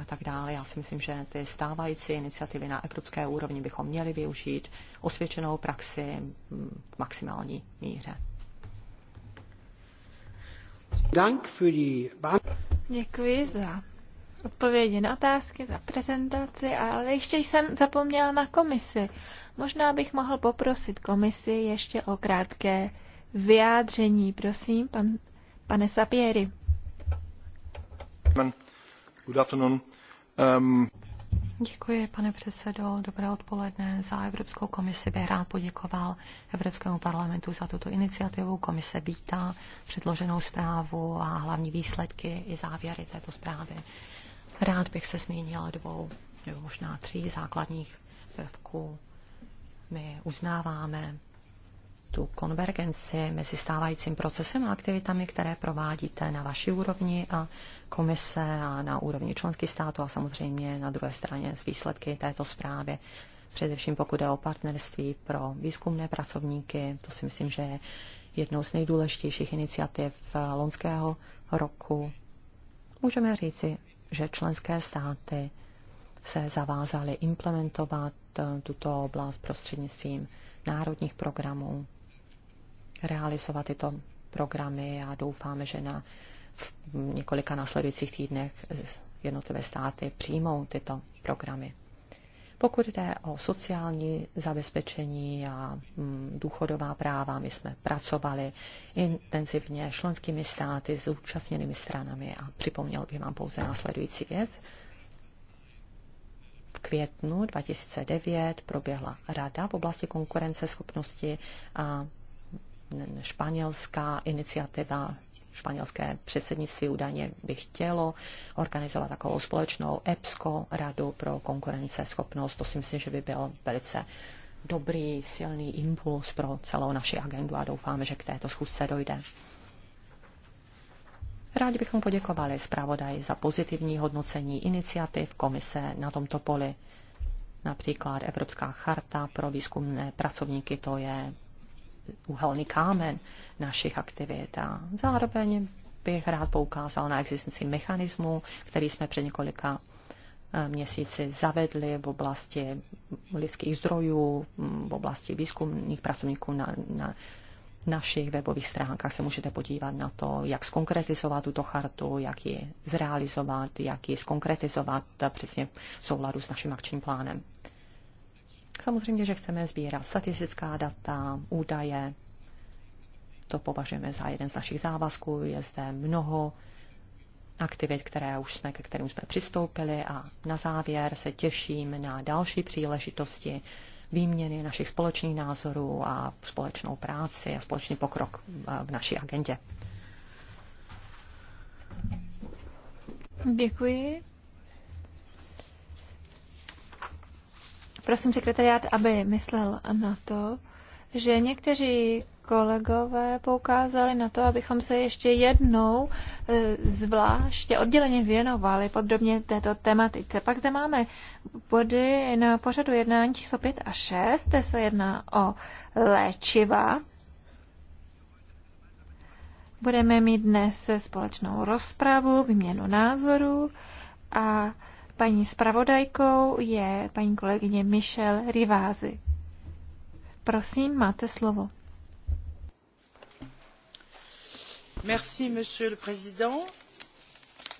a tak dále. Já si myslím, že ty stávající iniciativy na evropské úrovni bychom měli využít osvědčenou praxi v maximální míře. Děkuji za odpovědi na otázky, za prezentaci, ale ještě jsem zapomněla na komisi. Možná bych mohl poprosit komisi ještě o krátké vyjádření. Prosím, pan Pane Sapieri. Good afternoon. Um... Děkuji, pane předsedo. Dobré odpoledne. Za Evropskou komisi bych rád poděkoval Evropskému parlamentu za tuto iniciativu. Komise vítá předloženou zprávu a hlavní výsledky i závěry této zprávy. Rád bych se zmínil dvou nebo možná tří základních prvků. My uznáváme tu konvergenci mezi stávajícím procesem a aktivitami, které provádíte na vaší úrovni a komise a na úrovni členských států a samozřejmě na druhé straně z výsledky této zprávy. Především pokud je o partnerství pro výzkumné pracovníky, to si myslím, že je jednou z nejdůležitějších iniciativ lonského roku. Můžeme říci, že členské státy se zavázaly implementovat tuto oblast prostřednictvím národních programů realizovat tyto programy a doufáme, že na v několika následujících týdnech jednotlivé státy přijmou tyto programy. Pokud jde o sociální zabezpečení a mm, důchodová práva, my jsme pracovali intenzivně s členskými státy, s účastněnými stranami a připomněl bych vám pouze následující věc. V květnu 2009 proběhla rada v oblasti konkurenceschopnosti a španělská iniciativa, španělské předsednictví údajně by chtělo organizovat takovou společnou EPSCO radu pro konkurenceschopnost. To si myslím, že by byl velice dobrý, silný impuls pro celou naši agendu a doufáme, že k této schůzce dojde. Rádi bychom poděkovali zpravodaji za pozitivní hodnocení iniciativ komise na tomto poli. Například Evropská charta pro výzkumné pracovníky, to je úhelný kámen našich aktivit. A zároveň bych rád poukázal na existenci mechanismu, který jsme před několika eh, měsíci zavedli v oblasti lidských zdrojů, mm, v oblasti výzkumných pracovníků na, na našich webových stránkách se můžete podívat na to, jak skonkretizovat tuto chartu, jak ji zrealizovat, jak ji skonkretizovat eh, přesně v souladu s naším akčním plánem. Samozřejmě, že chceme sbírat statistická data, údaje. To považujeme za jeden z našich závazků. Je zde mnoho aktivit, které už jsme, ke kterým jsme přistoupili a na závěr se těším na další příležitosti výměny našich společných názorů a společnou práci a společný pokrok v naší agendě. Děkuji. prosím sekretariát, aby myslel na to, že někteří kolegové poukázali na to, abychom se ještě jednou e, zvláště odděleně věnovali podrobně této tematice. Pak zde máme body na pořadu jednání číslo 5 a 6, kde se jedná o léčiva. Budeme mít dnes společnou rozpravu, výměnu názorů a Paní zpravodajkou je paní kolegyně Michelle Rivázy. Prosím, máte slovo. Merci, monsieur le président.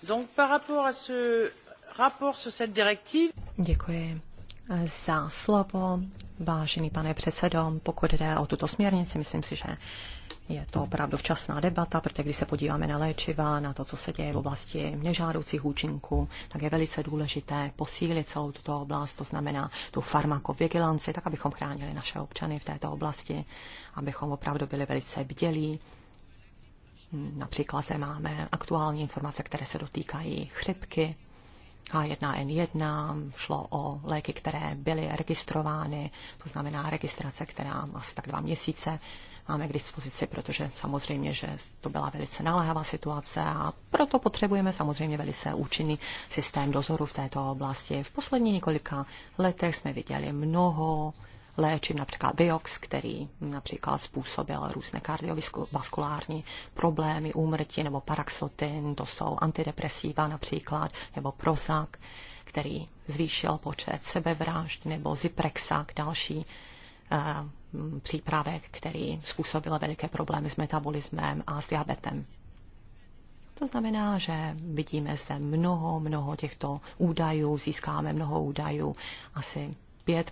Donc, par rapport à ce rapport sur cette directive... Děkuji za slovo, vážený pane předsedo. Pokud jde o tuto směrnici, myslím si, že je to opravdu včasná debata, protože když se podíváme na léčiva, na to, co se děje v oblasti nežádoucích účinků, tak je velice důležité posílit celou tuto oblast, to znamená tu farmakovigilanci, tak abychom chránili naše občany v této oblasti, abychom opravdu byli velice bdělí. Například se máme aktuální informace, které se dotýkají chřipky, H1N1, šlo o léky, které byly registrovány, to znamená registrace, která asi tak dva měsíce máme k dispozici, protože samozřejmě, že to byla velice naléhavá situace a proto potřebujeme samozřejmě velice účinný systém dozoru v této oblasti. V posledních několika letech jsme viděli mnoho léčiv, například Biox, který například způsobil různé kardiovaskulární problémy, úmrtí nebo paraxotin, to jsou antidepresiva například, nebo Prozac, který zvýšil počet sebevražd, nebo Ziprexak, další eh, Mm, přípravek, který způsobil veliké problémy s metabolismem a s diabetem. To znamená, že vidíme zde mnoho, mnoho těchto údajů, získáme mnoho údajů, asi 5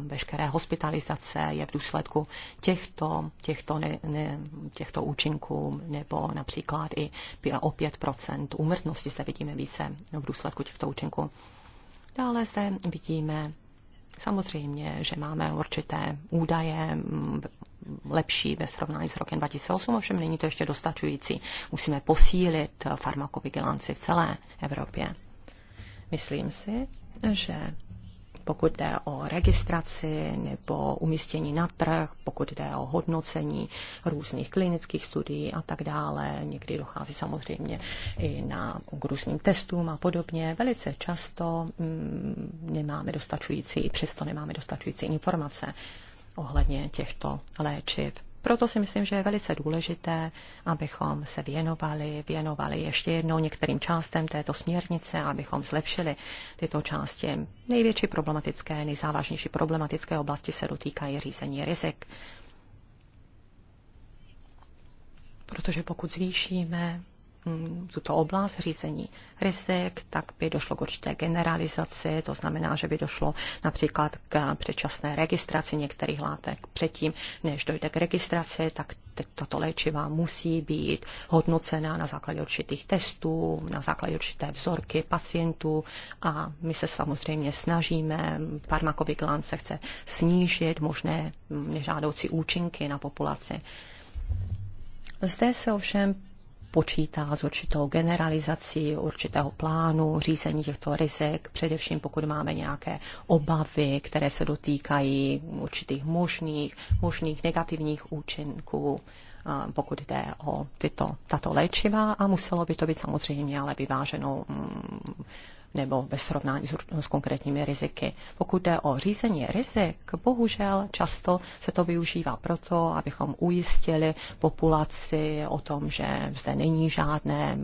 veškeré hospitalizace je v důsledku těchto, těchto, ne, ne, těchto účinků, nebo například i o 5 úmrtnosti zde vidíme více v důsledku těchto účinků. Dále zde vidíme Samozřejmě, že máme určité údaje mm, lepší ve srovnání s rokem 2008, ovšem není to ještě dostačující. Musíme posílit farmakovigilanci v celé Evropě. Myslím si, že pokud jde o registraci nebo umístění na trh, pokud jde o hodnocení různých klinických studií a tak dále. Někdy dochází samozřejmě i na k různým testům a podobně. Velice často mm, nemáme dostačující, přesto nemáme dostačující informace ohledně těchto léčiv. Proto si myslím, že je velice důležité, abychom se věnovali, věnovali ještě jednou některým částem této směrnice, abychom zlepšili tyto části. Největší problematické, nejzávažnější problematické oblasti se dotýkají řízení rizik. Protože pokud zvýšíme Mm, tuto oblast řízení rizik, tak by došlo k určité generalizaci, to znamená, že by došlo například k předčasné registraci některých látek. Předtím, než dojde k registraci, tak tato léčiva musí být hodnocena na základě určitých testů, na základě určité vzorky pacientů a my se samozřejmě snažíme, farmakovigilance chce snížit možné mm, nežádoucí účinky na populaci. Zde se ovšem počítá s určitou generalizací určitého plánu řízení těchto rizik, především pokud máme nějaké obavy, které se dotýkají určitých možných, možných negativních účinků pokud jde o tyto, tato léčiva a muselo by to být samozřejmě ale vyváženou mm, nebo ve srovnání s, s konkrétními riziky. Pokud jde o řízení rizik, bohužel často se to využívá proto, abychom ujistili populaci o tom, že zde není žádné,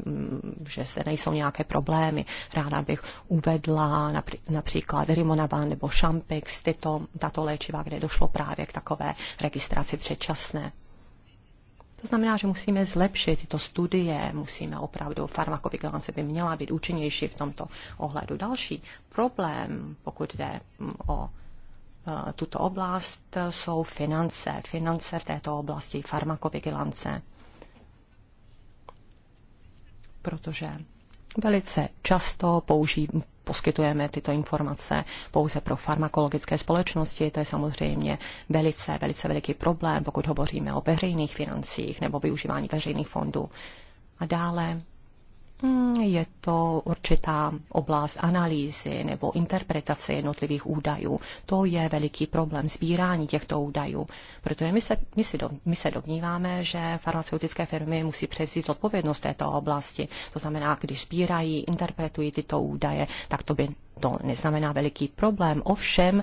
že zde nejsou nějaké problémy. Ráda bych uvedla například Rimonaban nebo Šampix, tyto, tato léčiva, kde došlo právě k takové registraci předčasné. To znamená, že musíme zlepšit tyto studie, musíme opravdu, farmakovigilance by měla být účinnější v tomto ohledu. Další problém, pokud jde mm, o e, tuto oblast, jsou finance. Finance v této oblasti farmakovigilance. Protože velice často použí, poskytujeme tyto informace pouze pro farmakologické společnosti. To je samozřejmě velice, velice veliký problém, pokud hovoříme o veřejných financích nebo využívání veřejných fondů. A dále Hmm, je to určitá oblast analýzy nebo interpretace jednotlivých údajů. To je veliký problém sbírání těchto údajů, protože my se, my, si do, my se domníváme, že farmaceutické firmy musí převzít odpovědnost této oblasti. To znamená, když sbírají, interpretují tyto údaje, tak to by to neznamená veliký problém. Ovšem,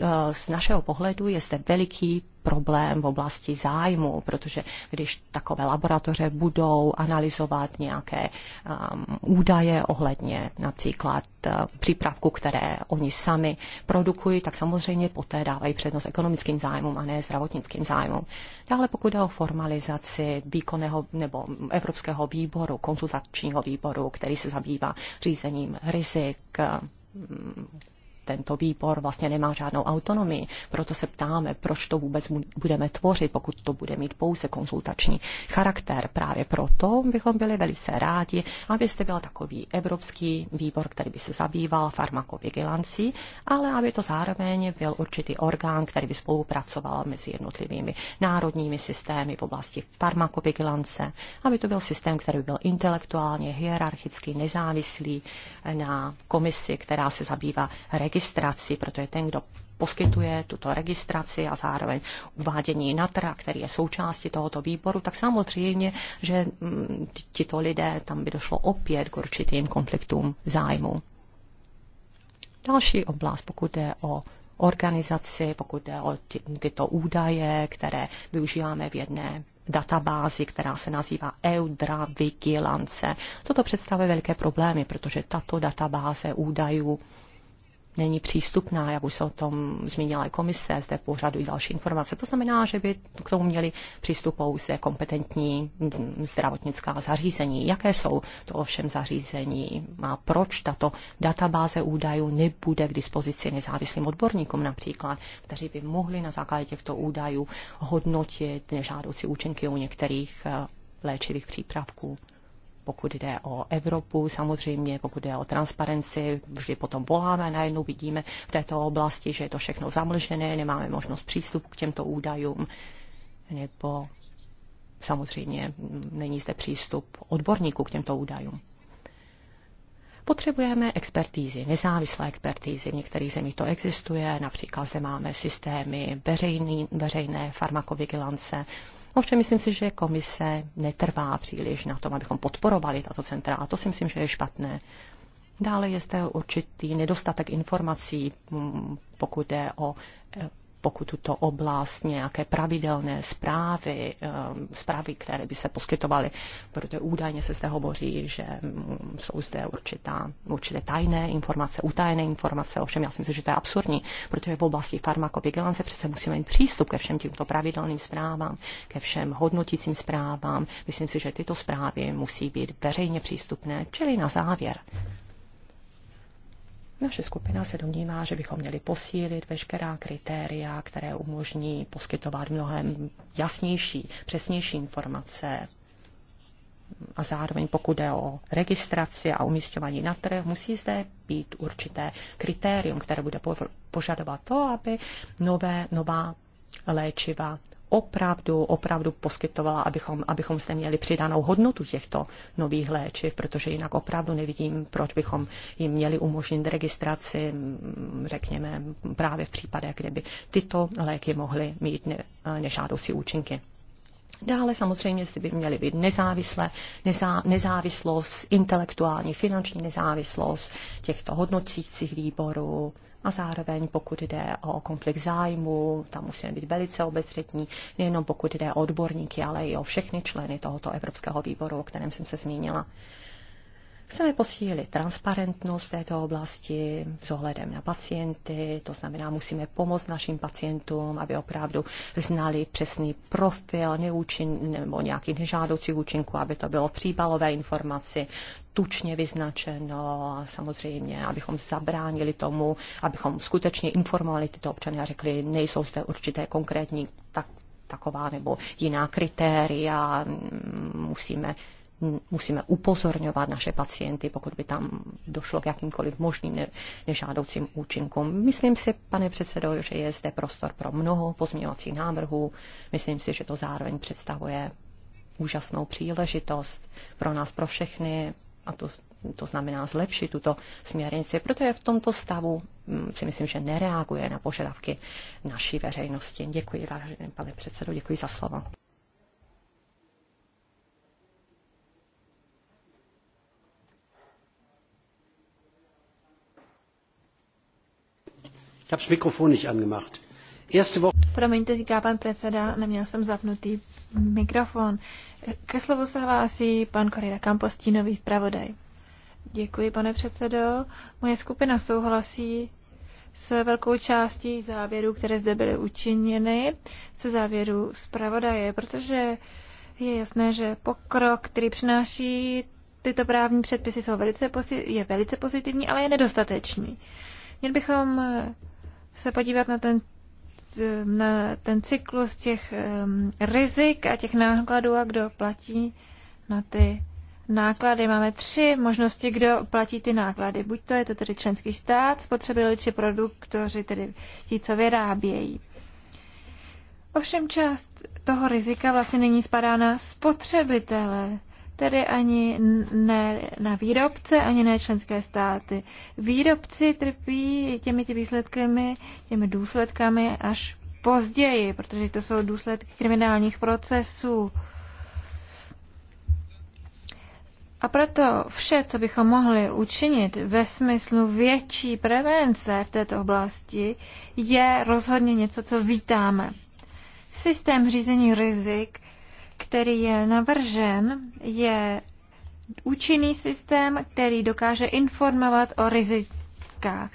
Eh, z našeho pohledu je zde veliký problém v oblasti zájmu, protože když takové laboratoře budou analyzovat nějaké um, údaje ohledně například uh, eh, přípravku, které oni sami produkují, tak samozřejmě poté dávají přednost ekonomickým zájmům a ne zdravotnickým zájmům. Dále pokud jde o formalizaci výkonného nebo Evropského výboru, konzultačního výboru, který se zabývá řízením rizik, um, tento výbor vlastně nemá žádnou autonomii. Proto se ptáme, proč to vůbec budeme tvořit, pokud to bude mít pouze konzultační charakter. Právě proto bychom byli velice rádi, abyste byl takový evropský výbor, který by se zabýval farmakovigilancí, ale aby to zároveň byl určitý orgán, který by spolupracoval mezi jednotlivými národními systémy v oblasti farmakovigilance, aby to byl systém, který by byl intelektuálně, hierarchicky nezávislý na komisi, která se zabývá registrací registraci, protože ten, kdo poskytuje tuto registraci a zároveň uvádění NATRA, který je součástí tohoto výboru, tak samozřejmě, že mm, tito lidé tam by došlo opět k určitým konfliktům zájmu. Další oblast, pokud je o organizaci, pokud jde o ty, tyto údaje, které využíváme v jedné databázi, která se nazývá Eudra Vigilance. Toto představuje velké problémy, protože tato databáze údajů není přístupná, jak už se o tom zmínila i komise, zde pořadují další informace. To znamená, že by k tomu měli přístup pouze kompetentní zdravotnická zařízení. Jaké jsou to ovšem zařízení a proč tato databáze údajů nebude k dispozici nezávislým odborníkům například, kteří by mohli na základě těchto údajů hodnotit nežádoucí účinky u některých eh, léčivých přípravků pokud jde o Evropu, samozřejmě, pokud jde o transparenci, vždy potom voláme, najednou vidíme v této oblasti, že je to všechno zamlžené, nemáme možnost přístupu k těmto údajům, nebo samozřejmě není zde přístup odborníků k těmto údajům. Potřebujeme expertízy, nezávislé expertízy. V některých zemích to existuje, například zde máme systémy veřejný, veřejné farmakovigilance, Ovšem myslím si, že komise netrvá příliš na tom, abychom podporovali tato centra a to si myslím, že je špatné. Dále je zde určitý nedostatek informací, mm, pokud jde o eh, pokud tuto oblast nějaké pravidelné zprávy, ehm, zprávy, které by se poskytovaly, protože údajně se zde hovoří, že mm, jsou zde určitá, určité tajné informace, utajené informace, ovšem já si myslím, že to je absurdní, protože v oblasti farmakovigilance přece musíme mít přístup ke všem těmto pravidelným zprávám, ke všem hodnotícím zprávám. Myslím si, že tyto zprávy musí být veřejně přístupné, čili na závěr. Naše skupina se domnívá, že bychom měli posílit veškerá kritéria, které umožní poskytovat mnohem jasnější, přesnější informace a zároveň pokud jde o registraci a umístěvání na trh, musí zde být určité kritérium, které bude požadovat to, aby nové, nová léčiva opravdu, opravdu poskytovala, abychom, abychom se měli přidanou hodnotu těchto nových léčiv, protože jinak opravdu nevidím, proč bychom jim měli umožnit registraci, řekněme, právě v případech, kde by tyto léky mohly mít ne, nežádoucí účinky. Dále samozřejmě jestli by měly být nezávislé, nezá, nezávislost, intelektuální, finanční nezávislost těchto hodnotících výborů, a zároveň, pokud jde o konflikt zájmu, tam musíme být velice obezřetní, nejenom pokud jde o odborníky, ale i o všechny členy tohoto Evropského výboru, o kterém jsem se zmínila. Chceme posílit transparentnost v této oblasti s ohledem na pacienty, to znamená, musíme pomoct našim pacientům, aby opravdu znali přesný profil neúčin, nebo nějaký nežádoucí účinku, aby to bylo příbalové informaci, tučně vyznačeno a samozřejmě, abychom zabránili tomu, abychom skutečně informovali tyto občany a řekli, nejsou zde určité konkrétní tak, taková nebo jiná kritéria, musíme musíme upozorňovat naše pacienty, pokud by tam došlo k jakýmkoliv možným nežádoucím účinkům. Myslím si, pane předsedo, že je zde prostor pro mnoho pozměňovacích návrhů. Myslím si, že to zároveň představuje úžasnou příležitost pro nás, pro všechny, a to, to znamená zlepšit tuto směrnici, protože v tomto stavu mm, si myslím, že nereaguje na požadavky naší veřejnosti. Děkuji, vážený pane předsedo, děkuji za slovo. Ich habe das Mikrofon nicht angemacht. Erste Woche. Promiňte, říká pan předseda, neměl jsem zapnutý mikrofon. Ke slovu se hlásí pan Korida Kampostínový zpravodaj. Děkuji, pane předsedo. Moje skupina souhlasí s velkou částí závěrů, které zde byly učiněny, se závěrů zpravodaje, protože je jasné, že pokrok, který přináší tyto právní předpisy, jsou velice je velice pozitivní, ale je nedostatečný. Měli bychom se podívat na ten, na ten cyklus těch um, rizik a těch nákladů a kdo platí na ty náklady. Máme tři možnosti, kdo platí ty náklady. Buď to je to tedy členský stát, spotřebitel či produktoři, tedy ti, co vyrábějí. Ovšem část toho rizika vlastně není spadá na spotřebitele tedy ani ne na výrobce, ani ne členské státy. Výrobci trpí těmi ty výsledkami, těmi důsledkami až později, protože to jsou důsledky kriminálních procesů. A proto vše, co bychom mohli učinit ve smyslu větší prevence v této oblasti, je rozhodně něco, co vítáme. Systém řízení rizik který je navržen, je účinný systém, který dokáže informovat o rizikách.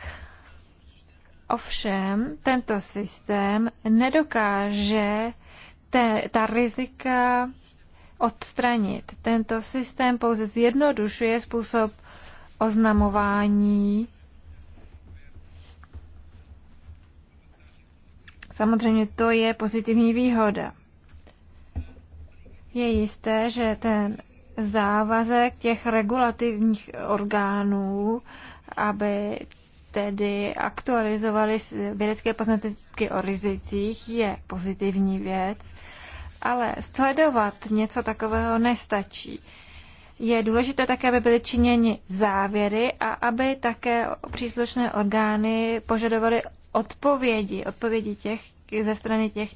Ovšem, tento systém nedokáže te, ta rizika odstranit. Tento systém pouze zjednodušuje způsob oznamování. Samozřejmě to je pozitivní výhoda je jisté, že ten závazek těch regulativních orgánů, aby tedy aktualizovali vědecké poznatky o rizicích, je pozitivní věc, ale sledovat něco takového nestačí. Je důležité také, aby byly činěni závěry a aby také příslušné orgány požadovaly odpovědi, odpovědi těch ze strany těch,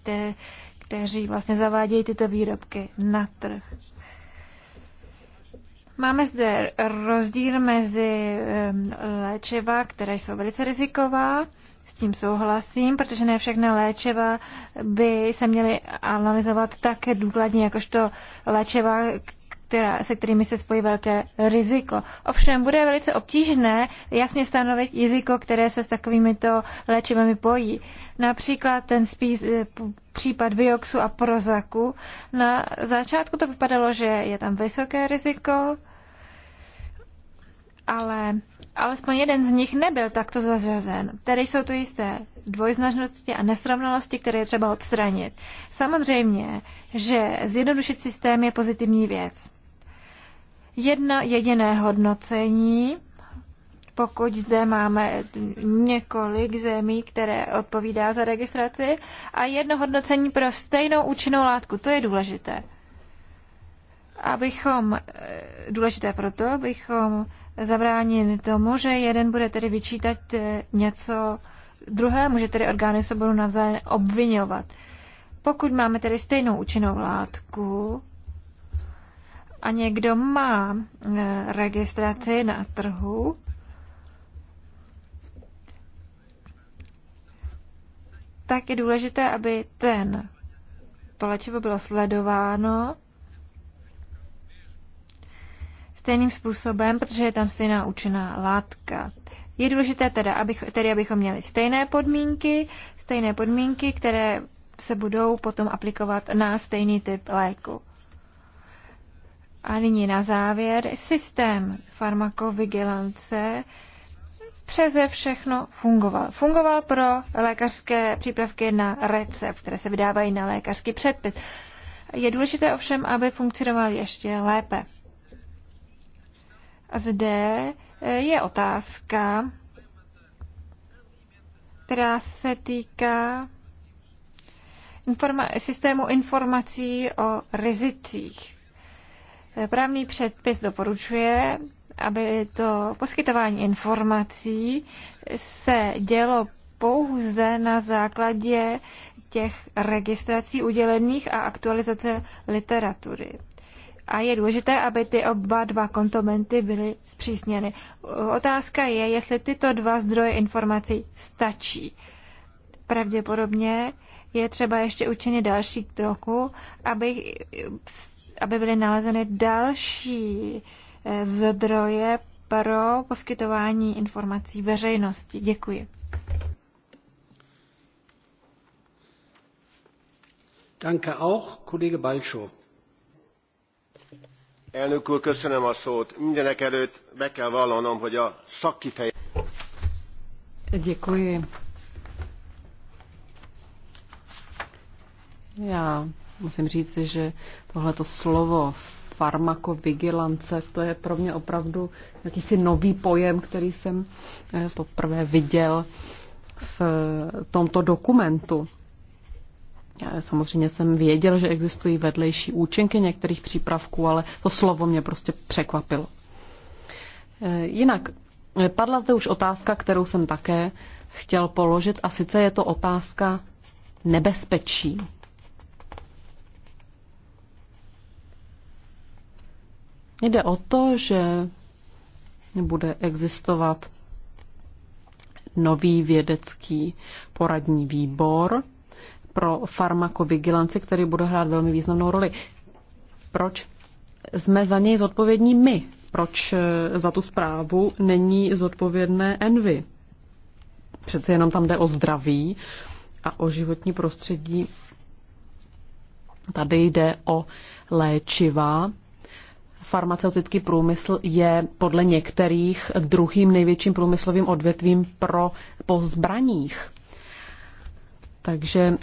kteří vlastně zavádějí tyto výrobky na trh. Máme zde rozdíl mezi léčiva, které jsou velice riziková, s tím souhlasím, protože ne všechny léčiva by se měly analyzovat tak důkladně, jakožto léčiva, která, se kterými se spojí velké riziko. Ovšem, bude velice obtížné jasně stanovit riziko, které se s takovýmito léčivami pojí. Například ten spíš, eh, případ Vioxu a Prozaku. Na začátku to vypadalo, že je tam vysoké riziko, ale alespoň jeden z nich nebyl takto zařazen. Tedy jsou tu jisté dvojznačnosti a nesrovnalosti, které je třeba odstranit. Samozřejmě, že zjednodušit systém je pozitivní věc jedno jediné hodnocení, pokud zde máme několik zemí, které odpovídá za registraci, a jedno hodnocení pro stejnou účinnou látku. To je důležité. Abychom, eh, důležité proto, abychom zabránili tomu, že jeden bude tedy vyčítat eh, něco druhému, že tedy orgány se budou navzájem obvinovat. Pokud máme tedy stejnou účinnou látku, a někdo má eh, registraci na trhu, tak je důležité, aby ten, to léčivo bylo sledováno stejným způsobem, protože je tam stejná účinná látka. Je důležité teda, abych, tedy abychom měli stejné podmínky, stejné podmínky, které se budou potom aplikovat na stejný typ léku. A nyní na závěr systém farmakovigilance přeze všechno fungoval. Fungoval pro lékařské přípravky na recept, které se vydávají na lékařský předpis. Je důležité ovšem, aby funkcionoval ještě lépe. A zde e, je otázka, která se týká informa- systému informací o rizicích. Právní předpis doporučuje, aby to poskytování informací se dělo pouze na základě těch registrací udělených a aktualizace literatury. A je důležité, aby ty oba dva kontomenty byly zpřísněny. Otázka je, jestli tyto dva zdroje informací stačí. Pravděpodobně je třeba ještě učinit další kroku, aby aby byly nalezeny další eh, zdroje pro poskytování informací veřejnosti. Děkuji. Danke auch, Kollege Balcho. Elnök úr, köszönöm a szót. Mindenek előtt be kell vallanom, hogy a szakkifejezés... Děkuji. Já musím říct, že to slovo farmakovigilance, to je pro mě opravdu jakýsi nový pojem, který jsem eh, poprvé viděl v eh, tomto dokumentu. Já samozřejmě jsem věděl, že existují vedlejší účinky některých přípravků, ale to slovo mě prostě překvapilo. Eh, jinak, padla zde už otázka, kterou jsem také chtěl položit, a sice je to otázka nebezpečí. Jde o to, že bude existovat nový vědecký poradní výbor pro farmakovigilanci, který bude hrát velmi významnou roli. Proč jsme za něj zodpovědní my? Proč eh, za tu zprávu není zodpovědné Envy? Přece jenom tam jde o zdraví a o životní prostředí. Tady jde o léčiva, farmaceutický průmysl je podle některých druhým největším průmyslovým odvětvím pro, po zbraních. Takže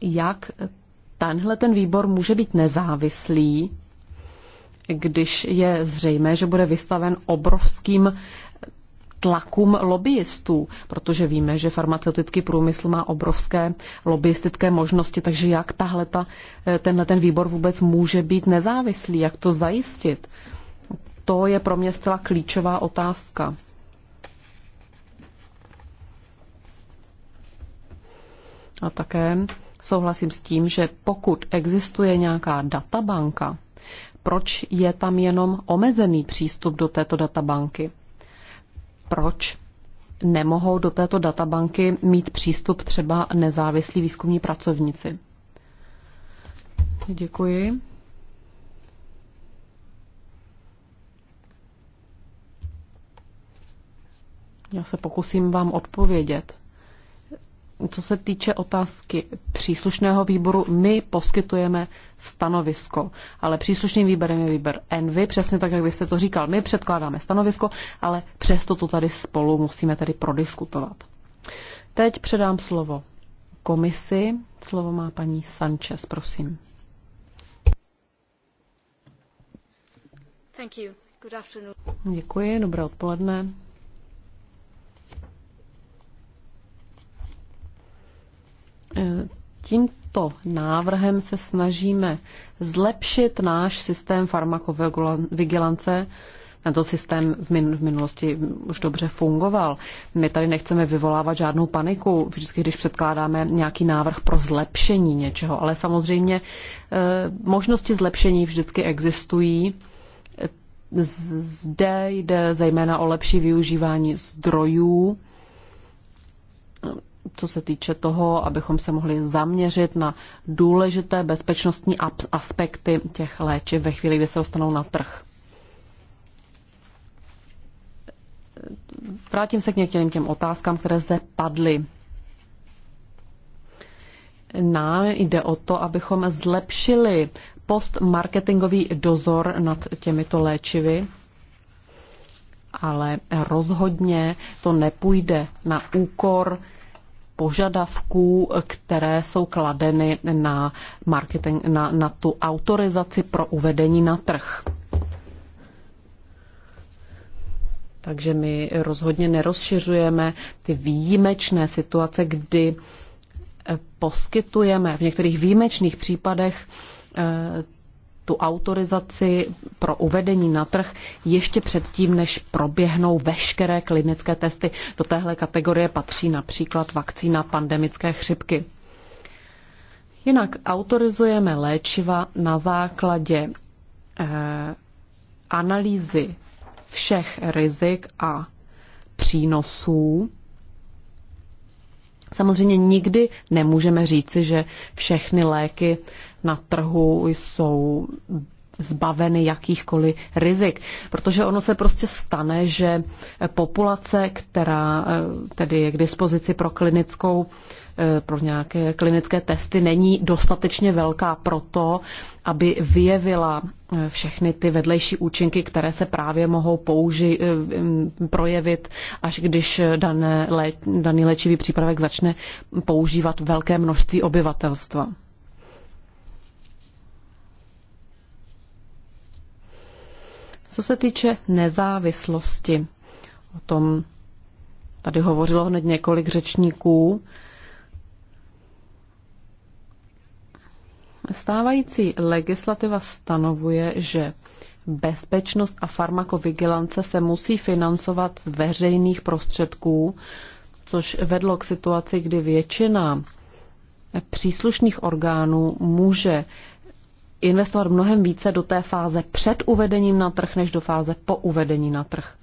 jak tenhle ten výbor může být nezávislý, když je zřejmé, že bude vystaven obrovským tlakům lobbyistů, protože víme, že farmaceutický průmysl má obrovské lobbyistické možnosti, takže jak tahle ta, eh, tenhle ten výbor vůbec může být nezávislý, jak to zajistit? To je pro mě zcela klíčová otázka. A také souhlasím s tím, že pokud existuje nějaká databanka, proč je tam jenom omezený přístup do této databanky? proč nemohou do této databanky mít přístup třeba nezávislí výzkumní pracovníci. Děkuji. Já se pokusím vám odpovědět co se týče otázky příslušného výboru, my poskytujeme stanovisko, ale příslušným výborem je výběr Envy, přesně tak, jak byste to říkal. My předkládáme stanovisko, ale přesto to tady spolu musíme tady prodiskutovat. Teď předám slovo komisi. Slovo má paní Sanchez, prosím. Děkuji, dobré odpoledne. Eh, tímto návrhem se snažíme zlepšit náš systém farmakovigilance. Tento systém v minulosti už dobře fungoval. My tady nechceme vyvolávat žádnou paniku, vždycky, když předkládáme nějaký návrh pro zlepšení něčeho, ale samozřejmě eh, možnosti zlepšení vždycky existují. Eh, zde jde zejména o lepší využívání zdrojů, co se týče toho, abychom se mohli zaměřit na důležité bezpečnostní aspekty těch léčiv ve chvíli, kdy se dostanou na trh. Vrátím se k některým těm otázkám, které zde padly. Nám jde o to, abychom zlepšili postmarketingový dozor nad těmito léčivy, ale rozhodně to nepůjde na úkor požadavků, které jsou kladeny na, marketing, na, na tu autorizaci pro uvedení na trh. Takže my rozhodně nerozšiřujeme ty výjimečné situace, kdy eh, poskytujeme v některých výjimečných případech eh, tu autorizaci pro uvedení na trh ještě předtím, než proběhnou veškeré klinické testy. Do téhle kategorie patří například vakcína pandemické chřipky. Jinak autorizujeme léčiva na základě eh, analýzy všech rizik a přínosů. Samozřejmě nikdy nemůžeme říci, že všechny léky eh, na trhu jsou zbaveny jakýchkoliv rizik. Protože ono se prostě stane, že populace, která eh, tedy je k dispozici pro klinickou eh, pro nějaké klinické testy není dostatečně velká proto, aby vyjevila eh, všechny ty vedlejší účinky, které se právě mohou použi- mm, projevit, až když dané daný léčivý přípravek začne používat velké množství obyvatelstva. Co se týče nezávislosti, o tom tady hovořilo hned několik řečníků, Stávající legislativa stanovuje, že bezpečnost a farmakovigilance se musí financovat z veřejných prostředků, což vedlo k situaci, kdy většina příslušných orgánů může investovat mnohem více do té fáze před uvedením na trh, než do fáze po uvedení na trh.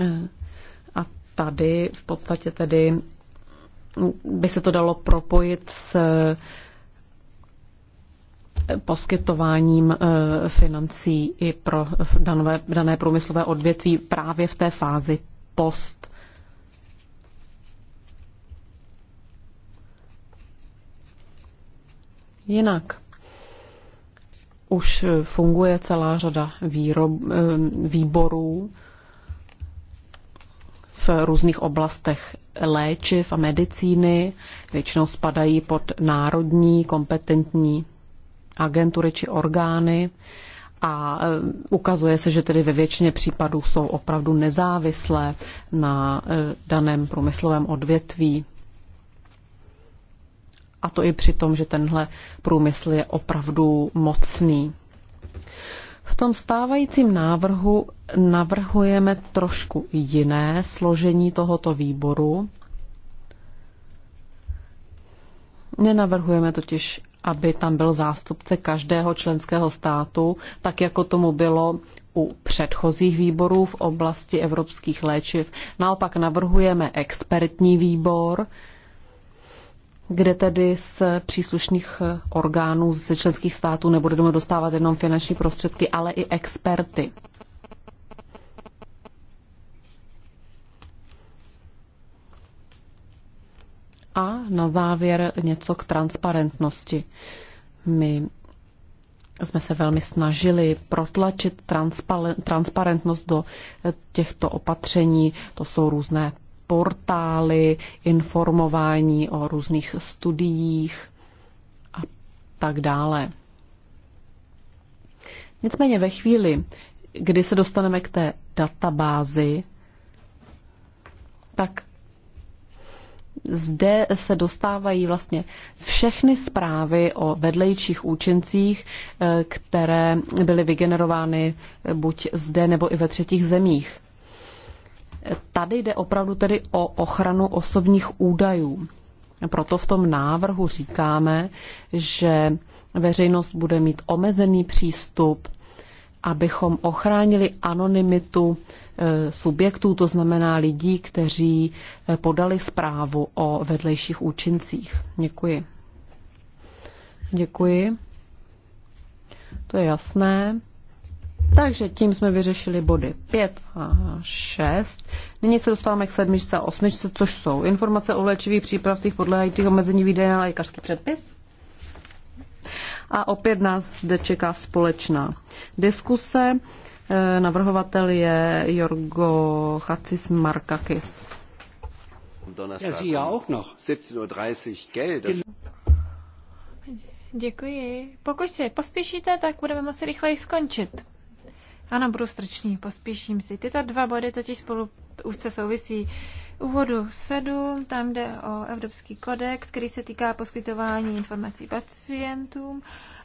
E, a tady v podstatě tedy by se to dalo propojit s e, poskytováním e, financí i pro dané průmyslové odvětví právě v té fázi post Jinak už funguje celá řada výrob, eh, výborů v různých oblastech léčiv a medicíny. Většinou spadají pod národní kompetentní agentury či orgány a eh, ukazuje se, že tedy ve většině případů jsou opravdu nezávislé na eh, daném průmyslovém odvětví. A to i při tom, že tenhle průmysl je opravdu mocný. V tom stávajícím návrhu navrhujeme trošku jiné složení tohoto výboru. Nenavrhujeme totiž, aby tam byl zástupce každého členského státu, tak jako tomu bylo u předchozích výborů v oblasti evropských léčiv. Naopak navrhujeme expertní výbor, kde tedy z příslušných orgánů ze členských států nebudeme dostávat jenom finanční prostředky, ale i experty. A na závěr něco k transparentnosti. My jsme se velmi snažili protlačit transparentnost do těchto opatření. To jsou různé portály, informování o různých studiích a tak dále. Nicméně ve chvíli, kdy se dostaneme k té databázi, tak zde se dostávají vlastně všechny zprávy o vedlejších účincích, eh, které byly vygenerovány buď zde nebo i ve třetích zemích. Tady jde opravdu tedy o ochranu osobních údajů. Proto v tom návrhu říkáme, že veřejnost bude mít omezený přístup, abychom ochránili anonymitu e, subjektů, to znamená lidí, kteří e, podali zprávu o vedlejších účincích. Děkuji. Děkuji. To je jasné. Takže tím jsme vyřešili body 5 a 6. Nyní se dostáváme k sedmičce a osmičce, což jsou informace o léčivých přípravcích podléhajících omezení výdeje na lékařský předpis. A opět nás zde čeká společná diskuse. E, navrhovatel je Jorgo Chacis Markakis. 17.30 Děkuji. Pokud si pospěšíte, tak budeme moci rychleji skončit. Ano, budu strčný, pospíším si. Tyto dva body totiž spolu úzce souvisí. Úvodu 7, tam jde o Evropský kodex, který se týká poskytování informací pacientům.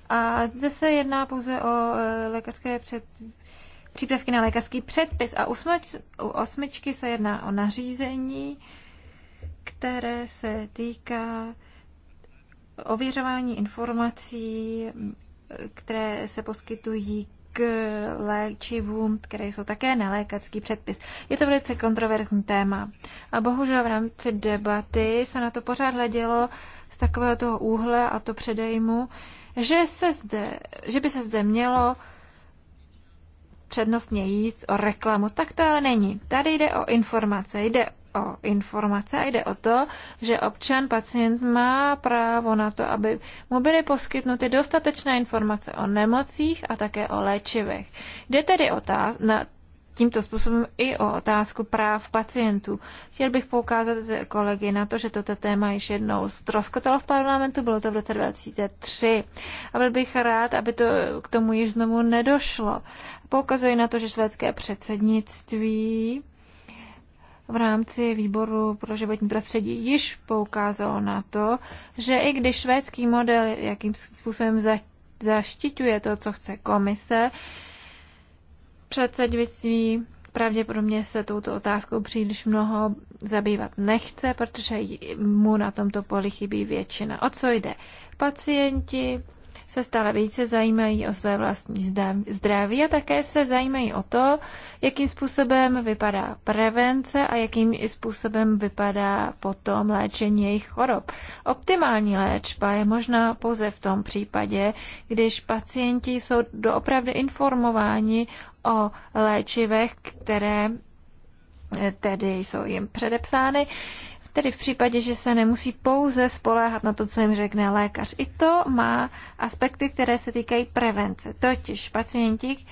A zde se jedná pouze o e, lékařské před, přípravky na lékařský předpis. A usmač, u osmičky se jedná o nařízení, které se týká ověřování informací, e, které se poskytují k léčivům, které jsou také nelékacký předpis. Je to velice kontroverzní téma. A bohužel v rámci debaty se na to pořád hledělo z takového toho úhle a to předejmu, že, se zde, že by se zde mělo přednostně jíst o reklamu. Tak to ale není. Tady jde o informace, jde o informace a jde o to, že občan, pacient má právo na to, aby mu byly poskytnuty dostatečné informace o nemocích a také o léčivech. Jde tedy otáz- na tímto způsobem i o otázku práv pacientů. Chtěl bych poukázat eh, kolegy na to, že toto téma již jednou ztroskotalo v parlamentu, bylo to v roce 2003. A byl bych rád, aby to k tomu již znovu nedošlo. Poukazuji na to, že švédské předsednictví v rámci výboru pro životní prostředí již poukázalo na to, že i když švédský model jakým způsobem zaštiťuje to, co chce komise, předsednictví pravděpodobně se touto otázkou příliš mnoho zabývat nechce, protože mu na tomto poli chybí většina. O co jde? Pacienti se stále více zajímají o své vlastní zdraví a také se zajímají o to, jakým způsobem vypadá prevence a jakým způsobem vypadá potom léčení jejich chorob. Optimální léčba je možná pouze v tom případě, když pacienti jsou doopravdy informováni o léčivech, které eh, tedy jsou jim předepsány, tedy v případě, že se nemusí pouze spoléhat na to, co jim řekne lékař. I to má aspekty, které se týkají prevence, totiž pacienti,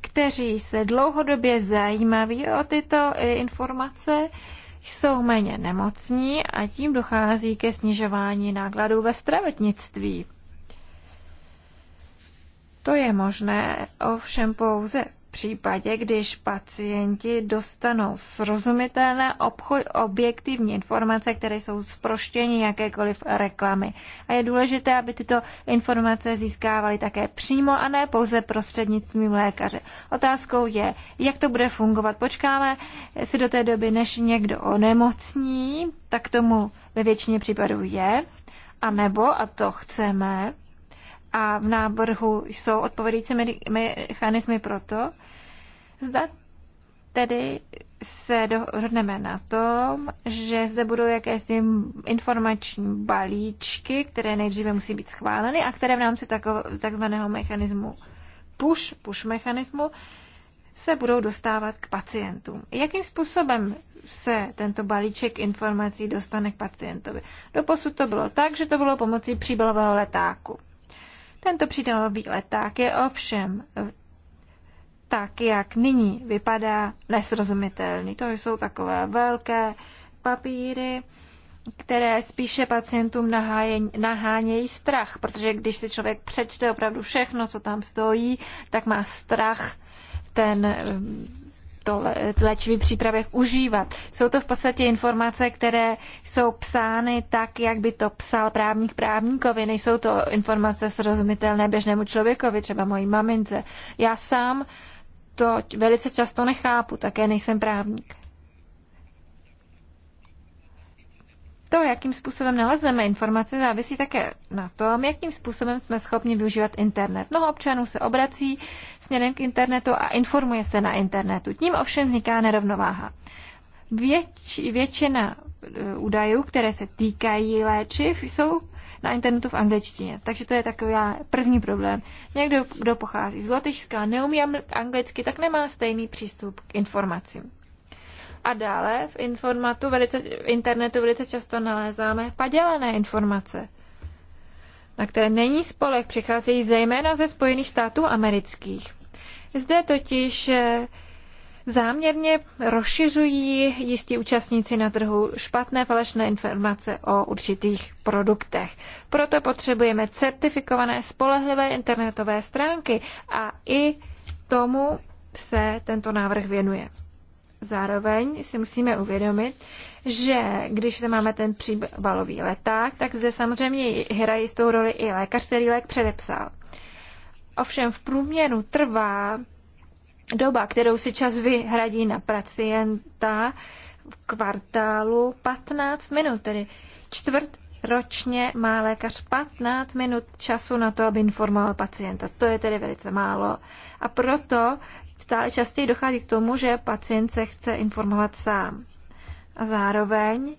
kteří se dlouhodobě zajímaví o tyto e, informace, jsou méně nemocní a tím dochází ke snižování nákladů ve zdravotnictví. To je možné ovšem pouze případě, když pacienti dostanou srozumitelné obchod, objektivní informace, které jsou zproštění jakékoliv reklamy. A je důležité, aby tyto informace získávali také přímo a ne pouze prostřednictvím lékaře. Otázkou je, jak to bude fungovat. Počkáme si do té doby, než někdo onemocní, tak tomu ve většině případů je, a nebo, a to chceme, a v návrhu jsou odpovědící mechanismy pro to, zda tedy se dohodneme na tom, že zde budou jakési informační balíčky, které nejdříve musí být schváleny a které v rámci takzvaného mechanismu push, push mechanismu, se budou dostávat k pacientům. Jakým způsobem se tento balíček informací dostane k pacientovi? Doposud to bylo tak, že to bylo pomocí příbalového letáku. Tento přídamový leták je ovšem eh, tak, jak nyní vypadá, nesrozumitelný. To jsou takové velké papíry, které spíše pacientům nahánějí strach, protože když si člověk přečte opravdu všechno, co tam stojí, tak má strach ten eh, těchto léčivých přípravek užívat. Jsou to v podstatě informace, které jsou psány tak, jak by to psal právník právníkovi. Nejsou to informace srozumitelné běžnému člověkovi, třeba mojí mamince. Já sám to velice často nechápu, také nejsem právník. To, jakým způsobem nalezneme informace, závisí také na tom, jakým způsobem jsme schopni využívat internet. Mnoho občanů se obrací směrem k internetu a informuje se na internetu. Tím ovšem vzniká nerovnováha. Věč, většina e, údajů, které se týkají léčiv, jsou na internetu v angličtině. Takže to je takový první problém. Někdo, kdo pochází z Lotyšska, neumí anglicky, tak nemá stejný přístup k informacím. A dále v, informatu velice, v internetu velice často nalézáme padělané informace, na které není spolek, přicházejí zejména ze Spojených států amerických. Zde totiž eh, záměrně rozšiřují jistí účastníci na trhu špatné falešné informace o určitých produktech. Proto potřebujeme certifikované spolehlivé internetové stránky a i tomu se tento návrh věnuje. Zároveň si musíme uvědomit, že když se máme ten příbalový leták, tak zde samozřejmě hraje jistou roli i lékař, který lék předepsal. Ovšem v průměru trvá doba, kterou si čas vyhradí na pacienta v kvartálu 15 minut, tedy čtvrt ročně má lékař 15 minut času na to, aby informoval pacienta. To je tedy velice málo. A proto stále častěji dochází k tomu, že pacient se chce informovat sám. A zároveň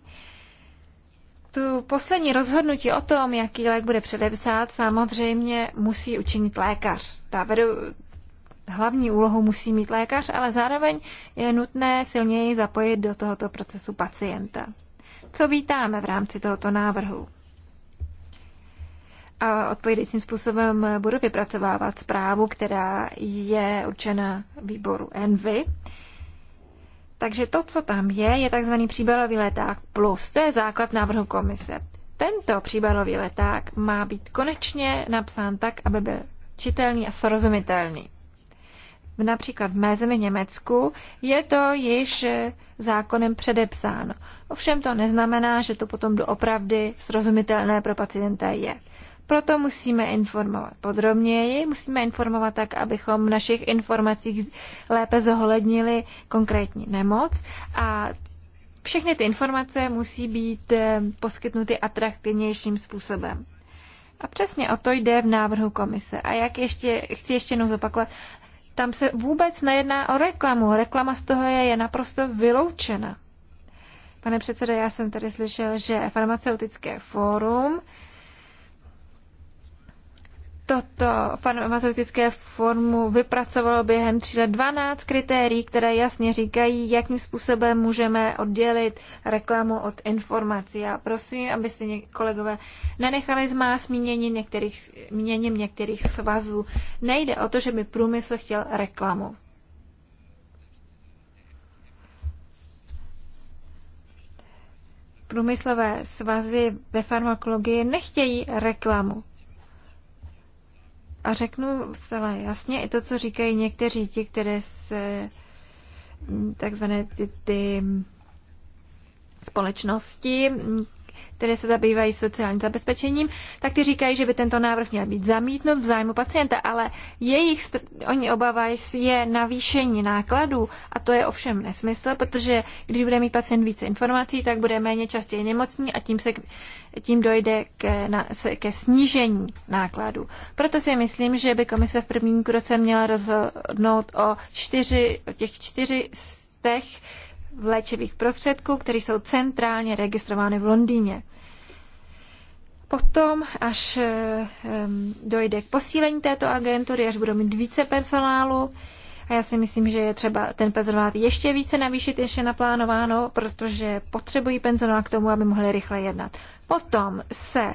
tu poslední rozhodnutí o tom, jaký lék bude předepsat, samozřejmě musí učinit lékař. Ta vedou, hlavní úlohu musí mít lékař, ale zároveň je nutné silněji zapojit do tohoto procesu pacienta. Co vítáme v rámci tohoto návrhu? a odpovědějícím způsobem budu vypracovávat zprávu, která je určena výboru ENVY. Takže to, co tam je, je tzv. příbalový leták plus. To je základ návrhu komise. Tento příbalový leták má být konečně napsán tak, aby byl čitelný a srozumitelný. Například v mé zemi Německu je to již zákonem předepsáno. Ovšem to neznamená, že to potom doopravdy srozumitelné pro pacienta je. Proto musíme informovat podrobněji, musíme informovat tak, abychom v našich informacích lépe zohlednili konkrétní nemoc a všechny ty informace musí být eh, poskytnuty atraktivnějším způsobem. A přesně o to jde v návrhu komise. A jak ještě, chci ještě jednou zopakovat, tam se vůbec nejedná o reklamu. Reklama z toho je, je naprosto vyloučena. Pane předsedo, já jsem tady slyšel, že farmaceutické fórum toto farmaceutické formu vypracovalo během tří let 12 kritérií, které jasně říkají, jakým způsobem můžeme oddělit reklamu od informací. A prosím, abyste, kolegové nenechali zmást míněním některých, míněním některých svazů. Nejde o to, že by průmysl chtěl reklamu. Průmyslové svazy ve farmakologii nechtějí reklamu a řeknu zcela jasně i to, co říkají někteří ti, které se takzvané ty, ty společnosti, které se zabývají sociálním zabezpečením, tak ty říkají, že by tento návrh měl být zamítnut v zájmu pacienta, ale jejich, oni obávají je navýšení nákladů a to je ovšem nesmysl, protože když bude mít pacient více informací, tak bude méně častěji nemocný a tím, se, tím dojde ke, na, se, ke snížení nákladů. Proto si myslím, že by komise v prvním roce měla rozhodnout o čtyři, o těch čtyři z těch léčivých prostředků, které jsou centrálně registrovány v Londýně. Potom, až eh, dojde k posílení této agentury, až budou mít více personálu, a já si myslím, že je třeba ten personál ještě více navýšit, ještě naplánováno, protože potřebují personál k tomu, aby mohli rychle jednat. Potom se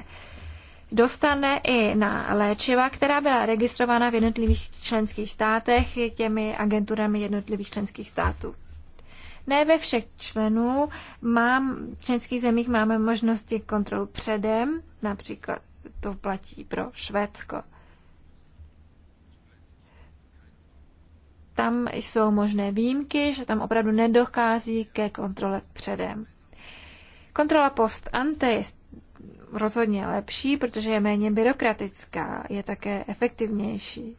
dostane i na léčiva, která byla registrována v jednotlivých členských státech těmi agenturami jednotlivých členských států. Ne ve všech členů mám, v členských zemích máme možnosti kontrol předem, například to platí pro Švédsko. Tam jsou možné výjimky, že tam opravdu nedochází ke kontrole předem. Kontrola post ante je rozhodně lepší, protože je méně byrokratická, je také efektivnější.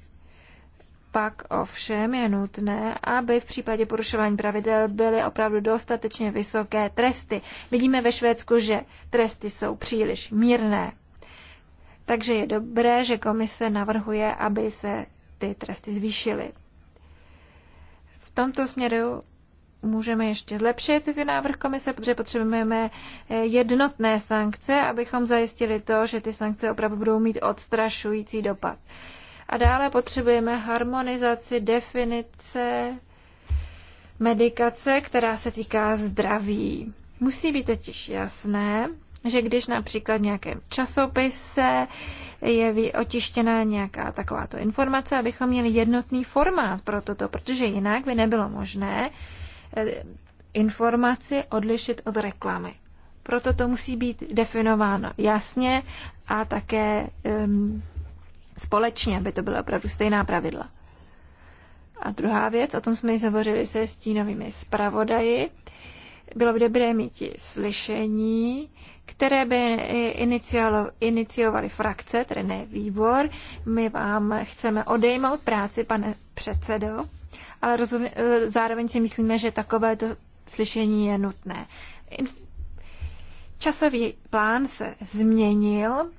Pak ovšem je nutné, aby v případě porušování pravidel byly opravdu dostatečně vysoké tresty. Vidíme ve Švédsku, že tresty jsou příliš mírné. Takže je dobré, že komise navrhuje, aby se ty tresty zvýšily. V tomto směru můžeme ještě zlepšit návrh komise, protože potřebujeme eh, jednotné sankce, abychom zajistili to, že ty sankce opravdu budou mít odstrašující dopad. A dále potřebujeme harmonizaci definice medikace, která se týká zdraví. Musí být totiž jasné, že když například v nějakém časopise je otištěná nějaká takováto informace, abychom měli jednotný formát pro toto, protože jinak by nebylo možné eh, informaci odlišit od reklamy. Proto to musí být definováno jasně a také um, společně, aby to byla opravdu stejná pravidla. A druhá věc, o tom jsme již hovořili se stínovými zpravodaji, bylo by dobré mít slyšení, které by iniciovaly frakce, tedy ne výbor. My vám chceme odejmout práci, pane předsedo, ale rozum, eh, zároveň si myslíme, že takovéto slyšení je nutné. Časový plán se změnil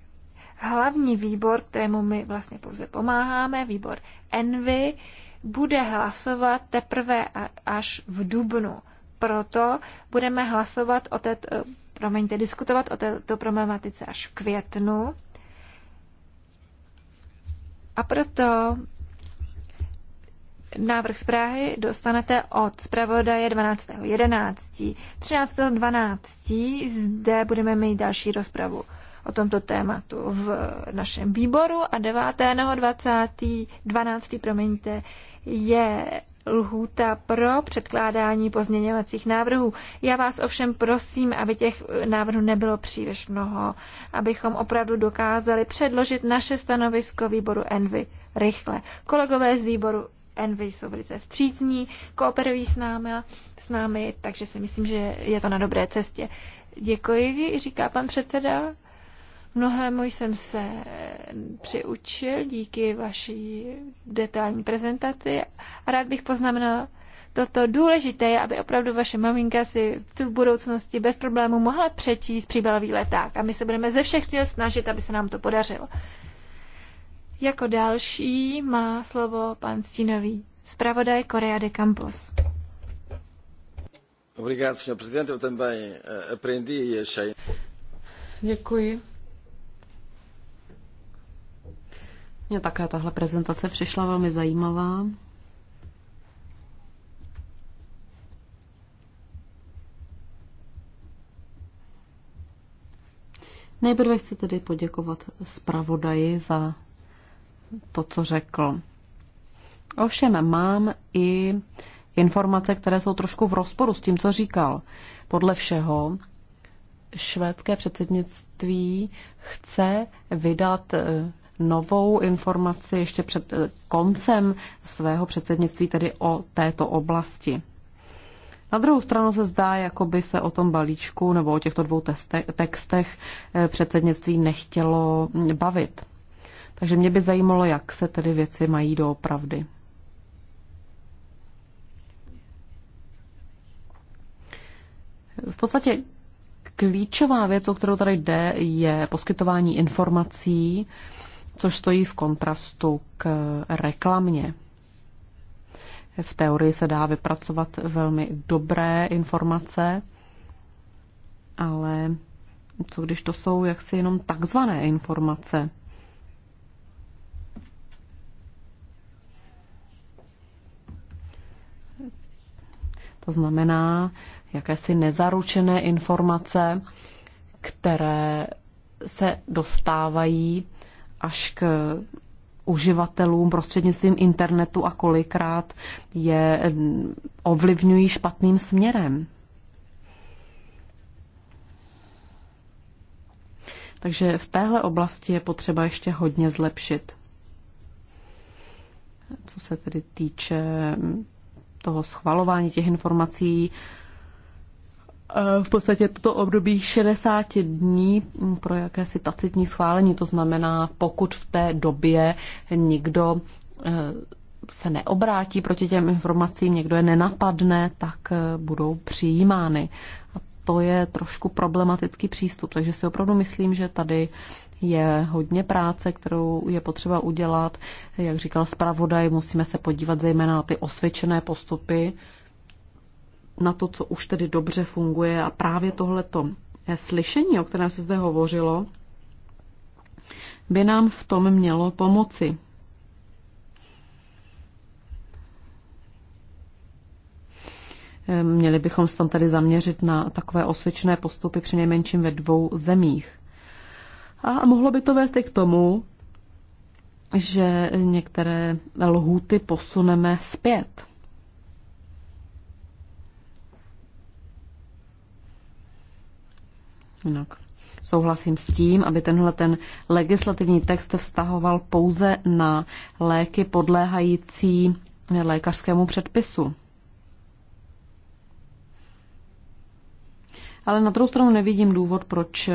hlavní výbor, kterému my vlastně pouze pomáháme, výbor Envy, bude hlasovat teprve až v dubnu. Proto budeme hlasovat o této, eh, promiňte, diskutovat o této problematice až v květnu. A proto návrh Prahy dostanete od zpravodaje 12.11. 13.12. zde budeme mít další rozpravu o tomto tématu v našem výboru a 20. 12. promiňte, je lhůta pro předkládání pozměňovacích návrhů. Já vás ovšem prosím, aby těch návrhů nebylo příliš mnoho, abychom opravdu dokázali předložit naše stanovisko výboru Envy rychle. Kolegové z výboru Envy jsou velice vstřícní, kooperují s námi, s námi, takže si myslím, že je to na dobré cestě. Děkuji, říká pan předseda. Mnohému jsem se přiučil díky vaší detailní prezentaci a rád bych poznamenal toto důležité aby opravdu vaše maminka si v budoucnosti bez problému mohla přečíst příbalový leták a my se budeme ze všech chtěl snažit, aby se nám to podařilo. Jako další má slovo pan Stínový, zpravodaj Korea de Campos. Eh, Děkuji, Mně také tahle prezentace přišla velmi zajímavá. Nejprve chci tedy poděkovat zpravodaji za to, co řekl. Ovšem mám i informace, které jsou trošku v rozporu s tím, co říkal. Podle všeho švédské předsednictví chce vydat eh, novou informaci ještě před eh, koncem svého předsednictví, tedy o této oblasti. Na druhou stranu se zdá, jako by se o tom balíčku nebo o těchto dvou textech eh, předsednictví nechtělo hm, bavit. Takže mě by zajímalo, jak se tedy věci mají doopravdy. V podstatě klíčová věc, o kterou tady jde, je poskytování informací což stojí v kontrastu k reklamě. V teorii se dá vypracovat velmi dobré informace, ale co když to jsou jaksi jenom takzvané informace? To znamená jakési nezaručené informace, které se dostávají až k uživatelům prostřednictvím internetu a kolikrát je eh, ovlivňují špatným směrem. Takže v téhle oblasti je potřeba ještě hodně zlepšit. Co se tedy týče toho schvalování těch informací, v podstatě toto období 60 dní pro jakési tacitní schválení. To znamená, pokud v té době nikdo eh, se neobrátí proti těm informacím, někdo je nenapadne, tak eh, budou přijímány. A to je trošku problematický přístup, takže si opravdu myslím, že tady je hodně práce, kterou je potřeba udělat. Jak říkal zpravodaj, musíme se podívat zejména na ty osvědčené postupy, na to, co už tedy dobře funguje a právě tohleto eh, slyšení, o kterém se zde hovořilo, by nám v tom mělo pomoci. Eh, měli bychom se tam tedy zaměřit na takové osvědčené postupy při nejmenším ve dvou zemích. A mohlo by to vést i k tomu, že některé lhůty posuneme zpět. Jinak souhlasím s tím, aby tenhle ten legislativní text vztahoval pouze na léky podléhající lékařskému předpisu. Ale na druhou stranu nevidím důvod, proč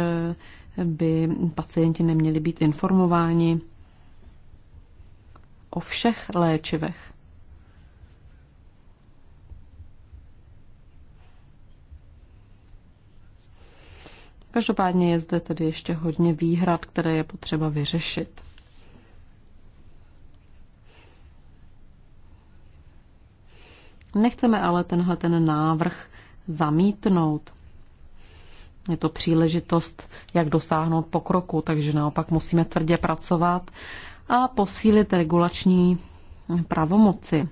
by pacienti neměli být informováni o všech léčivech. Každopádně je zde tedy ještě hodně výhrad, které je potřeba vyřešit. Nechceme ale tenhle ten návrh zamítnout. Je to příležitost, jak dosáhnout pokroku, takže naopak musíme tvrdě pracovat a posílit regulační pravomoci.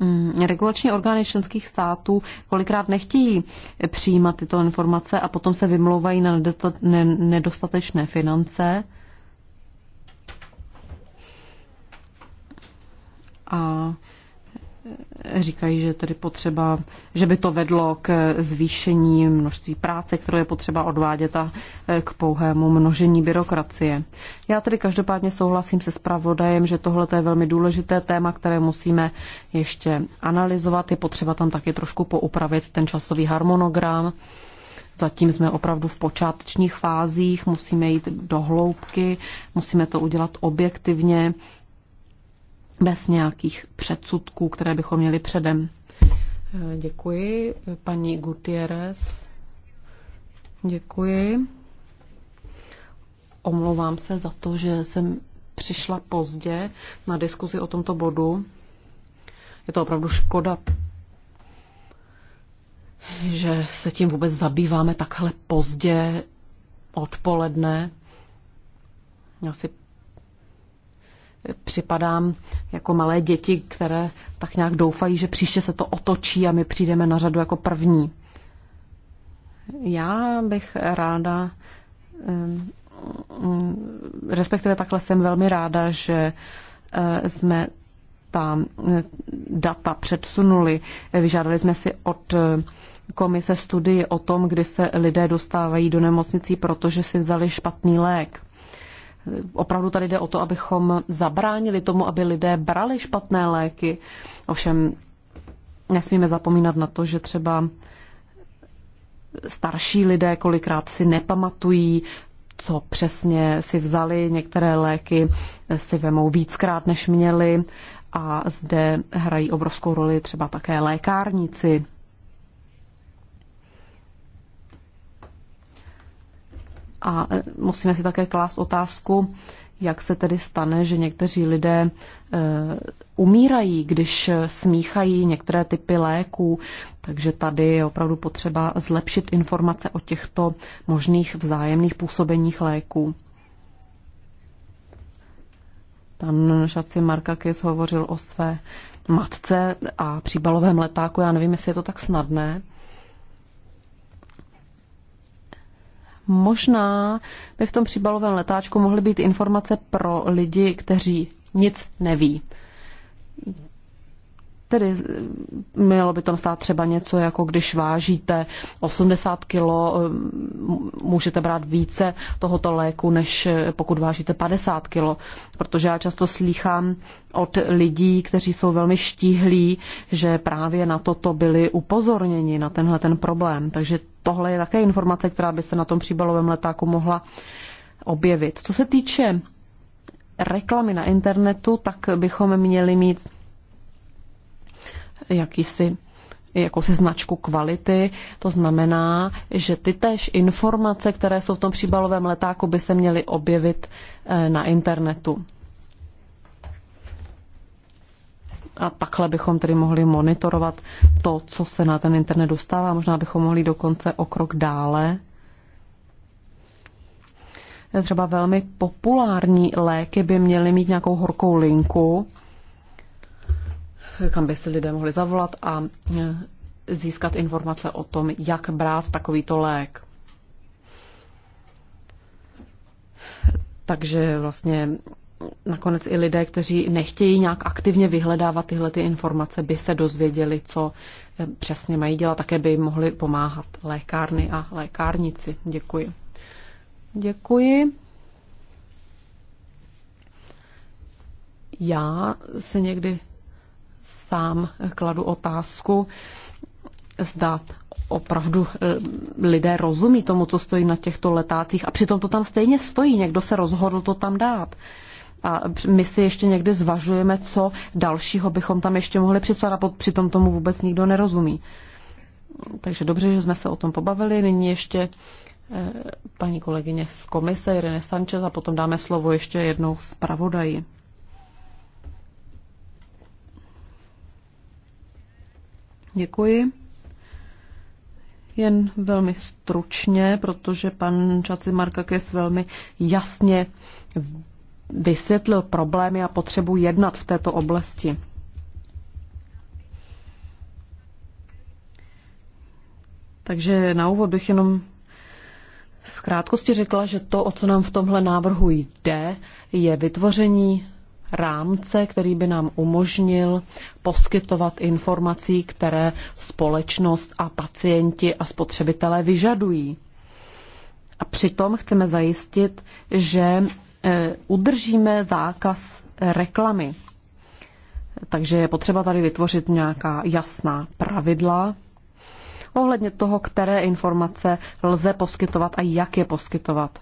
Mm, regulační orgány členských států kolikrát nechtějí přijímat tyto informace a potom se vymlouvají na nedostatečné finance. A říkají, že tedy potřeba, že by to vedlo k zvýšení množství práce, kterou je potřeba odvádět a e, k pouhému množení byrokracie. Já tedy každopádně souhlasím se zpravodajem, že tohle je velmi důležité téma, které musíme ještě analyzovat. Je potřeba tam taky trošku poupravit ten časový harmonogram. Zatím jsme opravdu v počátečních fázích, musíme jít do hloubky, musíme to udělat objektivně bez nějakých předsudků, které bychom měli předem. Eh, děkuji. Paní Gutierrez. Děkuji. Omlouvám se za to, že jsem přišla pozdě na diskuzi o tomto bodu. Je to opravdu škoda, že se tím vůbec zabýváme takhle pozdě odpoledne. si připadám jako malé děti, které tak nějak doufají, že příště se to otočí a my přijdeme na řadu jako první. Já bych ráda, mm, respektive takhle jsem velmi ráda, že e, jsme ta e, data předsunuli. Vyžádali jsme si od e, komise studii o tom, kdy se lidé dostávají do nemocnicí, protože si vzali špatný lék. Opravdu tady jde o to, abychom zabránili tomu, aby lidé brali špatné léky. Ovšem nesmíme zapomínat na to, že třeba starší lidé kolikrát si nepamatují, co přesně si vzali. Některé léky si vemou víckrát, než měli. A zde hrají obrovskou roli třeba také lékárníci, A e, musíme si také klást otázku, jak se tedy stane, že někteří lidé e, umírají, když smíchají některé typy léků. Takže tady je opravdu potřeba zlepšit informace o těchto možných vzájemných působeních léků. Pan Šaci Markakis hovořil o své matce a příbalovém letáku. Já nevím, jestli je to tak snadné. Možná by v tom příbalovém letáčku mohly být informace pro lidi, kteří nic neví. Tedy eh, mělo by tam stát třeba něco, jako když vážíte 80 kg, eh, můžete brát více tohoto léku, než eh, pokud vážíte 50 kg. Protože já často slýchám od lidí, kteří jsou velmi štíhlí, že právě na toto byli upozorněni, na tenhle ten problém. Takže tohle je také informace, která by se na tom příbalovém letáku mohla objevit. Co se týče reklamy na internetu, tak bychom měli mít jakýsi jako si značku kvality. To znamená, že ty též informace, které jsou v tom příbalovém letáku, by se měly objevit eh, na internetu. A takhle bychom tedy mohli monitorovat to, co se na ten internet dostává. Možná bychom mohli dokonce o krok dále. Třeba velmi populární léky by měly mít nějakou horkou linku, kam by si lidé mohli zavolat a e, získat informace o tom, jak brát takovýto lék. Takže vlastně nakonec i lidé, kteří nechtějí nějak aktivně vyhledávat tyhle ty informace, by se dozvěděli, co e, přesně mají dělat, také by mohli pomáhat lékárny a lékárnici. Děkuji. Děkuji. Já se někdy sám kladu otázku, zda opravdu e, lidé rozumí tomu, co stojí na těchto letácích a přitom to tam stejně stojí, někdo se rozhodl to tam dát. A my si ještě někdy zvažujeme, co dalšího bychom tam ještě mohli přistát a přitom tomu vůbec nikdo nerozumí. Takže dobře, že jsme se o tom pobavili. Nyní ještě e, paní kolegyně z komise Irene Sanchez a potom dáme slovo ještě jednou zpravodaji. Děkuji. Jen velmi stručně, protože pan Čaci Markakis velmi jasně vysvětlil problémy a potřebu jednat v této oblasti. Takže na úvod bych jenom v krátkosti řekla, že to, o co nám v tomhle návrhu jde, je vytvoření rámce, který by nám umožnil poskytovat informací, které společnost a pacienti a spotřebitelé vyžadují. A přitom chceme zajistit, že eh, udržíme zákaz reklamy. Takže je potřeba tady vytvořit nějaká jasná pravidla ohledně toho, které informace lze poskytovat a jak je poskytovat.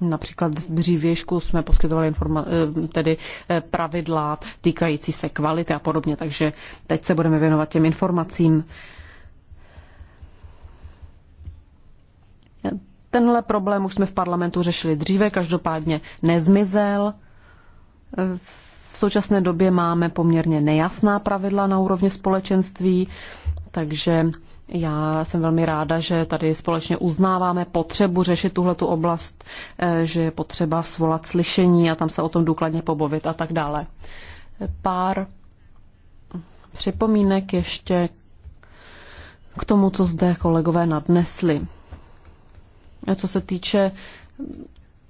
Například v dřívěžku jsme poskytovali informa- eh, tedy eh, pravidla týkající se kvality a podobně, takže teď se budeme věnovat těm informacím. Tenhle problém už jsme v parlamentu řešili dříve, každopádně nezmizel. V současné době máme poměrně nejasná pravidla na úrovni společenství, takže já jsem velmi ráda, že tady společně uznáváme potřebu řešit tuhletu oblast, eh, že je potřeba svolat slyšení a tam se o tom důkladně pobavit a tak dále. Pár připomínek ještě k tomu, co zde kolegové nadnesli. Co se týče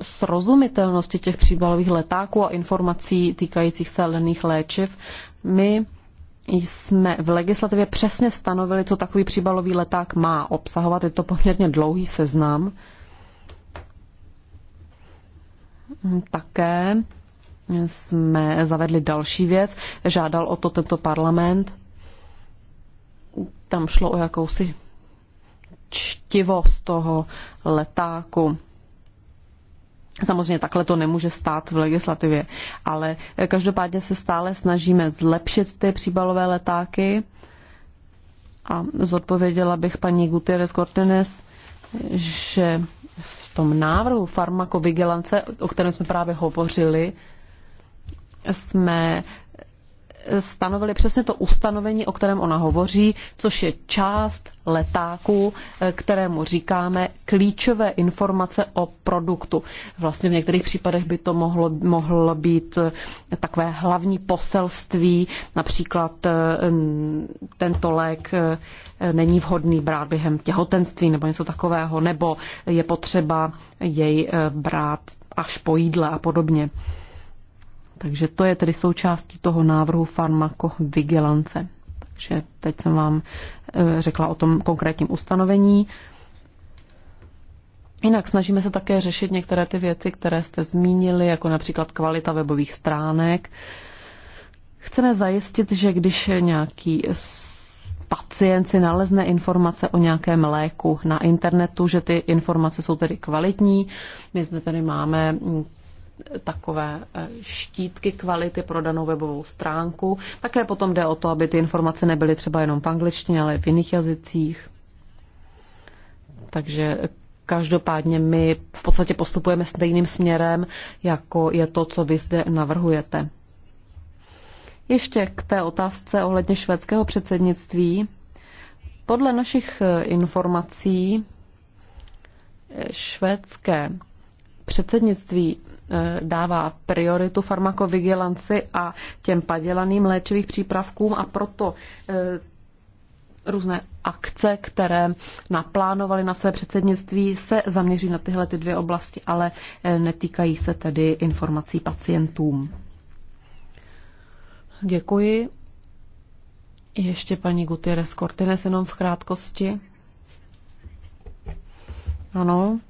srozumitelnosti těch příbalových letáků a informací týkajících se lených léčiv, my jsme v legislativě přesně stanovili, co takový příbalový leták má obsahovat. Je to poměrně dlouhý seznam. Také jsme zavedli další věc. Žádal o to tento parlament. Tam šlo o jakousi čtivost toho letáku. Samozřejmě takhle to nemůže stát v legislativě, ale eh, každopádně se stále snažíme zlepšit ty příbalové letáky. A zodpověděla bych paní Gutierrez Cortines, že v tom návrhu farmakovigilance, o kterém jsme právě hovořili, jsme stanovili přesně to ustanovení, o kterém ona hovoří, což je část letáku, eh, kterému říkáme klíčové informace o produktu. Vlastně v některých případech by to mohlo, mohlo být eh, takové hlavní poselství, například eh, tento lék není vhodný brát během těhotenství nebo něco takového, nebo je potřeba jej brát až po jídle a podobně. Takže to je tedy součástí toho návrhu farmakovigilance. Takže teď jsem vám eh, řekla o tom konkrétním ustanovení. Jinak snažíme se také řešit některé ty věci, které jste zmínili, jako například kvalita webových stránek. Chceme zajistit, že když nějaký pacient si nalezne informace o nějakém léku na internetu, že ty informace jsou tedy kvalitní. My zde tedy máme takové eh, štítky kvality pro danou webovou stránku. Také potom jde o to, aby ty informace nebyly třeba jenom v angličtině, ale i v jiných jazycích. Takže každopádně my v podstatě postupujeme stejným směrem, jako je to, co vy zde navrhujete. Ještě k té otázce ohledně švédského předsednictví. Podle našich eh, informací eh, švédské předsednictví Eh, dává prioritu farmakovigilanci a těm padělaným léčivých přípravkům a proto eh, různé akce, které naplánovali na své předsednictví, se zaměří na tyhle ty dvě oblasti, ale eh, netýkají se tedy informací pacientům. Děkuji. Ještě paní Gutierrez Cortines jenom v krátkosti. Ano,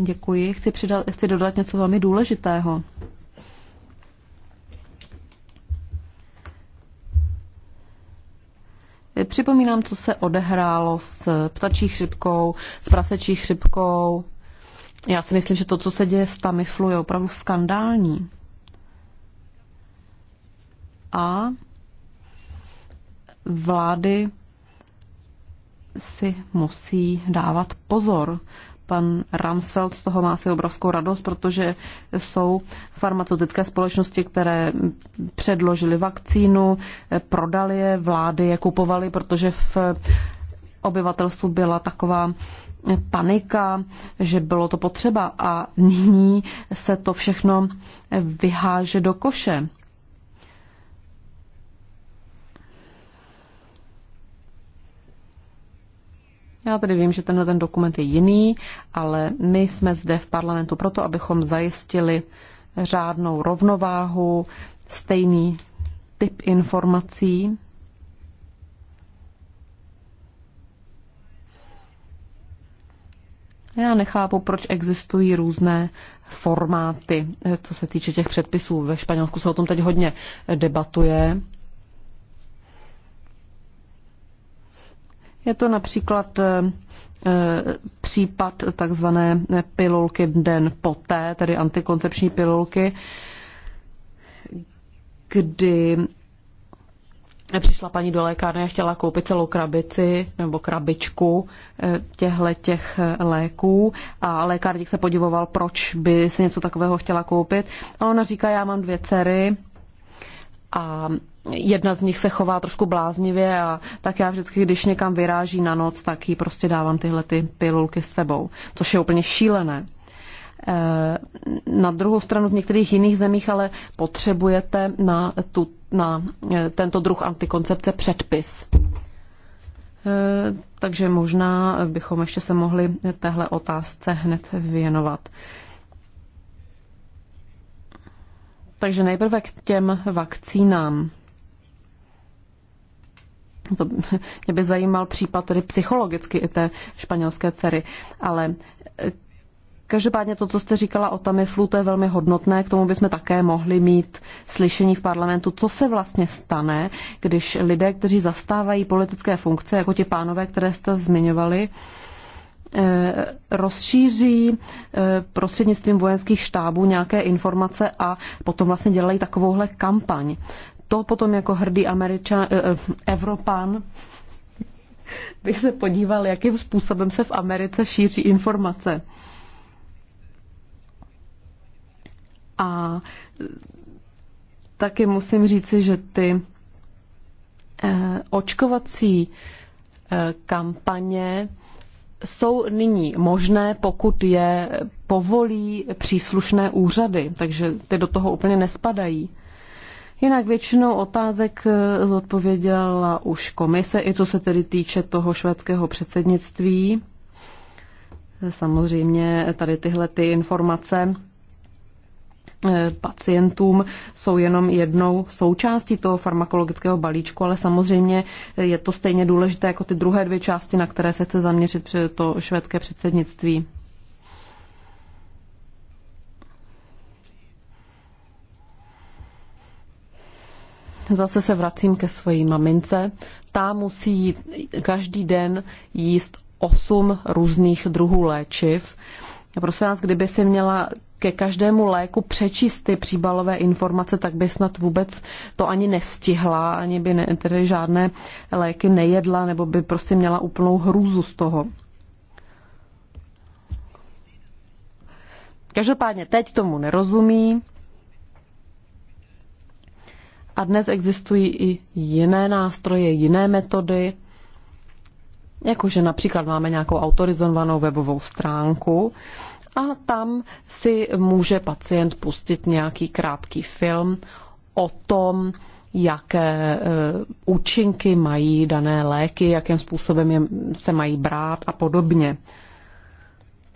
Děkuji. Chci, přidat, chci dodat něco velmi důležitého. Připomínám, co se odehrálo s ptačí chřipkou, s prasečí chřipkou. Já si myslím, že to, co se děje s Tamiflu, je opravdu skandální. A vlády si musí dávat pozor. Pan Ramsfeld z toho má si obrovskou radost, protože jsou farmaceutické společnosti, které předložily vakcínu, prodali je, vlády je kupovaly, protože v obyvatelstvu byla taková panika, že bylo to potřeba a nyní se to všechno vyháže do koše. Já tedy vím, že tenhle ten dokument je jiný, ale my jsme zde v parlamentu proto, abychom zajistili řádnou rovnováhu, stejný typ informací. Já nechápu, proč existují různé formáty, co se týče těch předpisů. Ve Španělsku se o tom teď hodně debatuje. Je to například eh, eh, případ takzvané pilulky den poté, tedy antikoncepční pilulky, kdy přišla paní do lékárny a chtěla koupit celou krabici nebo krabičku eh, těchto těch léků a lékárník se podivoval, proč by si něco takového chtěla koupit. A ona říká, já mám dvě dcery a jedna z nich se chová trošku bláznivě a tak já vždycky, když někam vyráží na noc, tak jí prostě dávám tyhle ty pilulky s sebou, což je úplně šílené. Eh, na druhou stranu v některých jiných zemích ale potřebujete na, tu, na eh, tento druh antikoncepce předpis. Eh, takže možná bychom ještě se mohli téhle otázce hned věnovat. Takže nejprve k těm vakcínám to mě by zajímal případ tedy psychologicky i té španělské dcery, ale eh, Každopádně to, co jste říkala o Tamiflu, to je velmi hodnotné, k tomu bychom také mohli mít slyšení v parlamentu, co se vlastně stane, když lidé, kteří zastávají politické funkce, jako ti pánové, které jste zmiňovali, eh, rozšíří eh, prostřednictvím vojenských štábů nějaké informace a potom vlastně dělají takovouhle kampaň to potom jako hrdý Američan, eh, eh, Evropan bych se podíval, jakým způsobem se v Americe šíří informace. A taky musím říci, že ty eh, očkovací kampaně jsou nyní možné, pokud je povolí příslušné úřady, takže ty do toho úplně nespadají. Jinak většinou otázek eh, zodpověděla už komise, i co se tedy týče toho švédského předsednictví. Samozřejmě tady tyhle ty informace eh, pacientům jsou jenom jednou součástí toho farmakologického balíčku, ale samozřejmě je to stejně důležité jako ty druhé dvě části, na které se chce zaměřit to švédské předsednictví. Zase se vracím ke své mamince. Ta musí každý den jíst osm různých druhů léčiv. A prosím vás, kdyby si měla ke každému léku přečíst ty příbalové informace, tak by snad vůbec to ani nestihla, ani by ne, tedy žádné léky nejedla, nebo by prostě měla úplnou hrůzu z toho. Každopádně teď tomu nerozumí, a dnes existují i jiné nástroje, jiné metody, jakože například máme nějakou autorizovanou webovou stránku a tam si může pacient pustit nějaký krátký film o tom, jaké e, účinky mají dané léky, jakým způsobem je, se mají brát a podobně.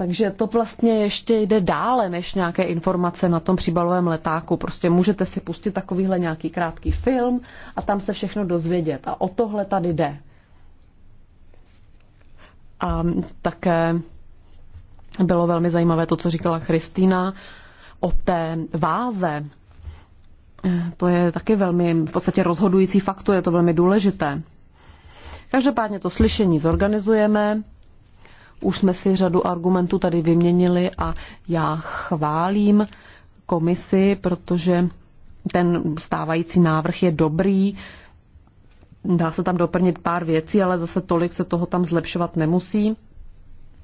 Takže to vlastně ještě jde dále než nějaké informace na tom příbalovém letáku. Prostě můžete si pustit takovýhle nějaký krátký film a tam se všechno dozvědět. A o tohle tady jde. A také bylo velmi zajímavé to, co říkala Kristýna o té váze. To je taky velmi v podstatě rozhodující faktor, je to velmi důležité. Každopádně to slyšení zorganizujeme už jsme si řadu argumentů tady vyměnili a já chválím komisi, protože ten stávající návrh je dobrý. Dá se tam doplnit pár věcí, ale zase tolik se toho tam zlepšovat nemusí.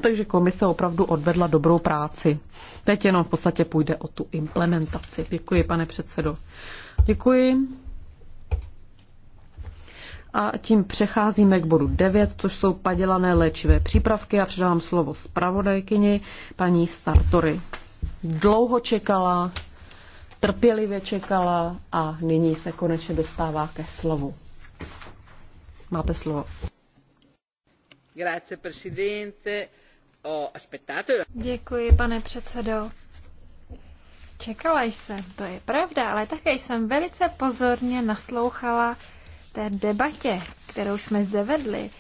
Takže komise opravdu odvedla dobrou práci. Teď jenom v podstatě půjde o tu implementaci. Děkuji, pane předsedo. Děkuji. A tím přecházíme k bodu 9, což jsou padělané léčivé přípravky. A předávám slovo zpravodajkyni paní Sartory. Dlouho čekala, trpělivě čekala a nyní se konečně dostává ke slovu. Máte slovo. Grazie, presidente. O, aspettato. Děkuji, pane předsedo. Čekala jsem, to je pravda, ale také jsem velice pozorně naslouchala té debatě, kterou jsme zde vedli,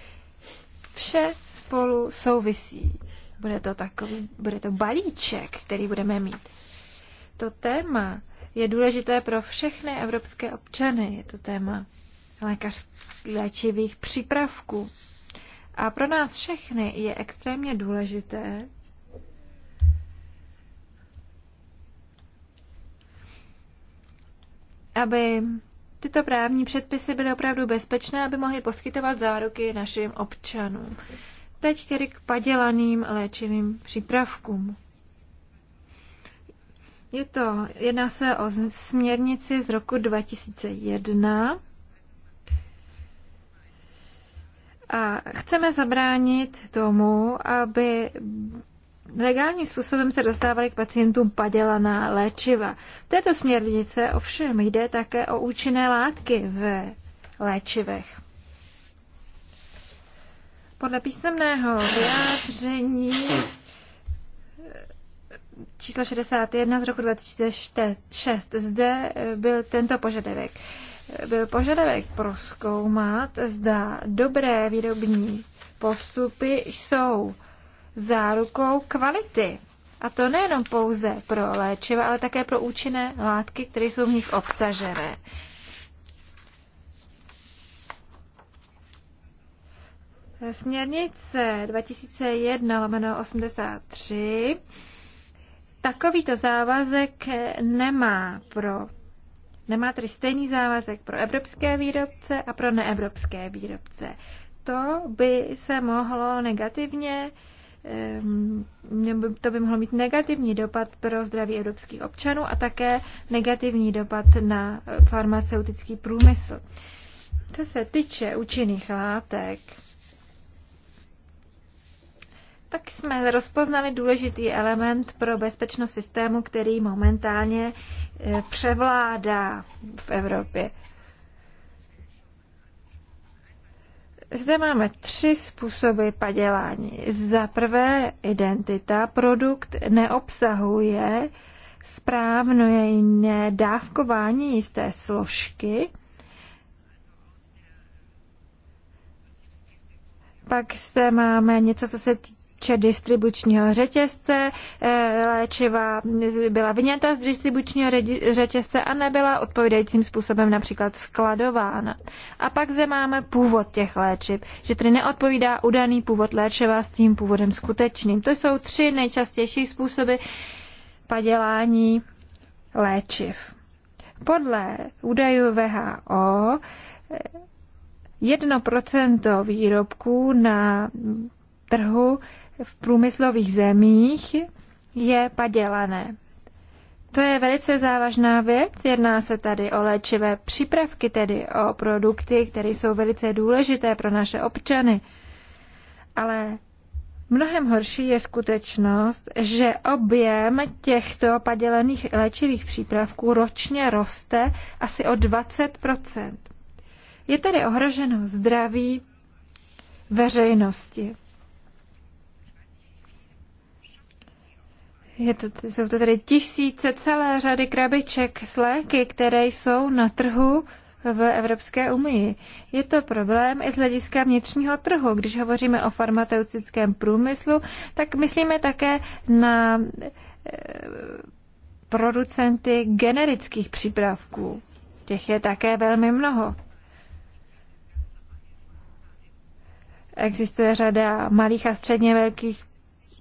vše spolu souvisí. Bude to takový, bude to balíček, který budeme mít. To téma je důležité pro všechny evropské občany. Je to téma lékař, léčivých přípravků. A pro nás všechny je extrémně důležité, aby tyto právní předpisy byly opravdu bezpečné, aby mohly poskytovat záruky našim občanům. Teď tedy k padělaným léčivým přípravkům. Je to, jedná se o směrnici z roku 2001 a chceme zabránit tomu, aby legálním způsobem se dostávaly k pacientům padělaná léčiva. V této směrnice ovšem jde také o účinné látky v léčivech. Podle písemného vyjádření eh, číslo 61 z roku 2006 zde eh, byl tento požadavek. Byl požadavek proskoumat, zda dobré výrobní postupy jsou zárukou kvality. A to nejenom pouze pro léčiva, ale také pro účinné látky, které jsou v nich obsažené. Směrnice 2001-83 takovýto závazek nemá pro Nemá tedy stejný závazek pro evropské výrobce a pro neevropské výrobce. To by se mohlo negativně to by mohlo mít negativní dopad pro zdraví evropských občanů a také negativní dopad na eh, farmaceutický průmysl. Co se týče účinných látek, tak jsme rozpoznali důležitý element pro bezpečnost systému, který momentálně eh, převládá v Evropě. Zde máme tři způsoby padělání. Za prvé, identita. Produkt neobsahuje správné dávkování jisté složky. Pak zde máme něco, co se týká týče distribučního řetězce, eh, léčiva byla vyňata z distribučního řetězce a nebyla odpovídajícím způsobem například skladována. A pak zde máme původ těch léčiv, že tedy neodpovídá udaný původ léčiva s tím původem skutečným. To jsou tři nejčastější způsoby padělání léčiv. Podle údajů VHO 1% eh, výrobků na trhu v průmyslových zemích je padělané. To je velice závažná věc. Jedná se tady o léčivé přípravky, tedy o produkty, které jsou velice důležité pro naše občany. Ale mnohem horší je skutečnost, že objem těchto padělených léčivých přípravků ročně roste asi o 20 Je tedy ohroženo zdraví veřejnosti. Je to, jsou to tady tisíce celé řady krabiček s léky, které jsou na trhu v Evropské unii. Je to problém i z hlediska vnitřního trhu. Když hovoříme o farmaceutickém průmyslu, tak myslíme také na eh, producenty generických přípravků. Těch je také velmi mnoho. Existuje řada malých a středně velkých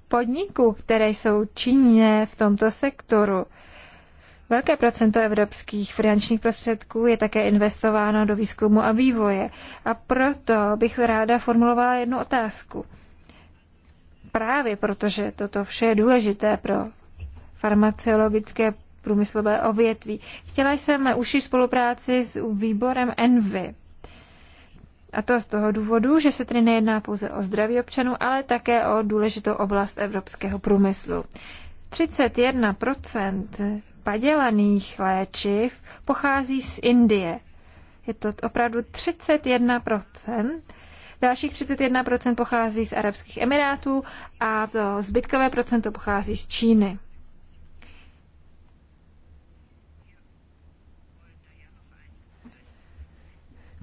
podniků, které jsou činné v tomto sektoru. Velké procento evropských finančních prostředků je také investováno do výzkumu a vývoje. A proto bych ráda formulovala jednu otázku. Právě protože toto vše je důležité pro farmaceologické průmyslové ovětví. Chtěla jsem užší spolupráci s výborem Envy. A to z toho důvodu, že se tedy nejedná pouze o zdraví občanů, ale také o důležitou oblast evropského průmyslu. 31 padělaných léčiv pochází z Indie. Je to opravdu 31 Dalších 31 pochází z Arabských Emirátů a to zbytkové procento pochází z Číny.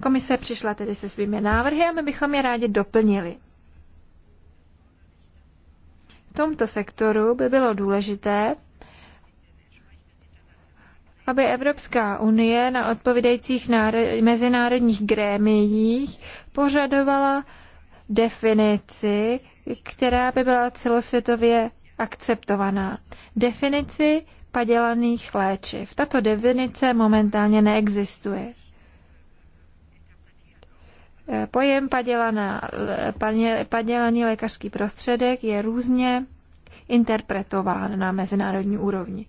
Komise přišla tedy se svými návrhy a my bychom je rádi doplnili. V tomto sektoru by bylo důležité, aby Evropská unie na odpovídajících mezinárodních grémiích požadovala definici, která by byla celosvětově akceptovaná. Definici padělaných léčiv. Tato definice momentálně neexistuje. Pojem padělaná, padělaný lékařský prostředek je různě interpretován na mezinárodní úrovni.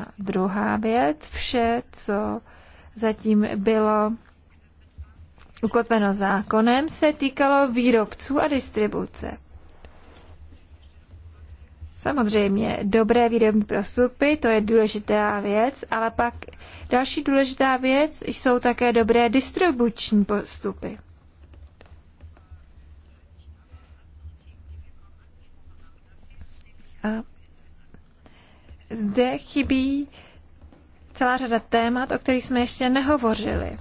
A druhá věc, vše, co zatím bylo ukotveno zákonem, se týkalo výrobců a distribuce. Samozřejmě, dobré výrobní prostupy, to je důležitá věc, ale pak Další důležitá věc jsou také dobré distribuční postupy. A zde chybí celá řada témat, o kterých jsme ještě nehovořili.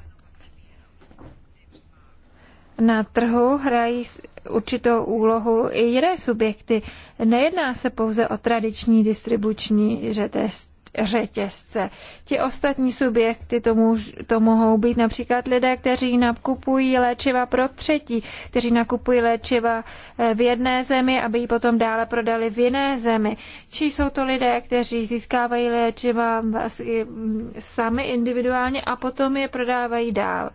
Na trhu hrají určitou úlohu i jiné subjekty. Nejedná se pouze o tradiční distribuční řetězce řetězce. Ti ostatní subjekty to, můž, to mohou být například lidé, kteří nakupují léčiva pro třetí, kteří nakupují léčiva eh, v jedné zemi, aby ji potom dále prodali v jiné zemi. Či jsou to lidé, kteří získávají léčiva mm, sami individuálně a potom je prodávají dál.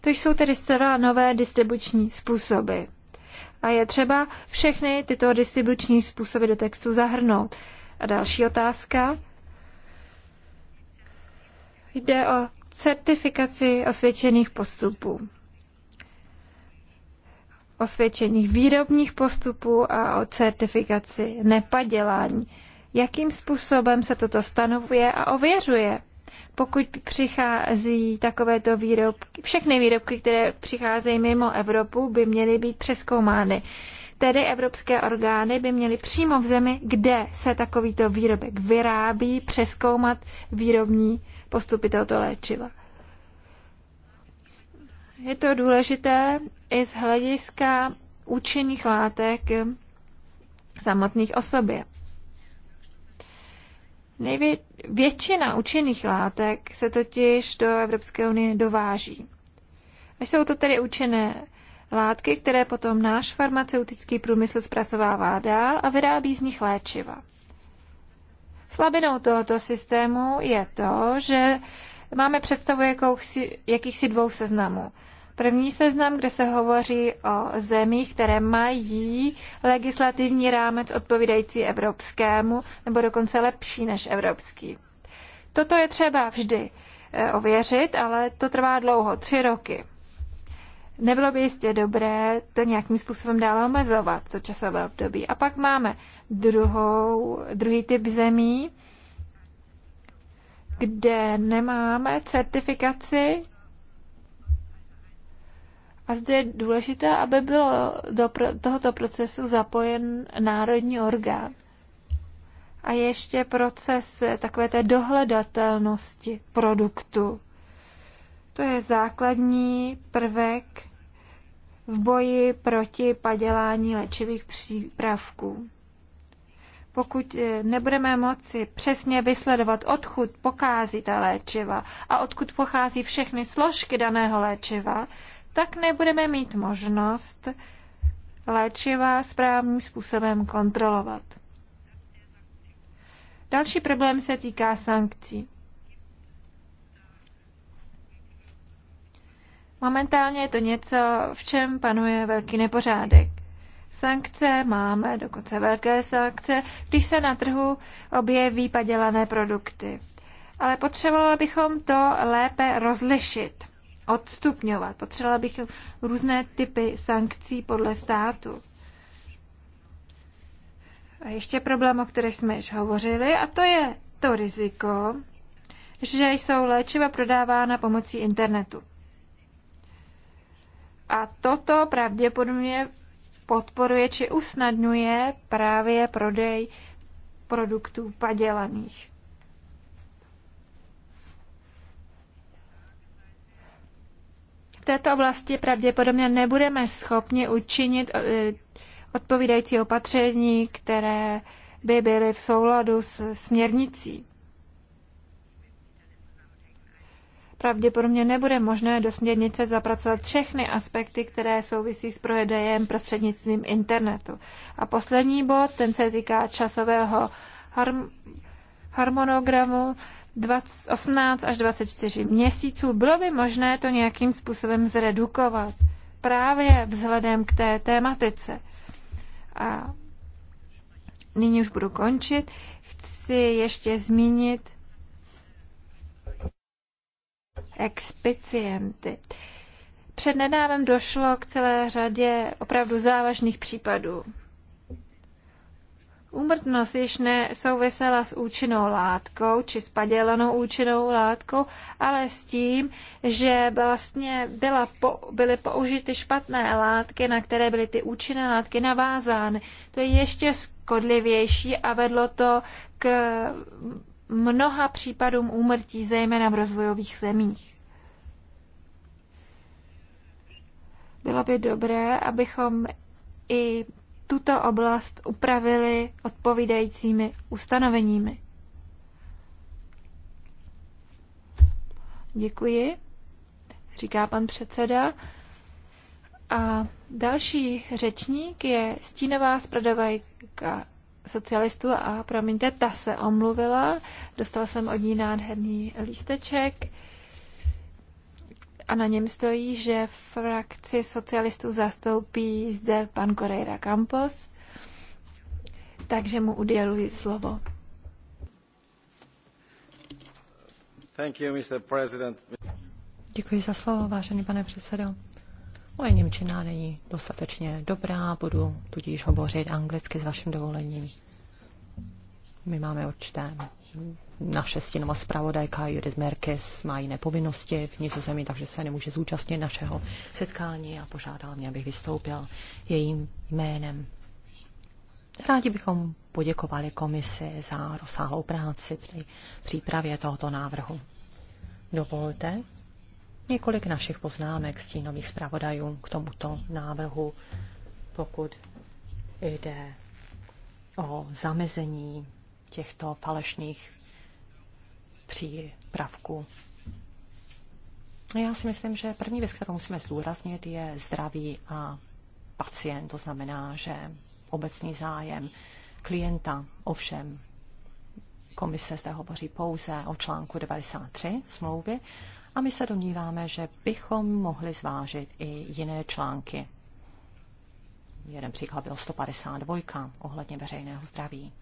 To jsou tedy zcela nové distribuční způsoby. A je třeba všechny tyto distribuční způsoby do textu zahrnout. A další otázka jde o certifikaci osvědčených postupů, osvědčených výrobních postupů a o certifikaci nepadělání. Jakým způsobem se toto stanovuje a ověřuje? Pokud přichází takovéto výrobky, všechny výrobky, které přicházejí mimo Evropu, by měly být přeskoumány. Tedy evropské orgány by měly přímo v zemi, kde se takovýto výrobek vyrábí, přeskoumat výrobní postupy tohoto léčiva. Je to důležité i z hlediska účinných látek samotných o sobě. Nejvě- většina účinných látek se totiž do Evropské unie dováží. A jsou to tedy účinné látky, které potom náš farmaceutický průmysl zpracovává dál a vyrábí z nich léčiva. Slabinou tohoto systému je to, že máme představu jakousi, jakýchsi dvou seznamů. První seznam, kde se hovoří o zemích, které mají legislativní rámec odpovídající evropskému, nebo dokonce lepší než evropský. Toto je třeba vždy eh, ověřit, ale to trvá dlouho, tři roky nebylo by jistě dobré to nějakým způsobem dále omezovat, co časové období. A pak máme druhou, druhý typ zemí, kde nemáme certifikaci. A zde je důležité, aby bylo do tohoto procesu zapojen národní orgán. A ještě proces takové té dohledatelnosti produktu. To je základní prvek v boji proti padělání léčivých přípravků. Pokud eh, nebudeme moci přesně vysledovat, odkud pochází ta léčiva a odkud pochází všechny složky daného léčiva, tak nebudeme mít možnost léčiva správným způsobem kontrolovat. Další problém se týká sankcí. Momentálně je to něco, v čem panuje velký nepořádek. Sankce máme, dokonce velké sankce, když se na trhu objeví padělané produkty. Ale potřebovali bychom to lépe rozlišit, odstupňovat. Potřebovali bychom různé typy sankcí podle státu. A ještě problém, o kterém jsme již hovořili, a to je to riziko, že jsou léčiva prodávána pomocí internetu. A toto pravděpodobně podporuje či usnadňuje právě prodej produktů padělaných. V této oblasti pravděpodobně nebudeme schopni učinit eh, odpovídající opatření, které by byly v souladu s směrnicí. pravděpodobně nebude možné do směrnice zapracovat všechny aspekty, které souvisí s prodejem prostřednictvím internetu. A poslední bod, ten se týká časového harm- harmonogramu 18 až 24 měsíců. Bylo by možné to nějakým způsobem zredukovat právě vzhledem k té tématice. A nyní už budu končit. Chci ještě zmínit expicienty. Přednedávem došlo k celé řadě opravdu závažných případů. Úmrtnost již nesouvisela s účinnou látkou či s padělanou účinnou látkou, ale s tím, že vlastně byla po, byly použity špatné látky, na které byly ty účinné látky navázány. To je ještě škodlivější a vedlo to k mnoha případům úmrtí, zejména v rozvojových zemích. Bylo by dobré, abychom i tuto oblast upravili odpovídajícími ustanoveními. Děkuji, říká pan předseda. A další řečník je stínová spravodajka socialistů a promiňte, ta se omluvila. Dostala jsem od ní nádherný lísteček a na něm stojí, že frakci socialistů zastoupí zde pan Correira Campos, takže mu uděluji slovo. Thank you, Mr. President. Děkuji za slovo, vážený pane předsedo. Moje Němčina není dostatečně dobrá, budu tudíž hovořit anglicky s vaším dovolením. My máme určité naše stínová zpravodajka Judith Merkis má jiné povinnosti v Nizozemí, takže se nemůže zúčastnit našeho setkání a požádala mě, abych vystoupil jejím jménem. Rádi bychom poděkovali komisi za rozsáhlou práci při přípravě tohoto návrhu. Dovolte, Několik našich poznámek stínových zpravodajů k tomuto návrhu, pokud jde o zamezení těchto falešných přípravků. Já si myslím, že první věc, kterou musíme zdůraznit, je zdraví a pacient, to znamená, že obecný zájem klienta, ovšem komise zde hovoří pouze o článku 93 smlouvy a my se domníváme, že bychom mohli zvážit i jiné články. Jeden příklad byl 152 ohledně veřejného zdraví.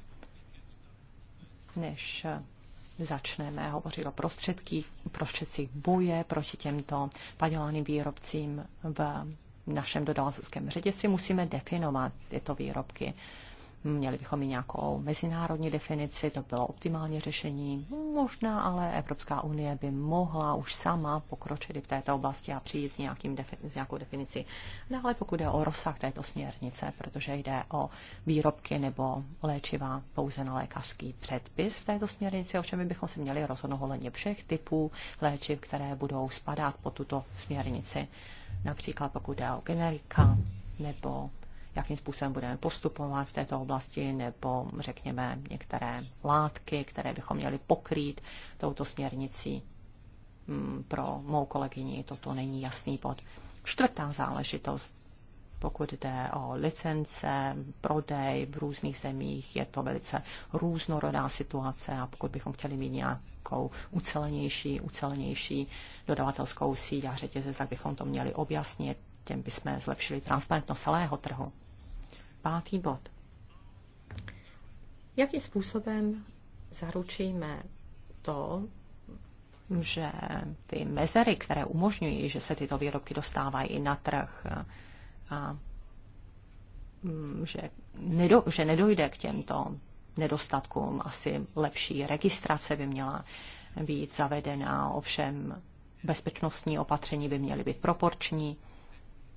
Než eh, začneme hovořit o prostředcích, prostředcích boje proti těmto padělaným výrobcím v našem dodavatelském řetězci, musíme definovat tyto výrobky. Měli bychom i nějakou mezinárodní definici, to bylo optimální řešení. Možná ale Evropská unie by mohla už sama pokročit v této oblasti a přijít s, nějakým defini- s nějakou definicí. Dále pokud jde o rozsah této směrnice, protože jde o výrobky nebo léčiva pouze na lékařský předpis v této směrnici, ovšem my bychom se měli rozhodnout ohledně všech typů léčiv, které budou spadat pod tuto směrnici. Například pokud jde o generika nebo jakým způsobem budeme postupovat v této oblasti, nebo řekněme některé látky, které bychom měli pokrýt touto směrnicí. Mm, pro mou kolegyni toto není jasný bod. Čtvrtá záležitost, pokud jde o licence, prodej v různých zemích, je to velice různorodá situace a pokud bychom chtěli mít nějak nějakou ucelenější, ucelenější dodavatelskou síť a řetězec, tak bychom to měli objasnit, těm bychom zlepšili transparentnost celého trhu. Pátý bod. Jakým způsobem zaručíme to, že ty mezery, které umožňují, že se tyto výrobky dostávají i na trh, a mm, že, nedo, že nedojde k těmto nedostatkům, asi lepší registrace by měla být zavedena, ovšem bezpečnostní opatření by měly být proporční.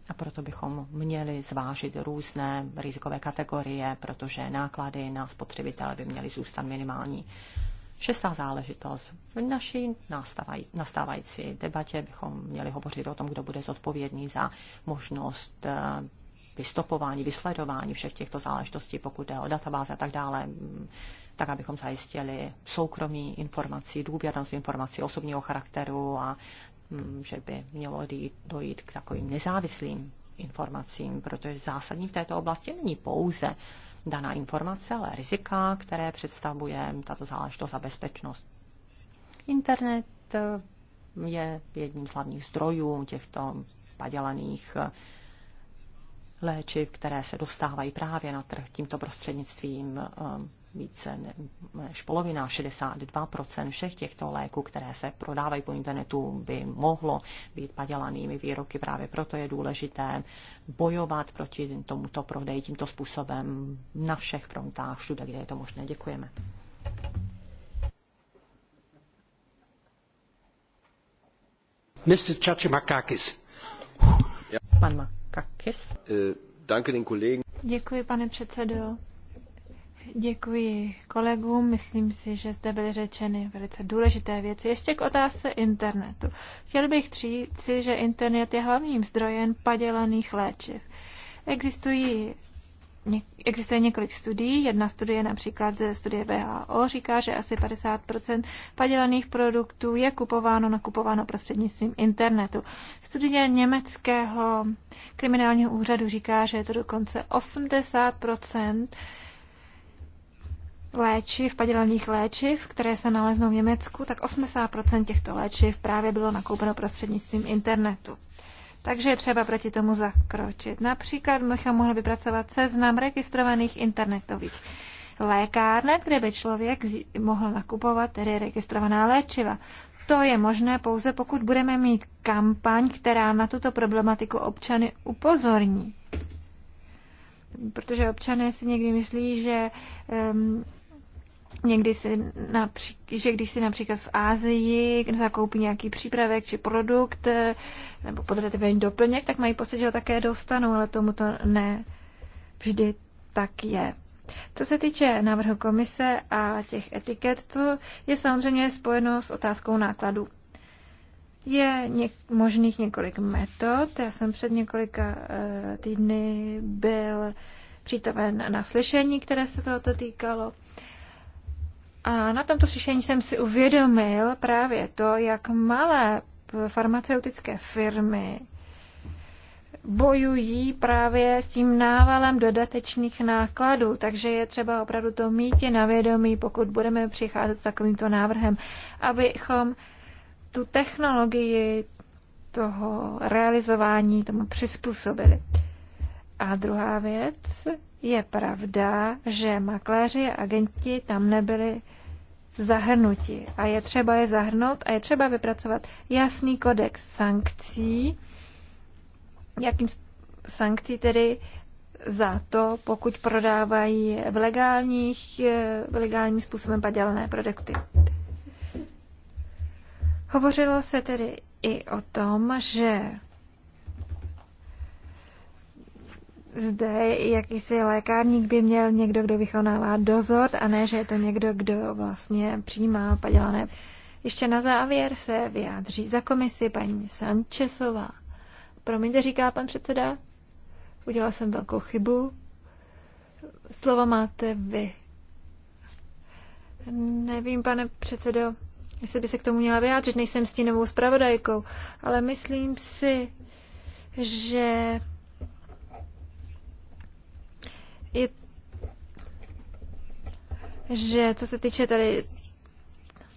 A proto bychom měli zvážit různé rizikové kategorie, protože náklady na spotřebitele by měly zůstat minimální. Šestá záležitost. V naší nastávající debatě bychom měli hovořit o tom, kdo bude zodpovědný za možnost eh, vystopování, vysledování všech těchto záležitostí, pokud jde o databáze a tak dále, mm, tak abychom zajistili soukromí informací, důvěrnost informací osobního charakteru a Mm, že by mělo dojít k takovým nezávislým informacím, protože zásadní v této oblasti není pouze daná informace, ale rizika, které představuje tato záležitost a bezpečnost. Internet eh, je jedním z hlavních zdrojů těchto padělaných eh, léčiv, které se dostávají právě na trh tímto prostřednictvím um, více než polovina, 62% všech těchto léků, které se prodávají po internetu, by mohlo být padělanými výroky. Právě proto je důležité bojovat proti tomuto prodeji tímto způsobem na všech frontách, všude, kde je to možné. Děkujeme. Mr. Chachimakakis. Pan Mak. Kakis. Eh, Děkuji, pane předsedo. Děkuji kolegům. Myslím si, že zde byly řečeny velice důležité věci. Ještě k otázce internetu. Chtěl bych říci, že internet je hlavním zdrojem padělaných léčiv. Existují Existuje několik studií. Jedna studie, například ze studie BHO říká, že asi 50 padělaných produktů je kupováno nakupováno prostřednictvím internetu. Studie německého kriminálního úřadu říká, že je to dokonce 80 léčiv, padělaných léčiv, které se naleznou v Německu, tak 80 těchto léčiv právě bylo nakoupeno prostřednictvím internetu. Takže je třeba proti tomu zakročit. Například bychom mohli vypracovat seznam registrovaných internetových lékárnet, kde by člověk mohl nakupovat tedy registrovaná léčiva. To je možné pouze, pokud budeme mít kampaň, která na tuto problematiku občany upozorní. Protože občané si někdy myslí, že um, Někdy si napřík, že když si například v Ázii zakoupí nějaký přípravek či produkt eh, nebo podřetivý doplněk, tak mají pocit, že ho také dostanou, ale tomu to ne vždy tak je. Co se týče návrhu komise a těch etiket, to je samozřejmě spojeno s otázkou nákladu. Je něk- možných několik metod. Já jsem před několika eh, týdny byl přítomen na slyšení, které se tohoto týkalo. A na tomto slyšení jsem si uvědomil právě to, jak malé farmaceutické firmy bojují právě s tím návalem dodatečných nákladů, takže je třeba opravdu to mít na vědomí, pokud budeme přicházet s takovýmto návrhem, abychom tu technologii toho realizování tomu přizpůsobili. A druhá věc, je pravda, že makléři a agenti tam nebyli zahrnuti a je třeba je zahrnout a je třeba vypracovat jasný kodex sankcí, jakým sankcí tedy za to, pokud prodávají v, legálních, v eh, legálním způsobem padělané produkty. Hovořilo se tedy i o tom, že zde jakýsi lékárník by měl někdo, kdo vykonává dozor, a ne, že je to někdo, kdo vlastně přijímá padělané. Ještě na závěr se vyjádří za komisi paní Sančesová. Promiňte, říká pan předseda, udělal jsem velkou chybu. Slovo máte vy. Nevím, pane předsedo, jestli by se k tomu měla vyjádřit, nejsem stínovou zpravodajkou, ale myslím si, že že co se týče tady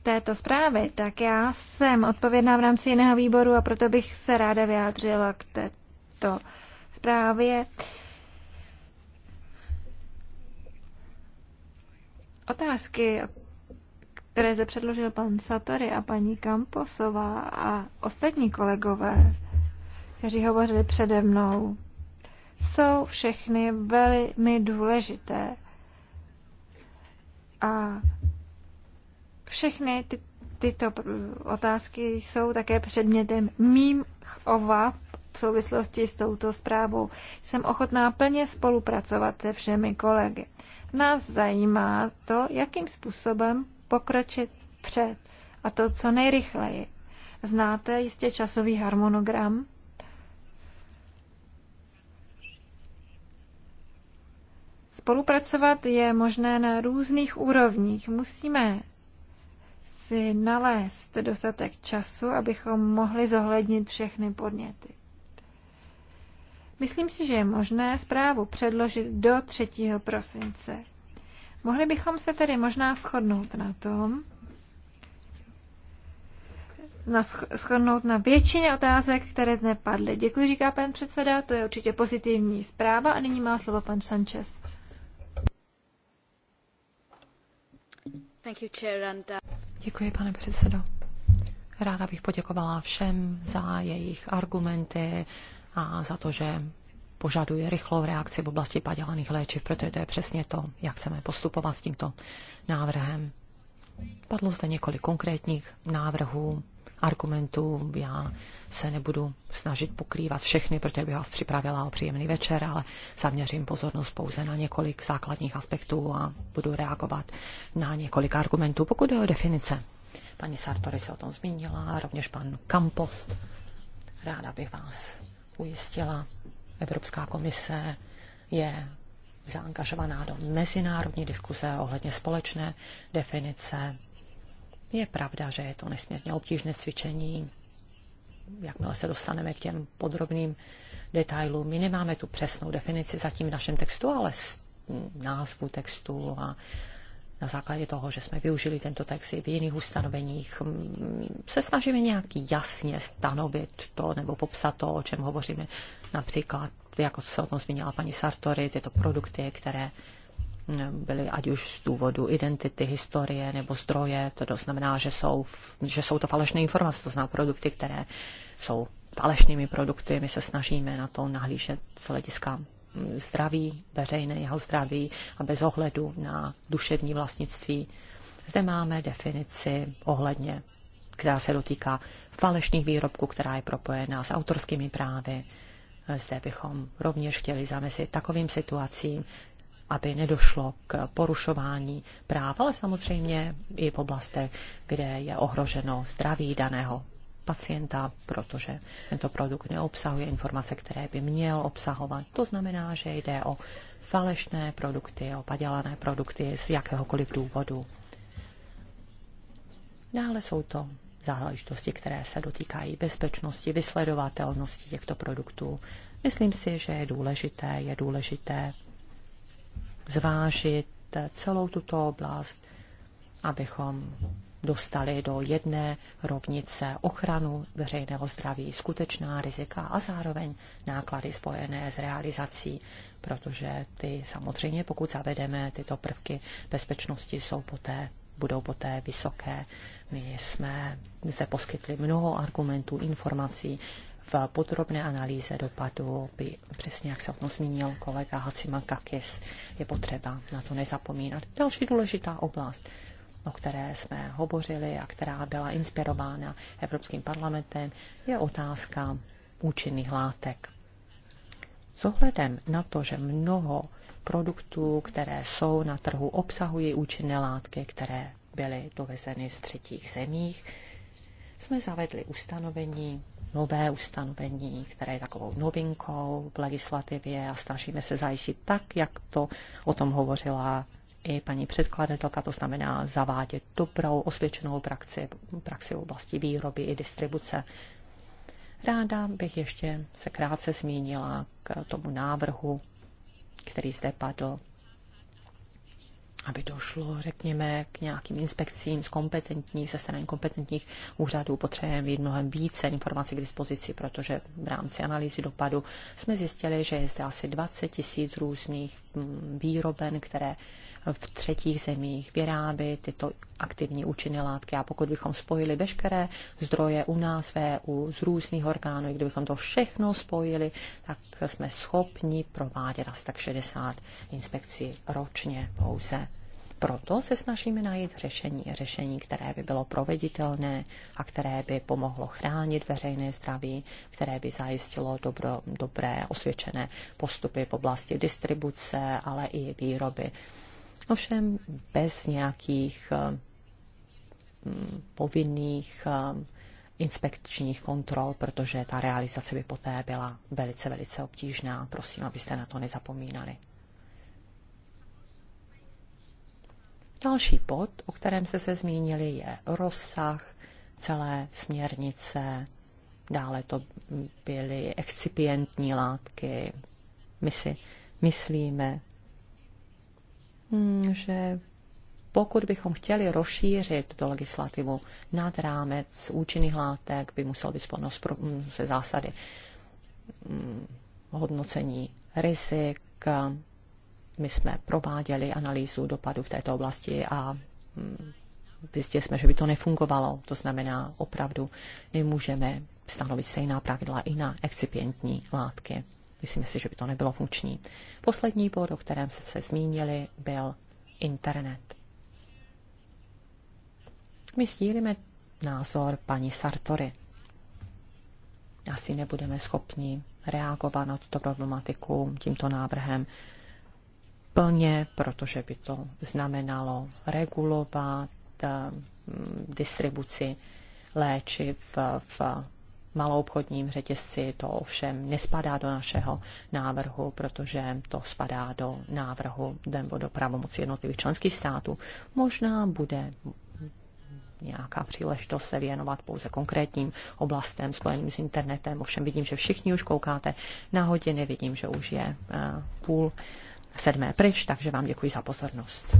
této zprávy, tak já jsem odpovědná v rámci jiného výboru a proto bych se ráda vyjádřila k této zprávě. Otázky, které se předložil pan Satory a paní Kamposová a ostatní kolegové, kteří hovořili přede mnou, jsou všechny velmi důležité. A všechny ty, tyto otázky jsou také předmětem mým ova v souvislosti s touto zprávou. Jsem ochotná plně spolupracovat se všemi kolegy. Nás zajímá to, jakým způsobem pokročit před a to co nejrychleji. Znáte jistě časový harmonogram? Spolupracovat je možné na různých úrovních. Musíme si nalézt dostatek času, abychom mohli zohlednit všechny podněty. Myslím si, že je možné zprávu předložit do 3. prosince. Mohli bychom se tedy možná shodnout na tom, na shodnout na většině otázek, které dnes padly. Děkuji, říká pan předseda, to je určitě pozitivní zpráva a nyní má slovo pan Sanchez. Uh, Děkuji, pane předsedo. Ráda bych poděkovala všem za jejich argumenty a za to, že požaduje rychlou reakci v oblasti padělaných léčiv, protože to je přesně to, jak chceme postupovat s tímto návrhem. Padlo zde několik konkrétních návrhů argumentů. Já se nebudu snažit pokrývat všechny, protože bych vás připravila o příjemný večer, ale zaměřím pozornost pouze na několik základních aspektů a budu reagovat na několik argumentů, pokud je o definice. Paní Sartori se o tom zmínila, rovněž pan Kampost. Ráda bych vás ujistila. Evropská komise je zaangažovaná do mezinárodní diskuse ohledně společné definice je pravda, že je to nesmírně obtížné cvičení. Jakmile se dostaneme k těm podrobným detailům, my nemáme tu přesnou definici zatím v našem textu, ale z názvu textu a na základě toho, že jsme využili tento text i v jiných ustanoveních, se snažíme nějak jasně stanovit to nebo popsat to, o čem hovoříme. Například, jako se o tom zmínila paní Sartori, tyto produkty, které byly ať už z důvodu identity, historie nebo zdroje. To znamená, že jsou, že jsou to falešné informace, to znamená produkty, které jsou falešnými produkty. My se snažíme na to nahlížet z hlediska mm, zdraví, jeho zdraví a bez ohledu na duševní vlastnictví. Zde máme definici ohledně, která se dotýká falešných výrobků, která je propojená s autorskými právy. Zde bychom rovněž chtěli zamezit takovým situacím, aby nedošlo k porušování práv, ale samozřejmě i v oblastech, kde je ohroženo zdraví daného pacienta, protože tento produkt neobsahuje informace, které by měl obsahovat. To znamená, že jde o falešné produkty, o padělané produkty z jakéhokoliv důvodu. Dále jsou to záležitosti, které se dotýkají bezpečnosti, vysledovatelnosti těchto produktů. Myslím si, že je důležité, je důležité zvážit celou tuto oblast, abychom dostali do jedné rovnice ochranu veřejného zdraví, skutečná rizika a zároveň náklady spojené s realizací, protože ty samozřejmě, pokud zavedeme tyto prvky bezpečnosti, jsou poté, budou poté vysoké. My jsme zde poskytli mnoho argumentů, informací, v podrobné analýze dopadu by, přesně jak se o tom zmínil kolega Haciman Kakis, je potřeba na to nezapomínat. Další důležitá oblast, o které jsme hovořili a která byla inspirována Evropským parlamentem, je otázka účinných látek. S ohledem na to, že mnoho produktů, které jsou na trhu, obsahují účinné látky, které byly dovezeny z třetích zemích, jsme zavedli ustanovení nové ustanovení, které je takovou novinkou v legislativě a snažíme se zajistit tak, jak to o tom hovořila i paní předkladatelka, to znamená zavádět dobrou osvědčenou praxi, praxi v oblasti výroby i distribuce. Ráda bych ještě se krátce zmínila k tomu návrhu, který zde padl aby došlo, řekněme, k nějakým inspekcím z kompetentních, ze strany kompetentních úřadů, potřebujeme mít mnohem více informací k dispozici, protože v rámci analýzy dopadu jsme zjistili, že je zde asi 20 tisíc různých mm, výroben, které v třetích zemích vyrábět tyto aktivní účinné látky. A pokud bychom spojili veškeré zdroje u nás, VU, e z různých orgánů, kdybychom to všechno spojili, tak jsme schopni provádět asi tak 60 inspekcí ročně pouze. Proto se snažíme najít řešení, řešení, které by bylo proveditelné a které by pomohlo chránit veřejné zdraví, které by zajistilo dobro, dobré osvědčené postupy v oblasti distribuce, ale i výroby Ovšem bez nějakých eh, mm, povinných eh, inspekčních kontrol, protože ta realizace by poté byla velice, velice obtížná. Prosím, abyste na to nezapomínali. Další bod, o kterém jste se zmínili, je rozsah celé směrnice. Dále to byly excipientní látky. My si myslíme, Hmm, že pokud bychom chtěli rozšířit tuto legislativu nad rámec účinných látek, by muselo být spojeno mm, se zásady mm, hodnocení rizik. My jsme prováděli analýzu dopadu v této oblasti a mm, zjistili jsme, že by to nefungovalo. To znamená, opravdu nemůžeme stanovit stejná pravidla i na excipientní látky. Myslím si, že by to nebylo funkční. Poslední bod, o kterém jste se zmínili, byl internet. My sdílíme názor paní Sartory. Asi nebudeme schopni reagovat na tuto problematiku tímto návrhem plně, protože by to znamenalo regulovat eh, distribuci léčiv v maloobchodním řetězci. To ovšem nespadá do našeho návrhu, protože to spadá do návrhu nebo do pravomoci jednotlivých členských států. Možná bude nějaká příležitost se věnovat pouze konkrétním oblastem spojeným s internetem. Ovšem vidím, že všichni už koukáte na hodiny, vidím, že už je eh, půl sedmé pryč, takže vám děkuji za pozornost.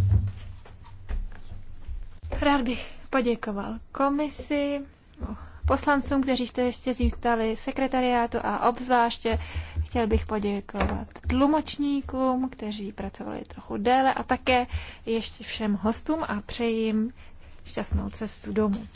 Rád bych poděkoval komisi, oh poslancům, kteří jste ještě získali sekretariátu a obzvláště chtěl bych poděkovat tlumočníkům, kteří pracovali trochu déle a také ještě všem hostům a přeji jim šťastnou cestu domů.